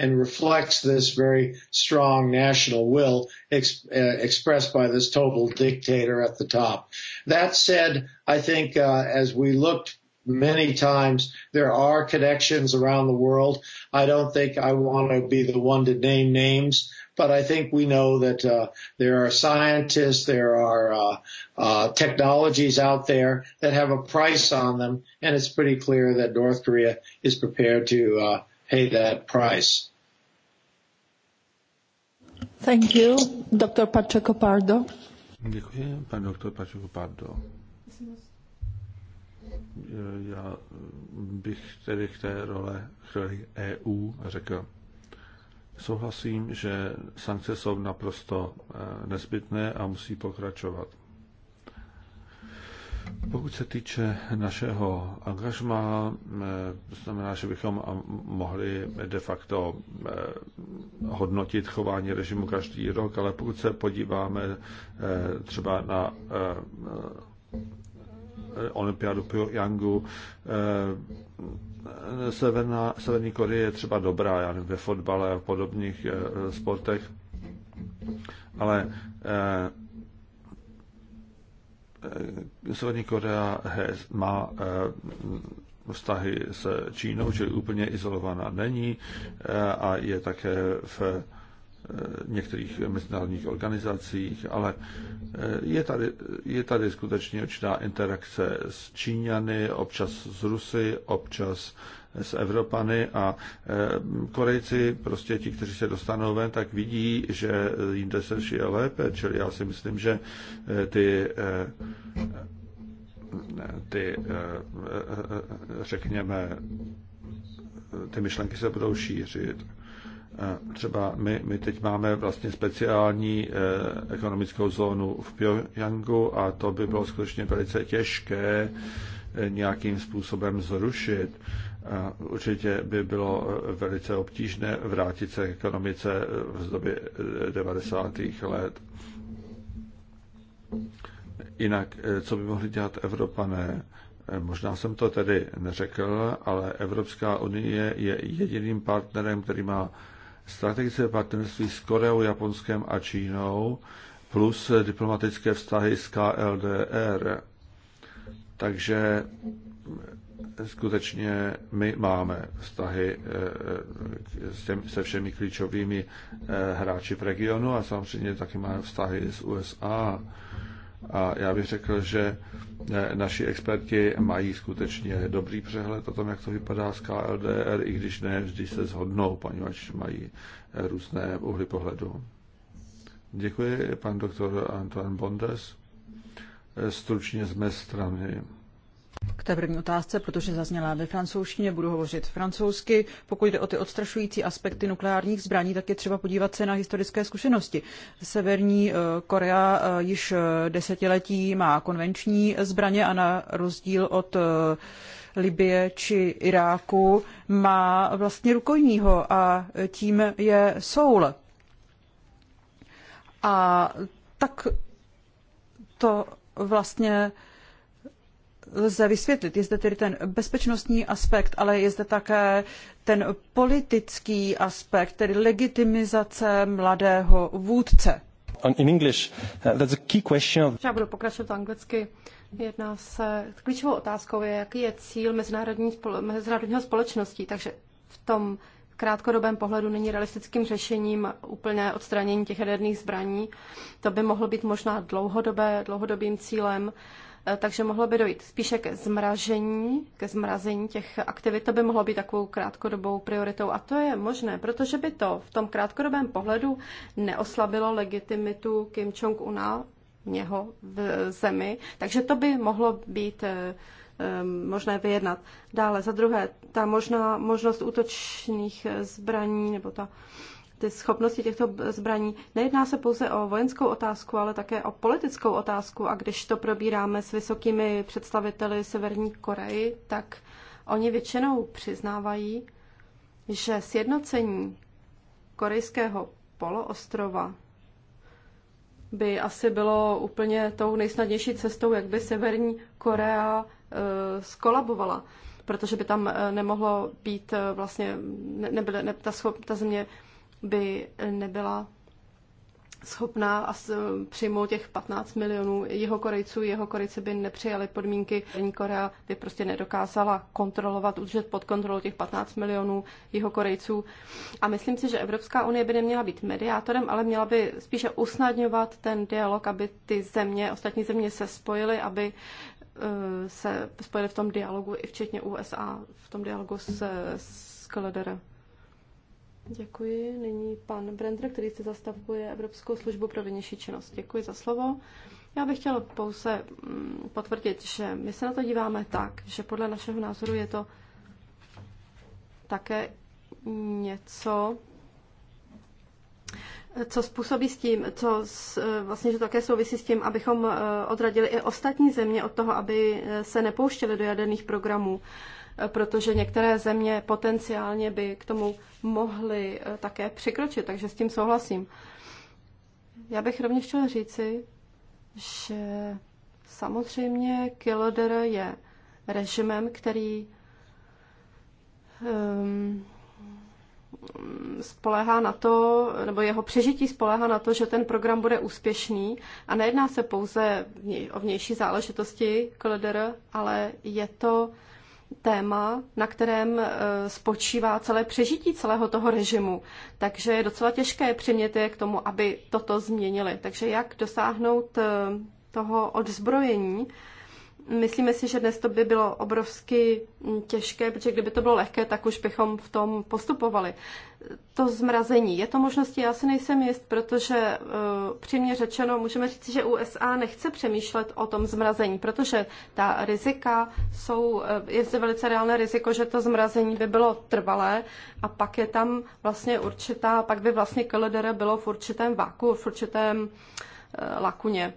and reflects this very strong national will ex- uh, expressed by this total dictator at the top. That said, I think uh, as we looked many times. There are connections around the world. I don't think I want to be the one to name names, but I think we know that uh, there are scientists, there are uh, uh, technologies out there that have a price on them, and it's pretty clear that North Korea is prepared to uh, pay that price. Thank you. Dr. Pacheco Pardo. Děkuji, pan doktor Pacheco Pardo. Já bych tedy k té role, k roli EU řekl, souhlasím, že sankce jsou naprosto eh, nezbytné a musí pokračovat. Pokud se týče našeho angažma, eh, to znamená, že bychom mohli de facto eh, hodnotit chování režimu každý rok, ale pokud se podíváme eh, třeba na olympiádu Pyongyangu, Severná, Severní Koreje je třeba dobrá, já nevím, ve fotbale a podobných sportech, ale Eh, Severní Korea eh, má eh, vztahy s Čínou, že úplně izolovaná není a je také v některých mezinárodních organizacích, ale je tady, je tady skutečně určitá interakce s Číňany, občas s Rusy, občas s Evropany a e, Korejci, prostě ti, kteří se dostanou ven, tak vidí, že jinde se žije lépe, čili já si myslím, že e, ty e, ty, řekněme, ty myšlenky se budou šířit. Třeba my, my teď máme vlastně speciální ekonomickou zónu v Pyongyangu a to by bylo skutečně velice těžké nějakým způsobem zrušit. Určitě by bylo eh, velice obtížné vrátit se k ekonomice eh, v době 90. Eh, let. Jinak, co by mohli dělat Evropané? Možná jsem to tedy neřekl, ale Evropská unie je jediným partnerem, který má strategické partnerství s Koreou, Japonskem a Čínou, plus diplomatické vztahy s KLDR. Takže skutečně my máme vztahy eh, eh, se všemi klíčovými eh, hráči v regionu a samozřejmě taky máme vztahy s USA. A já bych řekl, že naši experti mají skutečně dobrý přehled o tom, jak to vypadá s KLDR, i když ne vždy se shodnou, poněvadž mají různé úhly pohledu. Děkuji, pan doktor Antoine Bondes. Stručně z mé strany. K té první otázce, protože zazněla ve francouzštině, budu hovořit francouzsky. Pokud jde o ty odstrašující aspekty nukleárních zbraní, tak je třeba podívat se na historické zkušenosti. Severní eh, Korea eh, již eh, desetiletí má konvenční zbraně a na rozdíl od Libie či Iráku má vlastně rukojního a tím je Soul. A tak to vlastně lze vysvětlit. Je zde tedy ten bezpečnostní aspekt, ale je zde také ten politický aspekt, tedy legitimizace mladého vůdce. In English, uh, that's a key question Já budu pokračovat anglicky. Jedná se, klíčovou otázkou je, jaký je cíl mezinárodní, mezinárodního společnosti, takže v tom krátkodobém pohledu není realistickým řešením úplné odstranění těch jaderných zbraní. To by mohlo být možná dlouhodobé, dlouhodobým cílem. Uh, Eh, takže mohlo by dojít spíše ke zmražení, ke zmrazení těch aktivit, to by mohlo být takovou krátkodobou prioritou a to je možné, protože by to v tom krátkodobém pohledu neoslabilo legitimitu Kim Jong-una něho v zemi, takže to by mohlo být eh, eh, možné vyjednat. Dále, za druhé, ta možná možnost útočných zbraní nebo ta ty schopnosti těchto zbraní. Nejedná se pouze o vojenskou otázku, ale také o politickou otázku. A když to probíráme s vysokými představiteli Severní Koreji, tak oni většinou přiznávají, že sjednocení korejského poloostrova by asi bylo úplně tou nejsnadnější cestou, jak by Severní Korea e, skolabovala, protože by tam e, nemohlo být e, vlastně, nebyla, ne, ta, schop, ta země by nebyla schopná přijmout těch 15 milionů jeho Korejců. Jeho Korejci by nepřijali podmínky. Jižní Korea by prostě nedokázala kontrolovat, udržet pod kontrolou těch 15 milionů jeho Korejců. A myslím si, že Evropská unie by neměla být mediátorem, ale měla by spíše usnadňovat ten dialog, aby ty země, ostatní země se spojily, aby e, se spojili v tom dialogu, i včetně USA, v tom dialogu s, s KLDR. Děkuji. Nyní pan Brender, který se zastavuje Evropskou službu pro vnější činnost. Děkuji za slovo. Já bych chtěla pouze mm, potvrdit, že my se na to díváme tak, že podle našeho názoru je to také něco, co způsobí s tím, co s, e, vlastně, že také souvisí s tím, abychom e, odradili i ostatní země od toho, aby e, se nepouštěli do jaderných programů protože některé země potenciálně by k tomu mohly eh, také přikročit, takže s tím souhlasím. Já bych rovněž chtěla říci, že samozřejmě Kilodr je režimem, který um, spolehá na to, nebo jeho přežití spolehá na to, že ten program bude úspěšný a nejedná se pouze o vnější záležitosti KLDR, ale je to téma, na kterém eh, spočívá celé přežití celého toho režimu. Takže je docela těžké přimět je k tomu, aby toto změnili. Takže jak dosáhnout eh, toho odzbrojení, Myslíme si, že dnes to by bylo obrovsky těžké, protože kdyby to bylo lehké, tak už bychom v tom postupovali. To zmrazení, je to možností, já si nejsem jist, protože e, uh, přímě řečeno můžeme říct, že USA nechce přemýšlet o tom zmrazení, protože ta rizika jsou, e, je zde velice reálné riziko, že to zmrazení by bylo trvalé a pak je tam vlastně určitá, pak by vlastně KLDR bylo v určitém váku, v určitém uh, lakuně.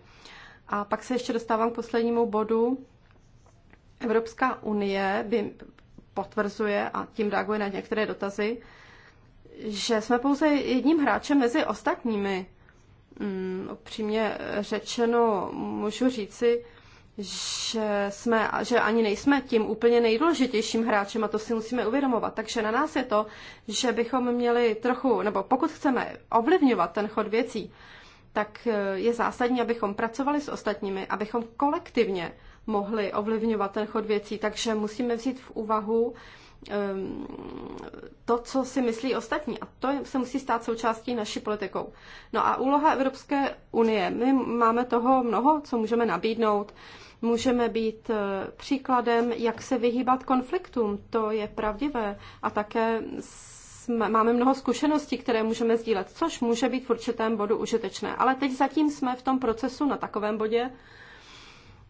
A pak se ještě dostávám k poslednímu bodu. Evropská unie by potvrzuje, a tím reaguje na některé dotazy, že jsme pouze jedním hráčem mezi ostatními. Mm, upřímně řečeno, můžu říci, že, jsme, že ani nejsme tím úplně nejdůležitějším hráčem a to si musíme uvědomovat. Takže na nás je to, že bychom měli trochu, nebo pokud chceme ovlivňovat ten chod věcí, tak eh, je zásadní, abychom pracovali s ostatními, abychom kolektivně mohli ovlivňovat ten chod věcí. Takže musíme vzít v úvahu ehm, to, co si myslí ostatní. A to se musí stát součástí naší politikou. No a úloha Evropské unie. My máme toho mnoho, co můžeme nabídnout. Můžeme být eh, příkladem, jak se vyhýbat konfliktům. To je pravdivé. A také jsme, máme mnoho zkušeností, které můžeme sdílet, což může být v určitém bodu užitečné. Ale teď zatím jsme v tom procesu na takovém bodě,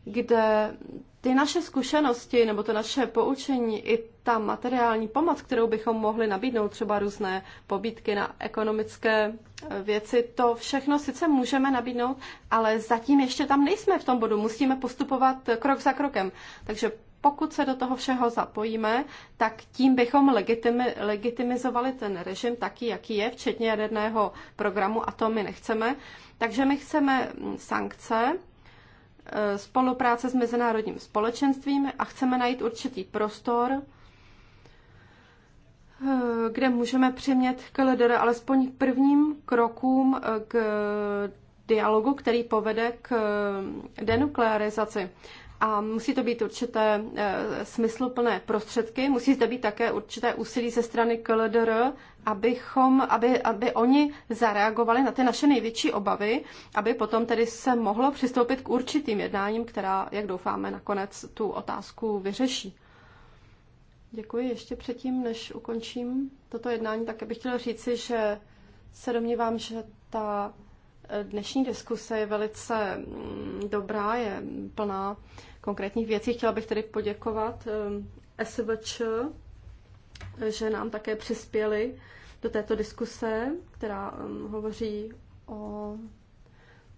kde ty naše zkušenosti nebo to naše poučení i ta materiální pomoc, kterou bychom mohli nabídnout, třeba různé pobídky na ekonomické eh, věci, to všechno sice můžeme nabídnout, ale zatím ještě tam nejsme v tom bodu. Musíme postupovat krok za krokem. Takže pokud se do toho všeho zapojíme, tak tím bychom legitimi, legitimizovali ten režim taky, jaký je, včetně jaderného programu, a to my nechceme. Takže my chceme mm, sankce, e, spolupráce s mezinárodním společenstvím a chceme najít určitý prostor, e, kde můžeme přimět LDR alespoň k prvním krokům e, k dialogu, který povede k denuklearizaci a musí to být určité eh, smysluplné prostředky, musí zde být také určité úsilí ze strany KLDR, abychom, aby, aby oni zareagovali na ty naše největší obavy, aby potom tedy se mohlo přistoupit k určitým jednáním, která, jak doufáme, nakonec tu otázku vyřeší. Děkuji. Ještě předtím, než ukončím toto jednání, tak bych chtěla říci, že se domnívám, že ta eh, dnešní diskuse je velice mm, dobrá, je plná konkrétních věcí. Chtěla bych tedy poděkovat ehm, SVČ, že nám také přispěli do této diskuse, která ehm, hovoří o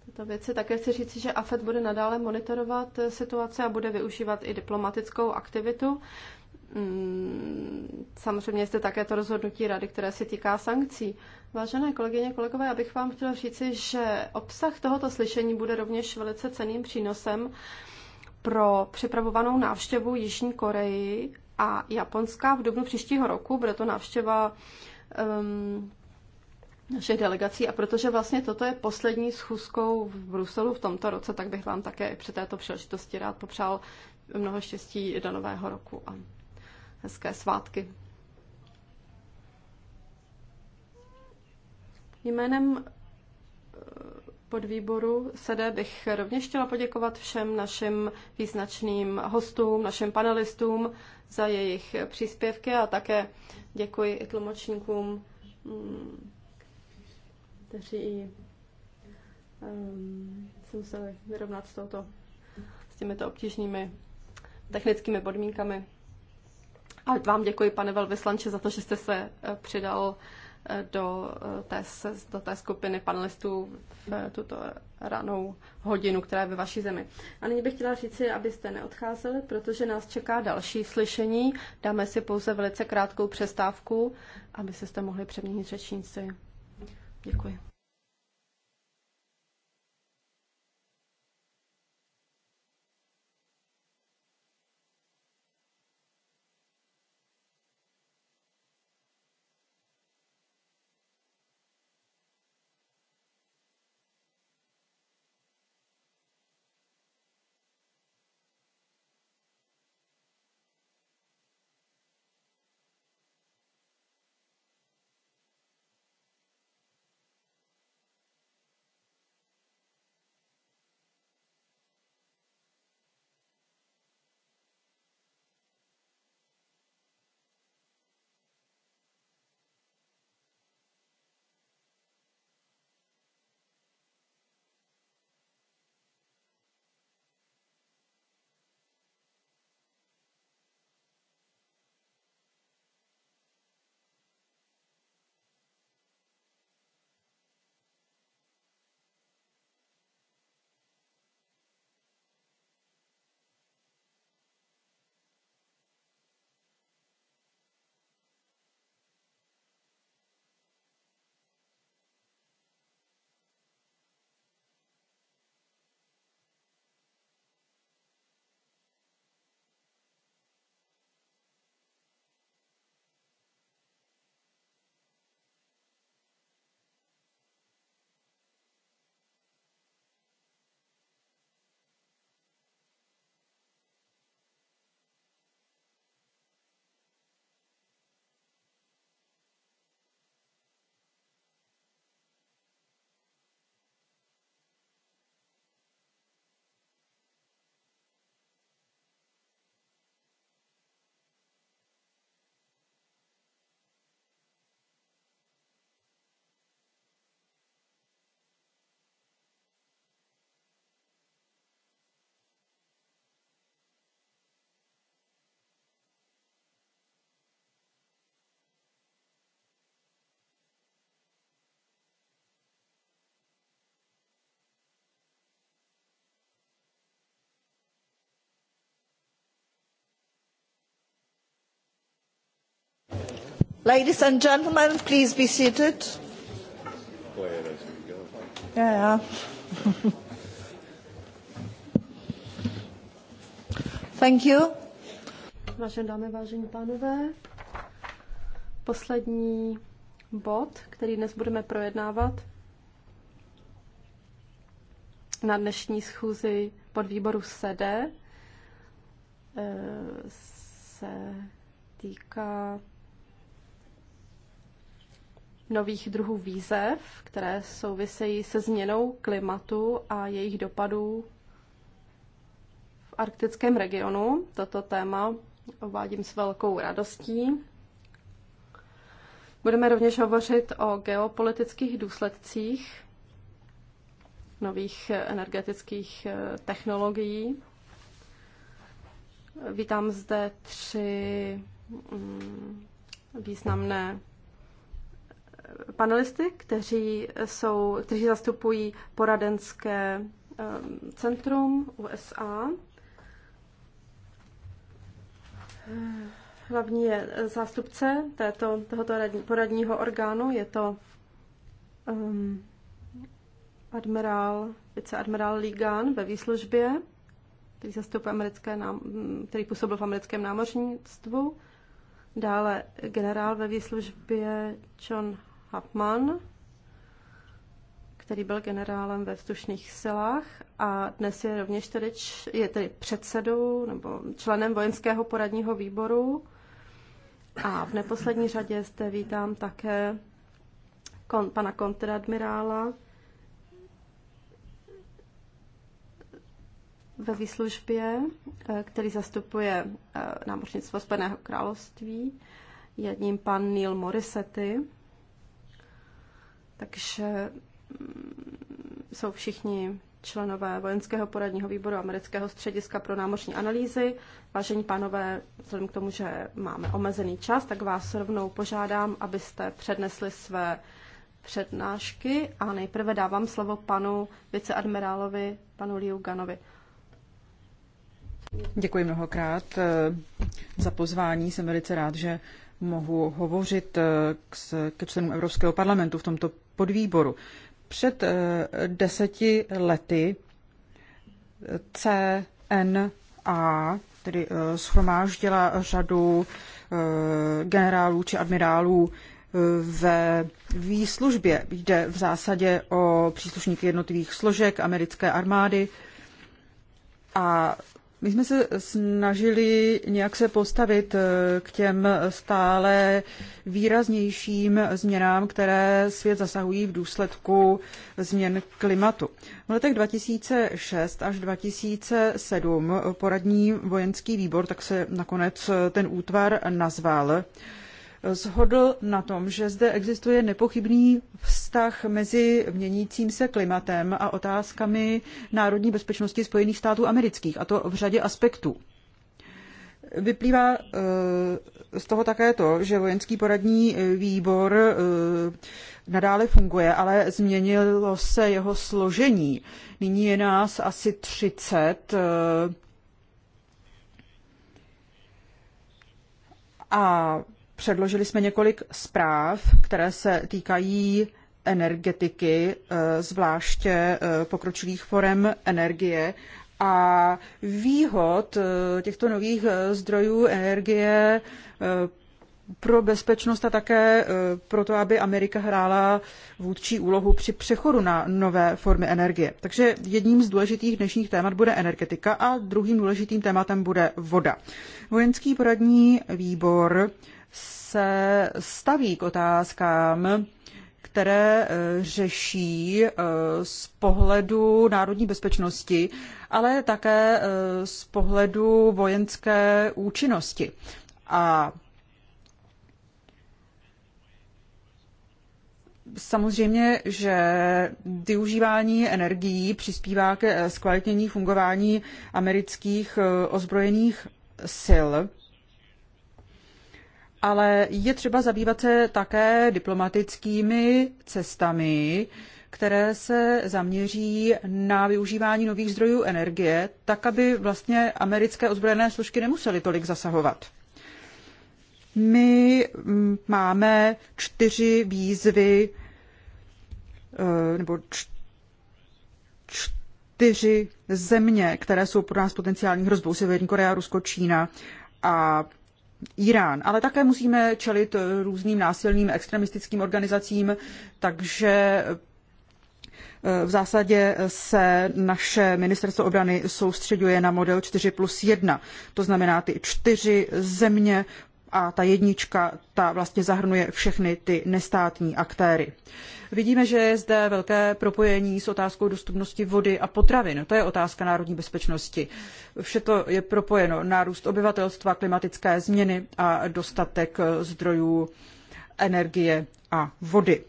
této věci. Také chci říct, že AFED bude nadále monitorovat eh, situaci a bude využívat i diplomatickou aktivitu. Mm, samozřejmě je zde také to rozhodnutí rady, které se týká sankcí. Vážené kolegyně, kolegové, abych vám chtěla říci, že obsah tohoto slyšení bude rovněž velice ceným přínosem pro připravovanou návštěvu Jižní Koreji a Japonska v dubnu příštího roku. Bude to návštěva um, našich delegací a protože vlastně toto je poslední schůzkou v Bruselu v tomto roce, tak bych vám také při této příležitosti rád popřál mnoho štěstí do nového roku a hezké svátky. Jménem podvýboru SEDE bych rovněž chtěla poděkovat všem našim význačným hostům, našim panelistům za jejich příspěvky a také děkuji i tlumočníkům, mm, kteří um, se museli vyrovnat s, touto, s těmito obtížnými technickými podmínkami. A vám děkuji, pane velvyslanče, za to, že jste se eh, přidal do eh, té, do té skupiny panelistů v eh, tuto ranou hodinu, která je ve vaší zemi. A nyní bych chtěla říci, abyste neodcházeli, protože nás čeká další slyšení. Dáme si pouze velice krátkou přestávku, aby se jste mohli přeměnit řečníci. Děkuji. Ladies and gentlemen, please be seated. Yeah. Thank you. Vážené dámy, vážení pánové, poslední bod, který dnes budeme projednávat na dnešní schůzi výboru SEDE, eh, se týká nových druhů výzev, které souvisejí se změnou klimatu a jejich dopadů v arktickém regionu. Toto téma ovádím s velkou radostí. Budeme rovněž hovořit o geopolitických důsledcích nových energetických eh, technologií. Vítám zde tři mm, významné panelisty, kteří, jsou, kteří zastupují poradenské ehm, centrum USA. Hlavní je zástupce této, tohoto poradního orgánu, je to um, admirál, viceadmirál Ligan ve výslužbě, který zastupuje americké nám, který působil v americkém námořnictvu. Dále generál ve výslužbě John Hapman, který byl generálem ve vzdušných silách a dnes je rovněž tedy, je tedy předsedou nebo členem vojenského poradního výboru. A v neposlední řadě zde vítám také kon, pana kontradmirála ve výslužbě, eh, který zastupuje eh, námořnictvo Spojeného království. Jedním pan Neil Morissetti. Takže mm, jsou všichni členové vojenského poradního výboru amerického střediska pro námořní analýzy. Vážení pánové, vzhledem k tomu, že máme omezený čas, tak vás rovnou požádám, abyste přednesli své přednášky a nejprve dávám slovo panu viceadmirálovi, panu Liu Ganovi. Děkuji mnohokrát eh, za pozvání. Jsem velice rád, že mohu hovořit eh, k členům Evropského parlamentu v tomto podvýboru. Před eh, deseti lety eh, CNA tedy schromáždila řadu generálů či admirálů ve výslužbě. Jde v zásadě o příslušníky jednotlivých složek americké armády a my jsme se snažili nějak se postavit eh, k těm stále výraznějším změnám, které svět zasahují v důsledku změn klimatu. V letech 2006 až 2007 poradní vojenský výbor, tak se nakonec ten útvar nazval, shodl na tom, že zde existuje nepochybný vztah mezi měnícím se klimatem a otázkami národní bezpečnosti Spojených států amerických, a to v řadě aspektů. Vyplývá e, z toho také to, že vojenský poradní výbor e, nadále funguje, ale změnilo se jeho složení. Nyní je nás asi 30. E, a Předložili jsme několik zpráv, které se týkají energetiky, eh, zvláště eh, pokročilých forem energie a výhod eh, těchto nových zdrojů energie pro bezpečnost a také pro to, aby Amerika hrála vůdčí úlohu při přechodu na nové formy energie. Takže jedním z důležitých dnešních témat bude energetika a druhým důležitým tématem bude voda. Vojenský poradní výbor se staví k otázkám, které eh, řeší eh, z pohledu národní bezpečnosti, ale také eh, z pohledu vojenské účinnosti. A Samozřejmě, že využívání energií přispívá ke zkvalitnění fungování amerických ozbrojených sil ale je třeba zabývat se také diplomatickými cestami, které se zaměří na využívání nových zdrojů energie, tak aby vlastně americké ozbrojené složky nemusely tolik zasahovat. My mm, máme čtyři výzvy eh, nebo čtyři země, které jsou pro nás potenciální hrozbou. Severní Korea, Rusko, Čína a Irán, ale také musíme čelit různým násilným extremistickým organizacím, takže eh, v zásadě se naše ministerstvo obrany soustředuje na model 4 plus 1, to znamená ty čtyři země a ta jednička, ta vlastně zahrnuje všechny ty nestátní aktéry. Vidíme, že je zde velké propojení s otázkou dostupnosti vody a potravin. To je otázka národní bezpečnosti. Vše to je propojeno. Nárůst obyvatelstva, klimatické změny a dostatek zdrojů energie a vody.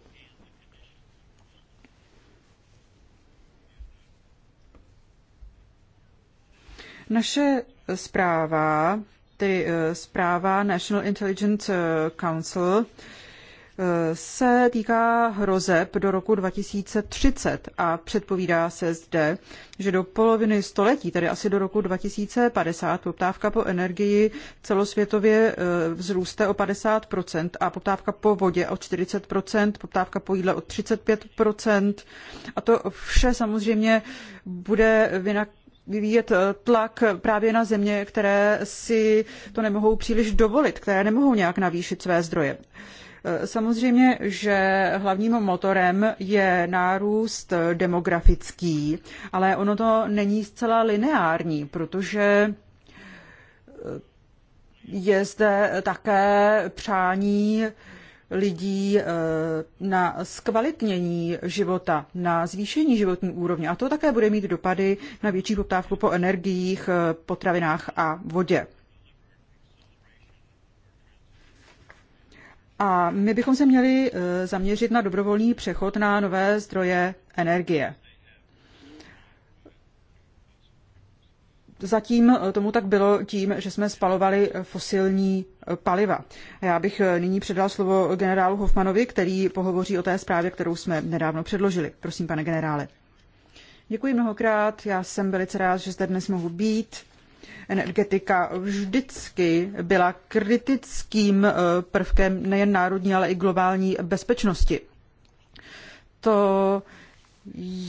Naše zpráva ty eh, zpráva National Intelligence eh, Council eh, se týká hrozeb do roku 2030 a předpovídá se zde, že do poloviny století, tedy asi do roku 2050, poptávka po energii celosvětově vzrůste o 50% a poptávka po vodě o 40%, poptávka po jídle o 35%. A to vše samozřejmě bude vynak vyvíjet eh, tlak právě na země, které si to nemohou příliš dovolit, které nemohou nějak navýšit své zdroje. Eh, samozřejmě, že hlavním motorem je nárůst eh, demografický, ale ono to není zcela lineární, protože je zde také přání lidí eh, na zkvalitnění života, na zvýšení životní úrovně. A to také bude mít dopady na větší poptávku po energiích, eh, potravinách a vodě. A my bychom se měli eh, zaměřit na dobrovolný přechod na nové zdroje energie. Zatím eh, tomu tak bylo tím, že jsme spalovali eh, fosilní eh, paliva. Já bych nyní předal slovo generálu Hofmanovi, který pohovoří o té zprávě, kterou jsme nedávno předložili. Prosím, pane generále. Děkuji mnohokrát, já jsem velice rád, že zde dnes mohu být. Energetika vždycky byla kritickým prvkem nejen národní, ale i globální bezpečnosti. To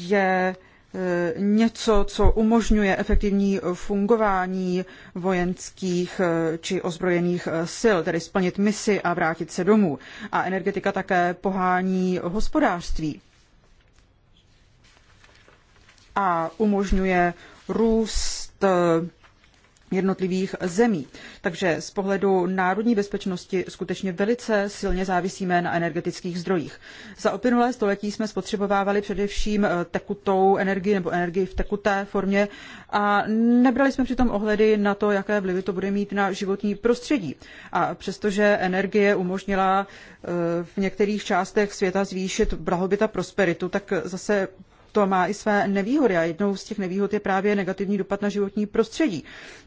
je Eh, něco, co umožňuje efektivní fungování vojenských eh, či ozbrojených eh, sil, tedy splnit misi a vrátit se domů. A energetika také pohání hospodářství a umožňuje růst jednotlivých zemí. Takže z pohledu národní bezpečnosti skutečně velice silně závisíme na energetických zdrojích. Za uplynulé století jsme spotřebovávali především eh, tekutou energii nebo energii v tekuté formě a nebrali jsme přitom ohledy na to, jaké vlivy to bude mít na životní prostředí. A přestože energie umožnila eh, v některých částech světa zvýšit blahobyt a prosperitu, tak zase to má i své nevýhody a jednou z těch nevýhod je právě negativní dopad na životní prostředí.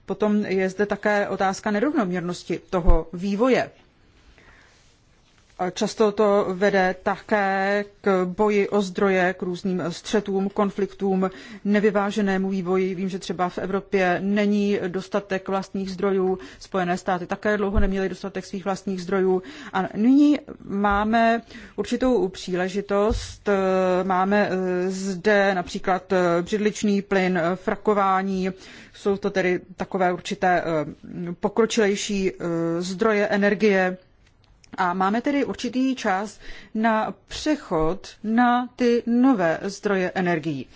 Potom je zde také otázka nerovnoměrnosti toho vývoje. Často to vede také k boji o zdroje, k různým střetům, konfliktům, nevyváženému vývoji. Vím, že třeba v Evropě není dostatek vlastních zdrojů. Spojené státy také dlouho neměly dostatek svých vlastních zdrojů. A nyní máme určitou příležitost. Máme eh, zde například eh, břidličný plyn, frakování. Jsou to tedy takové určité eh, pokročilejší zdroje energie a máme tedy určitý čas na přechod na ty nové zdroje energií.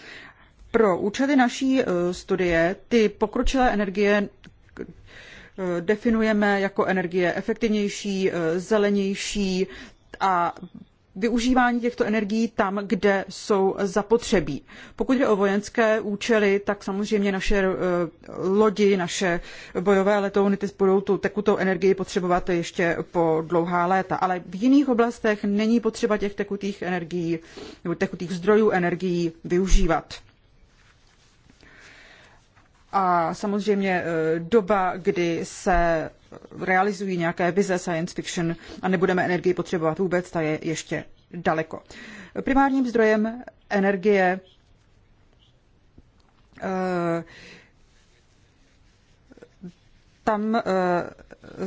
Pro účely naší e, studie ty pokročilé energie e, definujeme jako energie efektivnější, e, zelenější a využívání těchto energií tam, kde jsou zapotřebí. Pokud jde o vojenské účely, tak samozřejmě naše eh, lodi, naše bojové letouny, ty budou tu tekutou energii potřebovat ještě po dlouhá léta. Ale v jiných oblastech není potřeba těch tekutých energií nebo tekutých zdrojů energií využívat. A samozřejmě eh, doba, kdy se realizují nějaké vize science fiction a nebudeme energii potřebovat vůbec, ta je ještě daleko. Primárním zdrojem energie eh, tam eh,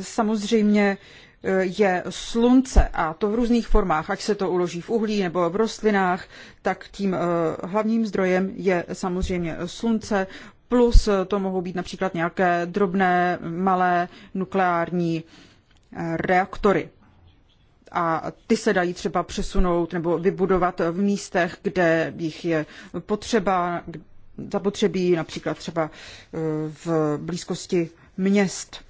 samozřejmě eh, je slunce a to v různých formách, ať se to uloží v uhlí nebo v rostlinách, tak tím hlavním zdrojem je samozřejmě slunce plus eh, to mohou být například nějaké drobné, malé nukleární eh, reaktory. A ty se dají třeba přesunout nebo vybudovat v místech, kde jich je potřeba, zapotřebí například třeba eh, v blízkosti měst.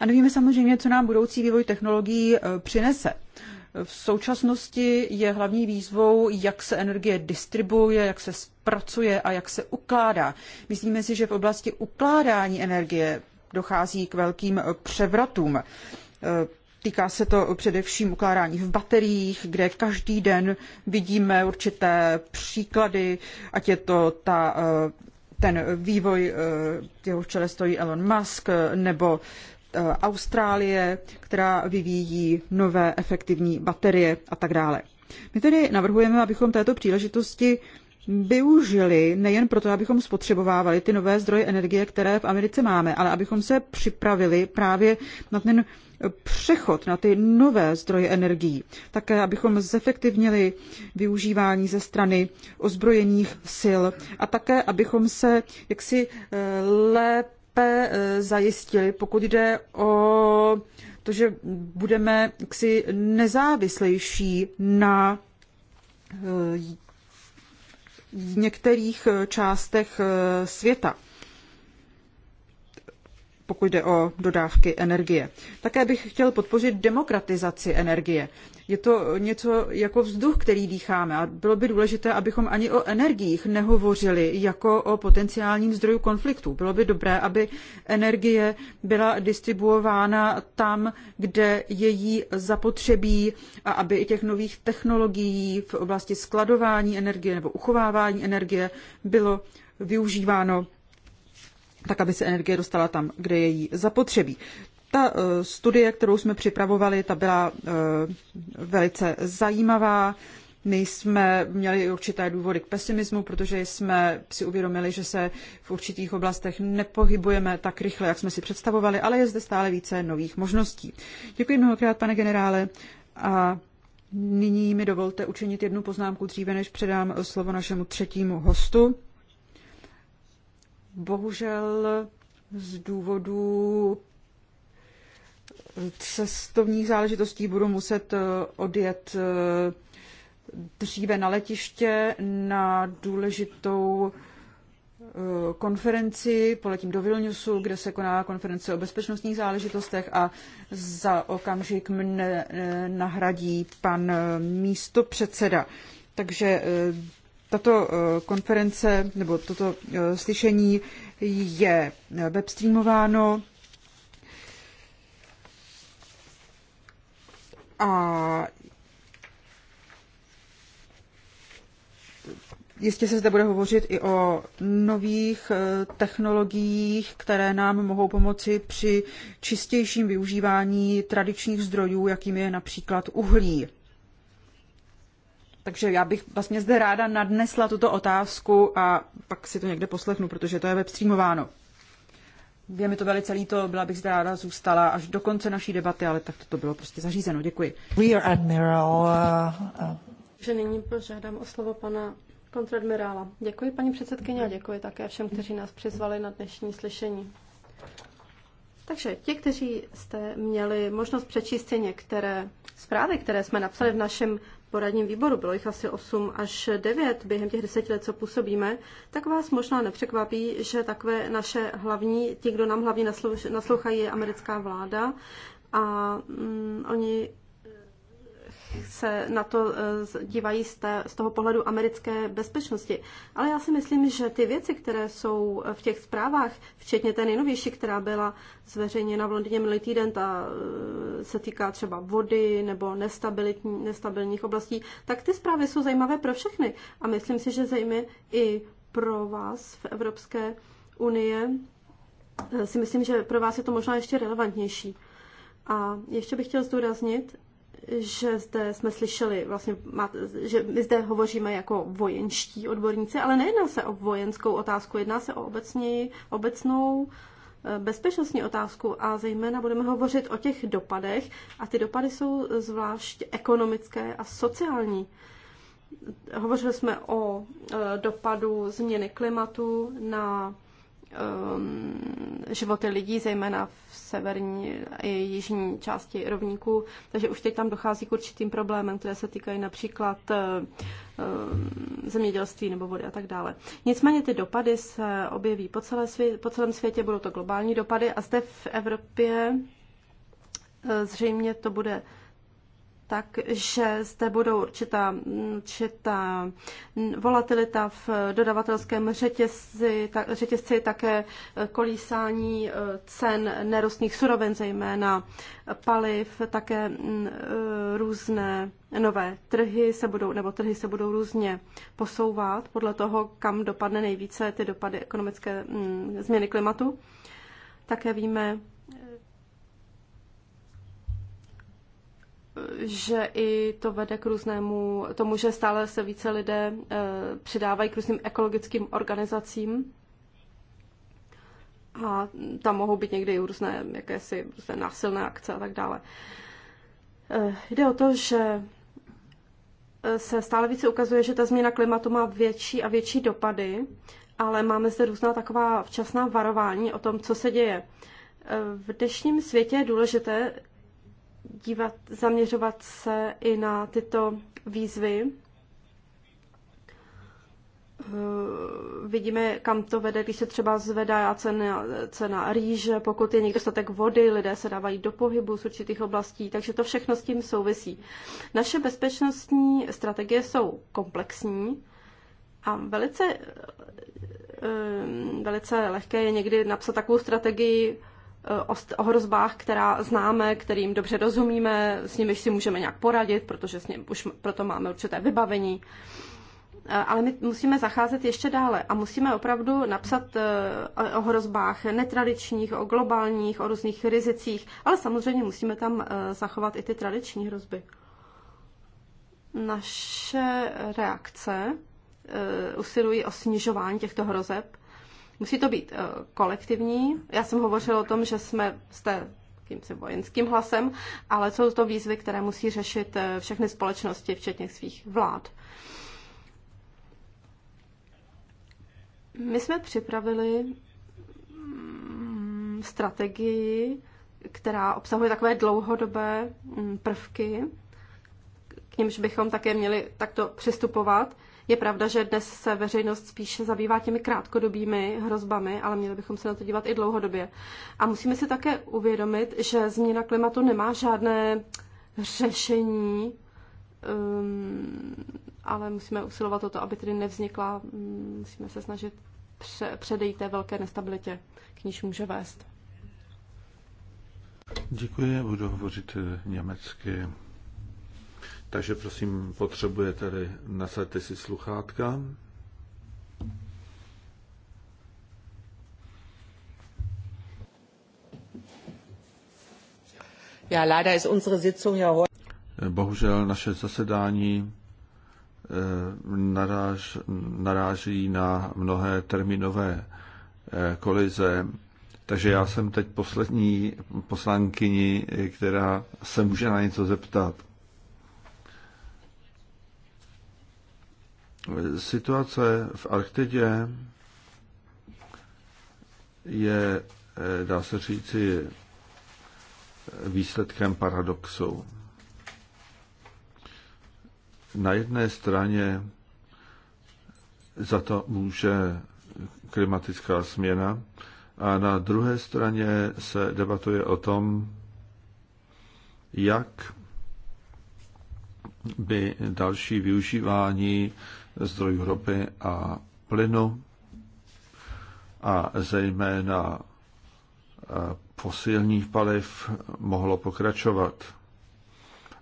A nevíme samozřejmě, co nám budoucí vývoj technologií přinese. V současnosti je hlavní výzvou, jak se energie distribuuje, jak se zpracuje a jak se ukládá. Myslíme si, že v oblasti ukládání energie dochází k velkým převratům. Týká se to především ukládání v bateriích, kde každý den vidíme určité příklady, ať je to ta, eh, ten vývoj, eh, jeho čele stojí Elon Musk, nebo Eh, Austrálie, která vyvíjí nové efektivní baterie a tak dále. My tedy navrhujeme, abychom této příležitosti využili nejen proto, abychom spotřebovávali ty nové zdroje energie, které v Americe máme, ale abychom se připravili právě na ten přechod na ty nové zdroje energií. Také abychom zefektivnili využívání ze strany ozbrojených sil a také abychom se jaksi eh, lépe lépe eh, zajistili, pokud jde o to, že budeme ksi nezávislejší na eh, některých eh, částech světa pokud jde o dodávky energie. Také bych chtěl podpořit demokratizaci energie. Je to něco jako vzduch, který dýcháme a bylo by důležité, abychom ani o energiích nehovořili jako o potenciálním zdroju konfliktu. Bylo by dobré, aby energie byla distribuována tam, kde její zapotřebí a aby i těch nových technologií v oblasti skladování energie nebo uchovávání energie bylo využíváno tak, aby se energie dostala tam, kde je jí zapotřebí. Ta eh, studie, kterou jsme připravovali, ta byla eh, velice zajímavá. My jsme měli určité důvody k pesimismu, protože jsme si uvědomili, že se v určitých oblastech nepohybujeme tak rychle, jak jsme si představovali, ale je zde stále více nových možností. Děkuji mnohokrát, pane generále. A nyní mi dovolte učinit jednu poznámku dříve, než předám slovo našemu třetímu hostu. Bohužel z důvodu cestovních záležitostí budu muset eh, odjet eh, dříve na letiště na důležitou eh, konferenci, poletím do Vilniusu, kde se koná konference o bezpečnostních záležitostech a za okamžik mne nahradí pan místo předseda. Takže tato konference nebo toto slyšení je webstreamováno A Jistě se zde bude hovořit i o nových eh, technologiích, které nám mohou pomoci při čistějším využívání tradičních zdrojů, jakým je například uhlí. Takže já bych vlastně zde ráda nadnesla tuto otázku a pak si to někde poslechnu, protože to je webstreamováno. Je mi to velice líto, byla bych zde ráda zůstala až do konce naší debaty, ale tak to bylo prostě zařízeno. Děkuji. Rear Admiral. Uh, uh. Že nyní požádám o slovo pana kontradmirála. Děkuji paní předsedkyně a děkuji také všem, kteří nás přizvali na dnešní slyšení. Takže ti, kteří jste měli možnost přečíst si některé zprávy, které jsme napsali v našem poradním výboru, bylo jich asi 8 až 9 během těch deseti let, co působíme, tak vás možná nepřekvapí, že takové naše hlavní, ti, kdo nám hlavně naslouchají, je americká vláda a mm, oni se na to eh, dívají z, té, z toho pohledu americké bezpečnosti. Ale já si myslím, že ty věci, které jsou v těch zprávách, včetně té nejnovější, která byla zveřejněna v Londýně minulý týden, ta eh, se týká třeba vody nebo nestabilních oblastí, tak ty zprávy jsou zajímavé pro všechny. A myslím si, že zejmě i pro vás v Evropské unie eh, si myslím, že pro vás je to možná ještě relevantnější. A ještě bych chtěl zdůraznit, že zde jsme slyšeli, vlastně, že my zde hovoříme jako vojenští odborníci, ale nejedná se o vojenskou otázku, jedná se o obecně, obecnou eh, bezpečnostní otázku a zejména budeme hovořit o těch dopadech a ty dopady jsou zvlášť ekonomické a sociální. Hovořili jsme o eh, dopadu změny klimatu na um, životy lidí, zejména severní i jižní části rovníku, takže už teď tam dochází k určitým problémům, které se týkají například eh, eh, zemědělství nebo vody a tak dále. Nicméně ty dopady se objeví po, celé svě- po celém světě, budou to globální dopady a zde v Evropě eh, zřejmě to bude takže zde budou určitá, určitá volatilita v dodavatelském řetězci, ta, řetězci také kolísání eh, cen nerostných surovin, zejména paliv, také mm, eh, různé nové trhy se budou, nebo trhy se budou různě posouvat podle toho, kam dopadne nejvíce ty dopady ekonomické mm, změny klimatu. Také víme, že i to vede k různému tomu, že stále se více lidé eh, přidávají k různým ekologickým organizacím. A tam mohou být někdy různé jakési různé násilné akce a tak dále. Eh, jde o to, že eh, se stále více ukazuje, že ta změna klimatu má větší a větší dopady, ale máme zde různá taková včasná varování o tom, co se děje. V dnešním světě je důležité dívat, zaměřovat se i na tyto výzvy. Eh, vidíme, kam to vede, když se třeba zvedá cena, cena rýže, pokud je někdo dostatek vody, lidé se dávají do pohybu z určitých oblastí, takže to všechno s tím souvisí. Naše bezpečnostní strategie jsou komplexní a velice, eh, velice lehké je někdy napsat takovou strategii, Eh, o hrozbách, která známe, kterým dobře rozumíme, s nimiž si můžeme nějak poradit, protože s ním už proto máme určité vybavení. Eh, ale my musíme zacházet ještě dále a musíme opravdu napsat eh, o hrozbách netradičních, o globálních, o různých rizicích, ale samozřejmě musíme tam zachovat i ty tradiční hrozby. Naše reakce usilují o snižování těchto hrozeb, Musí to být eh, kolektivní. Já jsem hovořila o tom, že jsme s jakýmsi vojenským hlasem, ale jsou to výzvy, které musí řešit eh, všechny společnosti, včetně svých vlád. My jsme připravili mm, strategii, která obsahuje takové dlouhodobé mm, prvky, k nímž bychom také měli takto přistupovat. Je pravda, že dnes se veřejnost spíše zabývá těmi krátkodobými hrozbami, ale měli bychom se na to dívat i dlouhodobě. A musíme si také uvědomit, že změna klimatu nemá žádné řešení, um, ale musíme usilovat o to, aby tedy nevznikla, um, musíme se snažit pře- předejít té velké nestabilitě, k níž může vést. Děkuji, budu hovořit německy. Takže prosím, potřebuje tedy nasadit si sluchátka. Ja, leider ist unsere Sitzung ja heute. Bohužel naše zasedání eh, naráž, naráží na mnohé termínové eh, kolize. Takže já jsem teď poslední poslankyni, eh, která se může na něco zeptat. Situace v Arktidě je, eh, dá se říci, výsledkem paradoxu. Na jedné straně za to může klimatická změna a na druhé straně se debatuje o tom, jak by další využívání zdrojů ropy a plynu a zejména e, fosilních paliv mohlo pokračovat.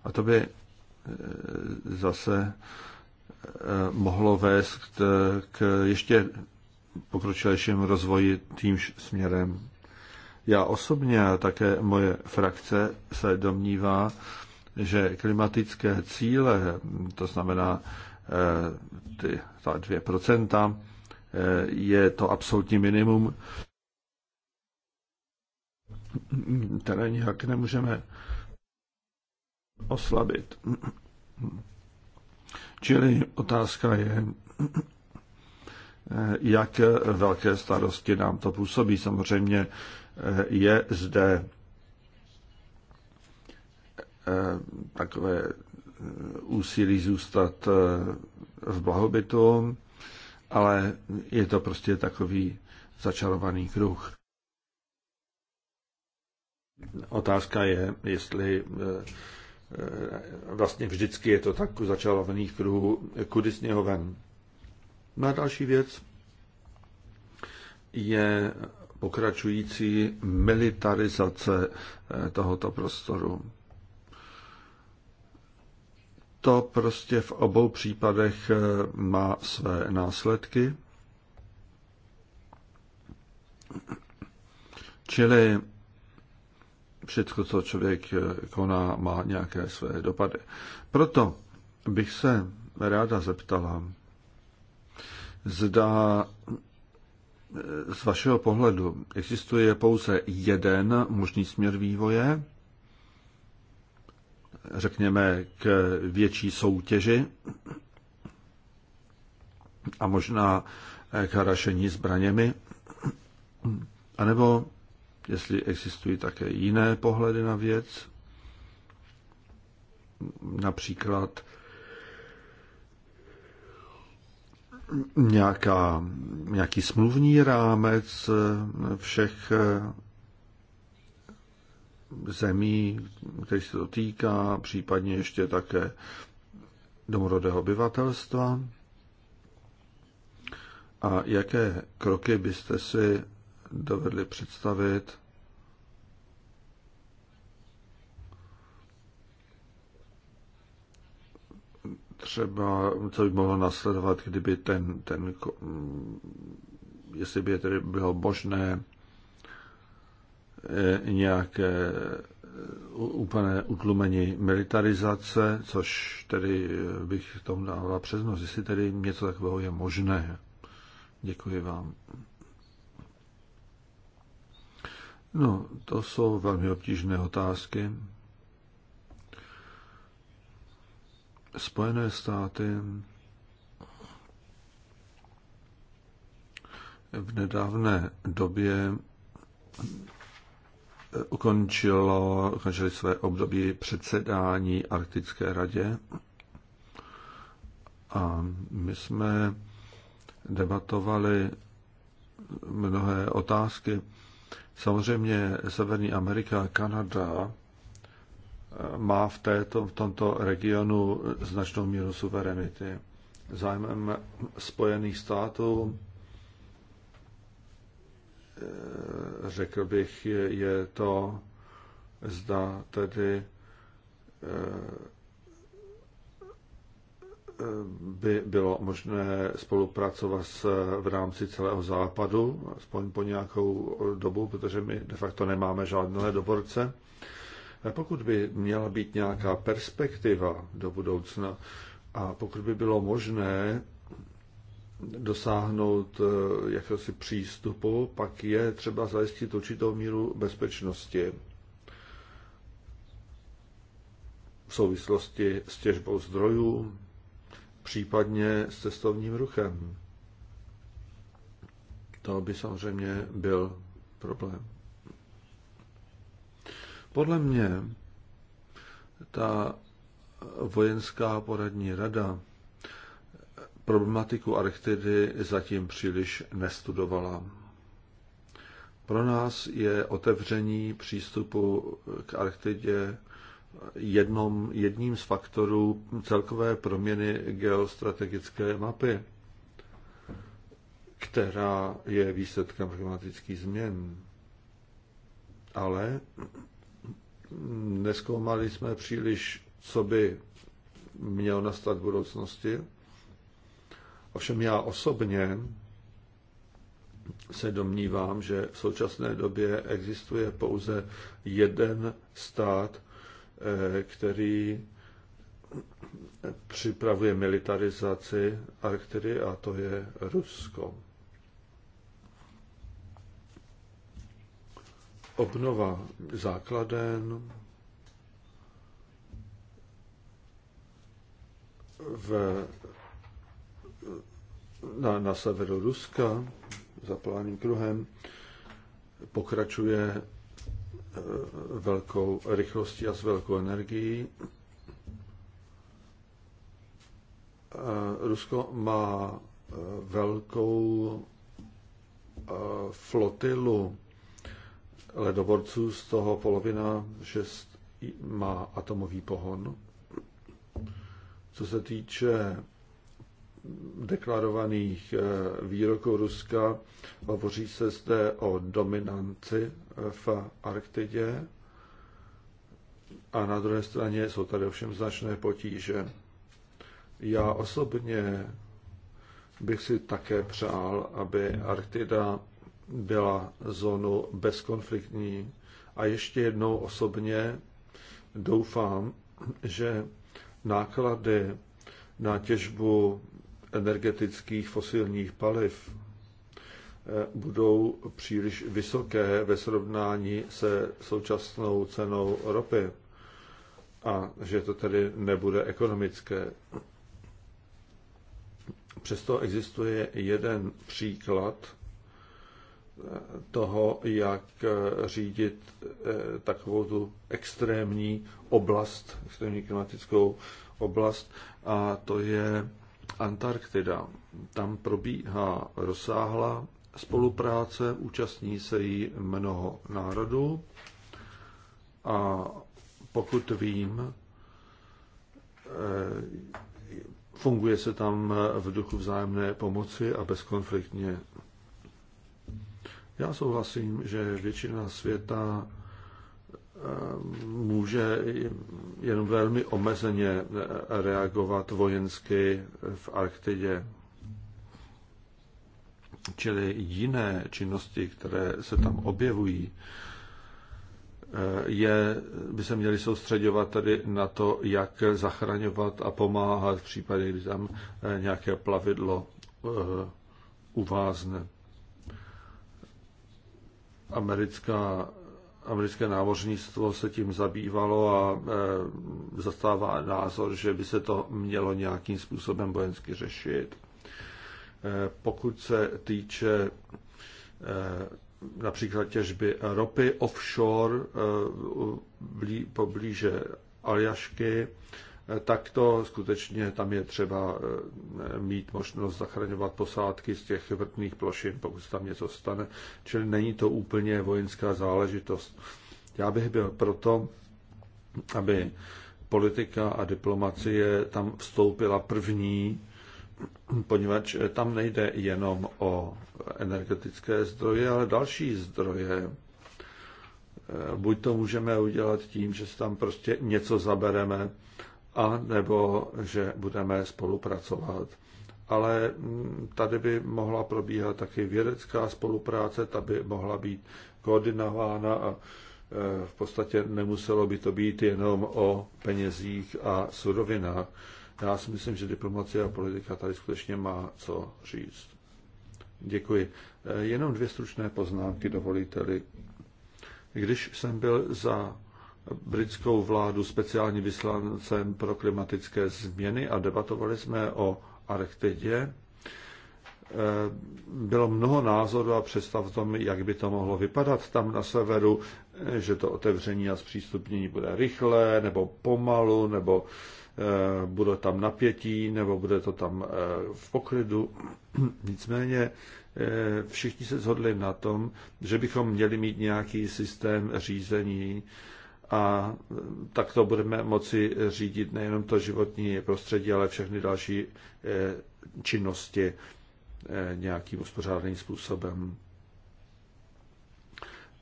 A to by e, zase e, mohlo vést k ještě pokročilejším rozvoji týmž směrem. Já osobně a také moje frakce se domnívá, že klimatické cíle, to znamená Eh, ty, ta 2%, eh, je to absolutní minimum, které nijak nemůžeme oslabit. Čili otázka je, eh, jak velké starosti nám to působí. Samozřejmě je zde takové Eh, úsilí zůstat eh, v blahobytu, ale je to prostě takový začarovaný kruh. Otázka je, jestli eh, vlastně vždycky je to tak začarovaných kruh, kudy z něho ven. No a další věc je pokračující militarizace tohoto prostoru to prostě v obou případech eh, má své následky. Čili všechno, co člověk eh, koná, má nějaké své dopady. Proto bych se ráda zeptala, zda eh, z vašeho pohledu existuje pouze jeden možný směr vývoje, řekněme, k větší soutěži a možná k harašení zbraněmi, anebo jestli existují také jiné pohledy na věc, například nějaká, nějaký smluvní rámec všech zemí, které se to týká, případně ještě také domorodého obyvatelstva. A jaké kroky byste si dovedli představit, třeba, co by mohlo nasledovat, kdyby ten, ten jestli by tedy bylo možné Eh, nějak eh, úplně utlumení militarizace, což tedy eh, bych tomu dávala přednost, jestli tedy něco takového je možné. Děkuji vám. No, to jsou velmi obtížné otázky. Spojené státy v nedávné době ukončilo, ukončili své období předsedání Arktické radě a my jsme debatovali mnohé otázky. Samozřejmě Severní Amerika a Kanada eh, má v, této, v tomto regionu značnou míru suverenity. Zájmem Spojených států řekl bych, je to, zda tedy eh, by bylo možné spolupracovat v rámci celého západu, aspoň po nějakou dobu, protože my de facto nemáme žádné doborce. A pokud by měla být nějaká perspektiva do budoucna a pokud by bylo možné dosáhnout eh, jakéhosi přístupu, pak je třeba zajistit určitou míru bezpečnosti v souvislosti s těžbou zdrojů, případně s cestovním ruchem. To by samozřejmě byl problém. Podle mě ta vojenská poradní rada problematiku Arktidy zatím příliš nestudovala. Pro nás je otevření přístupu k Arktidě jednom, jedním z faktorů celkové proměny geostrategické mapy, která je výsledkem klimatických změn. Ale neskoumali jsme příliš, co by mělo nastat v budoucnosti Ovšem já osobně se domnívám, že v současné době existuje pouze jeden stát, eh, který připravuje militarizaci Arktidy a to je Rusko. Obnova základen v na, na severu Ruska za pláným kruhem pokračuje e, velkou rychlostí a s velkou energií. E, Rusko má e, velkou flotilu ledoborců, z toho polovina šest má atomový pohon. Co se týče deklarovaných eh, výroků Ruska. Hovoří se zde o dominanci eh, v Arktidě a na druhé straně jsou tady ovšem značné potíže. Já osobně bych si také přál, aby Arktida byla zónu bezkonfliktní. A ještě jednou osobně doufám, že náklady na těžbu energetických fosilních paliv eh, budou příliš vysoké ve srovnání se současnou cenou ropy a že to tedy nebude ekonomické. Přesto existuje jeden příklad eh, toho, jak eh, řídit takovou tu extrémní oblast, extrémní klimatickou oblast, a to je Antarktida. Tam probíhá rozsáhlá spolupráce, účastní se jí mnoho národů a pokud vím, eh, funguje se tam v duchu vzájemné pomoci a bezkonfliktně. Já souhlasím, že většina světa může jen velmi omezeně reagovat vojensky v Arktidě. Čili jiné činnosti, které se tam objevují, je, by se měli soustředovat tady na to, jak zachraňovat a pomáhat v případě, kdy tam nějaké plavidlo eh, uvázne. Americká americké námořnictvo se tím zabývalo a e, zastává názor, že by se to mělo nějakým způsobem vojensky řešit. E, pokud se týče e, například těžby ropy offshore e, poblíže Aljašky, tak to skutečně tam je třeba eh, mít možnost zachraňovat posádky z těch vrtných plošin, pokud tam něco stane. Čili není to úplně vojenská záležitost. Já bych byl proto, aby politika a diplomacie tam vstoupila první, poněvadž tam nejde jenom o energetické zdroje, ale další zdroje. Eh, buď to můžeme udělat tím, že tam prostě něco zabereme, a nebo že budeme spolupracovat. Ale mm, tady by mohla probíhat taky vědecká spolupráce, ta by mohla být koordinována a e, v podstatě nemuselo by to být jenom o penězích a surovinách. Já si myslím, že diplomacie a politika tady skutečně má co říct. Děkuji. E, jenom dvě stručné poznámky, dovolíte-li. Když jsem byl za britskou vládu speciální vyslancem pro klimatické změny a debatovali jsme o Arktidě. E, bylo mnoho názorů a představ tom, jak by to mohlo vypadat tam na severu, e, že to otevření a zpřístupnění bude rychlé, nebo pomalu, nebo e, bude tam napětí, nebo bude to tam v poklidu. Nicméně všichni se shodli na tom, že bychom měli mít nějaký systém řízení a e, tak to budeme moci řídit nejenom to životní prostředí, ale všechny další e, činnosti e, nějakým uspořádaným způsobem.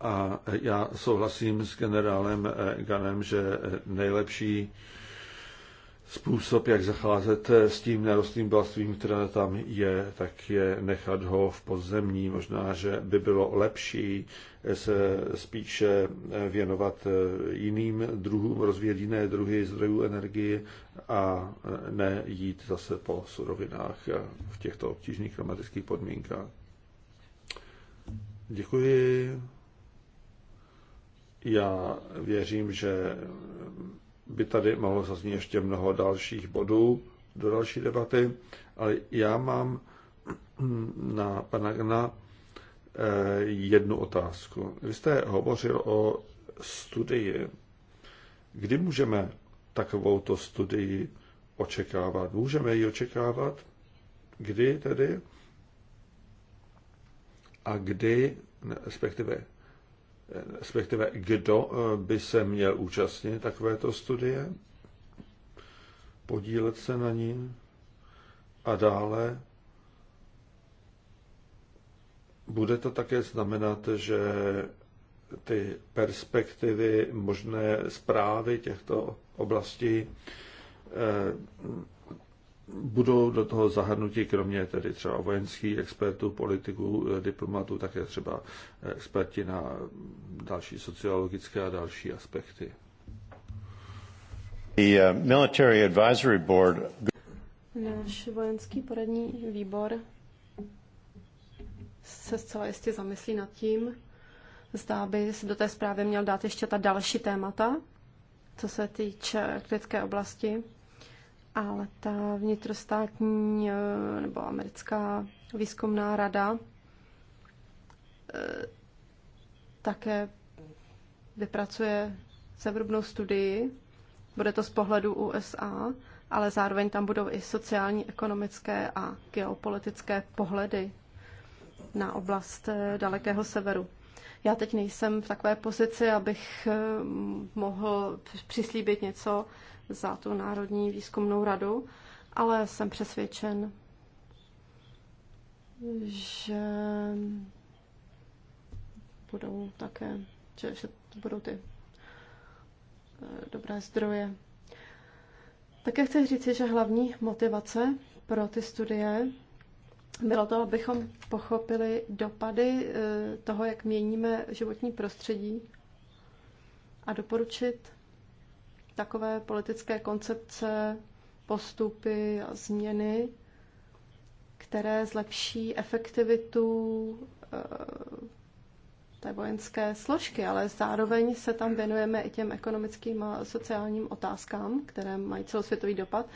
A já souhlasím s generálem Ganem, že nejlepší způsob, jak zacházet s tím nerostným bohatstvím, které tam je, tak je nechat ho v podzemí. Možná, že by bylo lepší se spíše věnovat jiným druhům, rozvíjet jiné druhy zdrojů energie a ne jít zase po surovinách v těchto obtížných klimatických podmínkách. Děkuji. Já věřím, že by tady mohlo zaznít ještě mnoho dalších bodů do další debaty, ale já mám na pana Gna eh, jednu otázku. Vy jste hovořil o studii. Kdy můžeme takovouto studii očekávat? Můžeme ji očekávat? Kdy tedy? A kdy, respektive respektive kdo eh, by se měl účastnit takovéto studie, podílet se na ní a dále bude to také znamenat, že ty perspektivy, možné zprávy těchto oblastí eh, budou do toho zahrnuti, kromě tedy třeba vojenských expertů, politiků, eh, diplomatů, také třeba experti na další sociologické a další aspekty. The eh, Military Advisory Board. Náš vojenský poradní výbor se zcela jistě zamyslí nad tím, zda by se do té zprávy měl dát ještě ta další témata, co se týče kritické oblasti ale ta vnitrostátní eh, nebo americká výzkumná rada eh, také vypracuje zevrubnou studii, bude to z pohledu USA, ale zároveň tam budou i sociální, ekonomické a geopolitické pohledy na oblast eh, dalekého severu. Já teď nejsem v takové pozici, abych mohl přislíbit něco za tu Národní výzkumnou radu, ale jsem přesvědčen, že budou také, že, že to budou ty eh, dobré zdroje. Také chci říci, že hlavní motivace pro ty studie bylo to, abychom pochopili dopady eh, toho, jak měníme životní prostředí a doporučit takové politické koncepce, postupy a změny, které zlepší efektivitu eh, té vojenské složky, ale zároveň se tam věnujeme i těm ekonomickým a sociálním otázkám, které mají celosvětový dopad.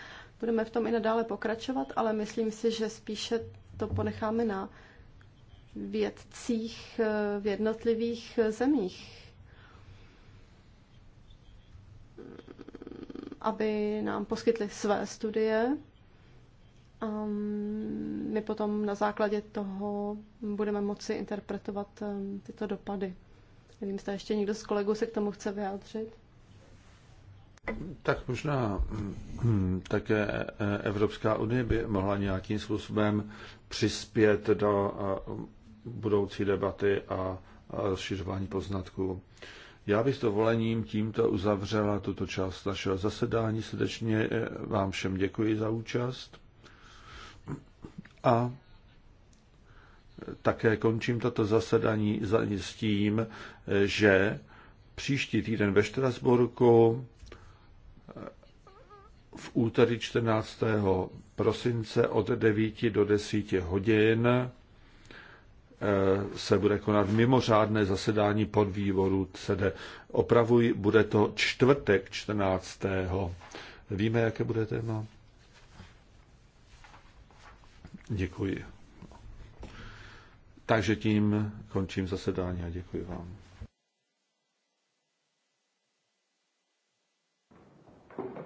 Budeme v tom i nadále pokračovat, ale myslím si, že spíše to ponecháme na vědcích eh, v jednotlivých zemích aby nám poskytli své studie. A my potom na základě toho budeme moci interpretovat ehm, tyto dopady. Nevím, jestli ještě někdo z kolegů se k tomu chce vyjádřit. Tak možná ehm, také e, Evropská unie by mohla nějakým způsobem přispět do e, budoucí debaty a rozšiřování poznatků. Já bych s dovolením tímto uzavřela tuto část našeho zasedání. Srdečně eh, vám všem děkuji za účast. A eh, také končím toto zasedání s tím, eh, že příští týden ve Štrasburku v úterý 14. prosince od 9 do 10 hodin Eh, se bude konat mimořádné zasedání podvýboru CD. Opravuji, bude to čtvrtek 14. Víme, jaké bude téma? Děkuji. Takže tím končím zasedání a děkuji vám.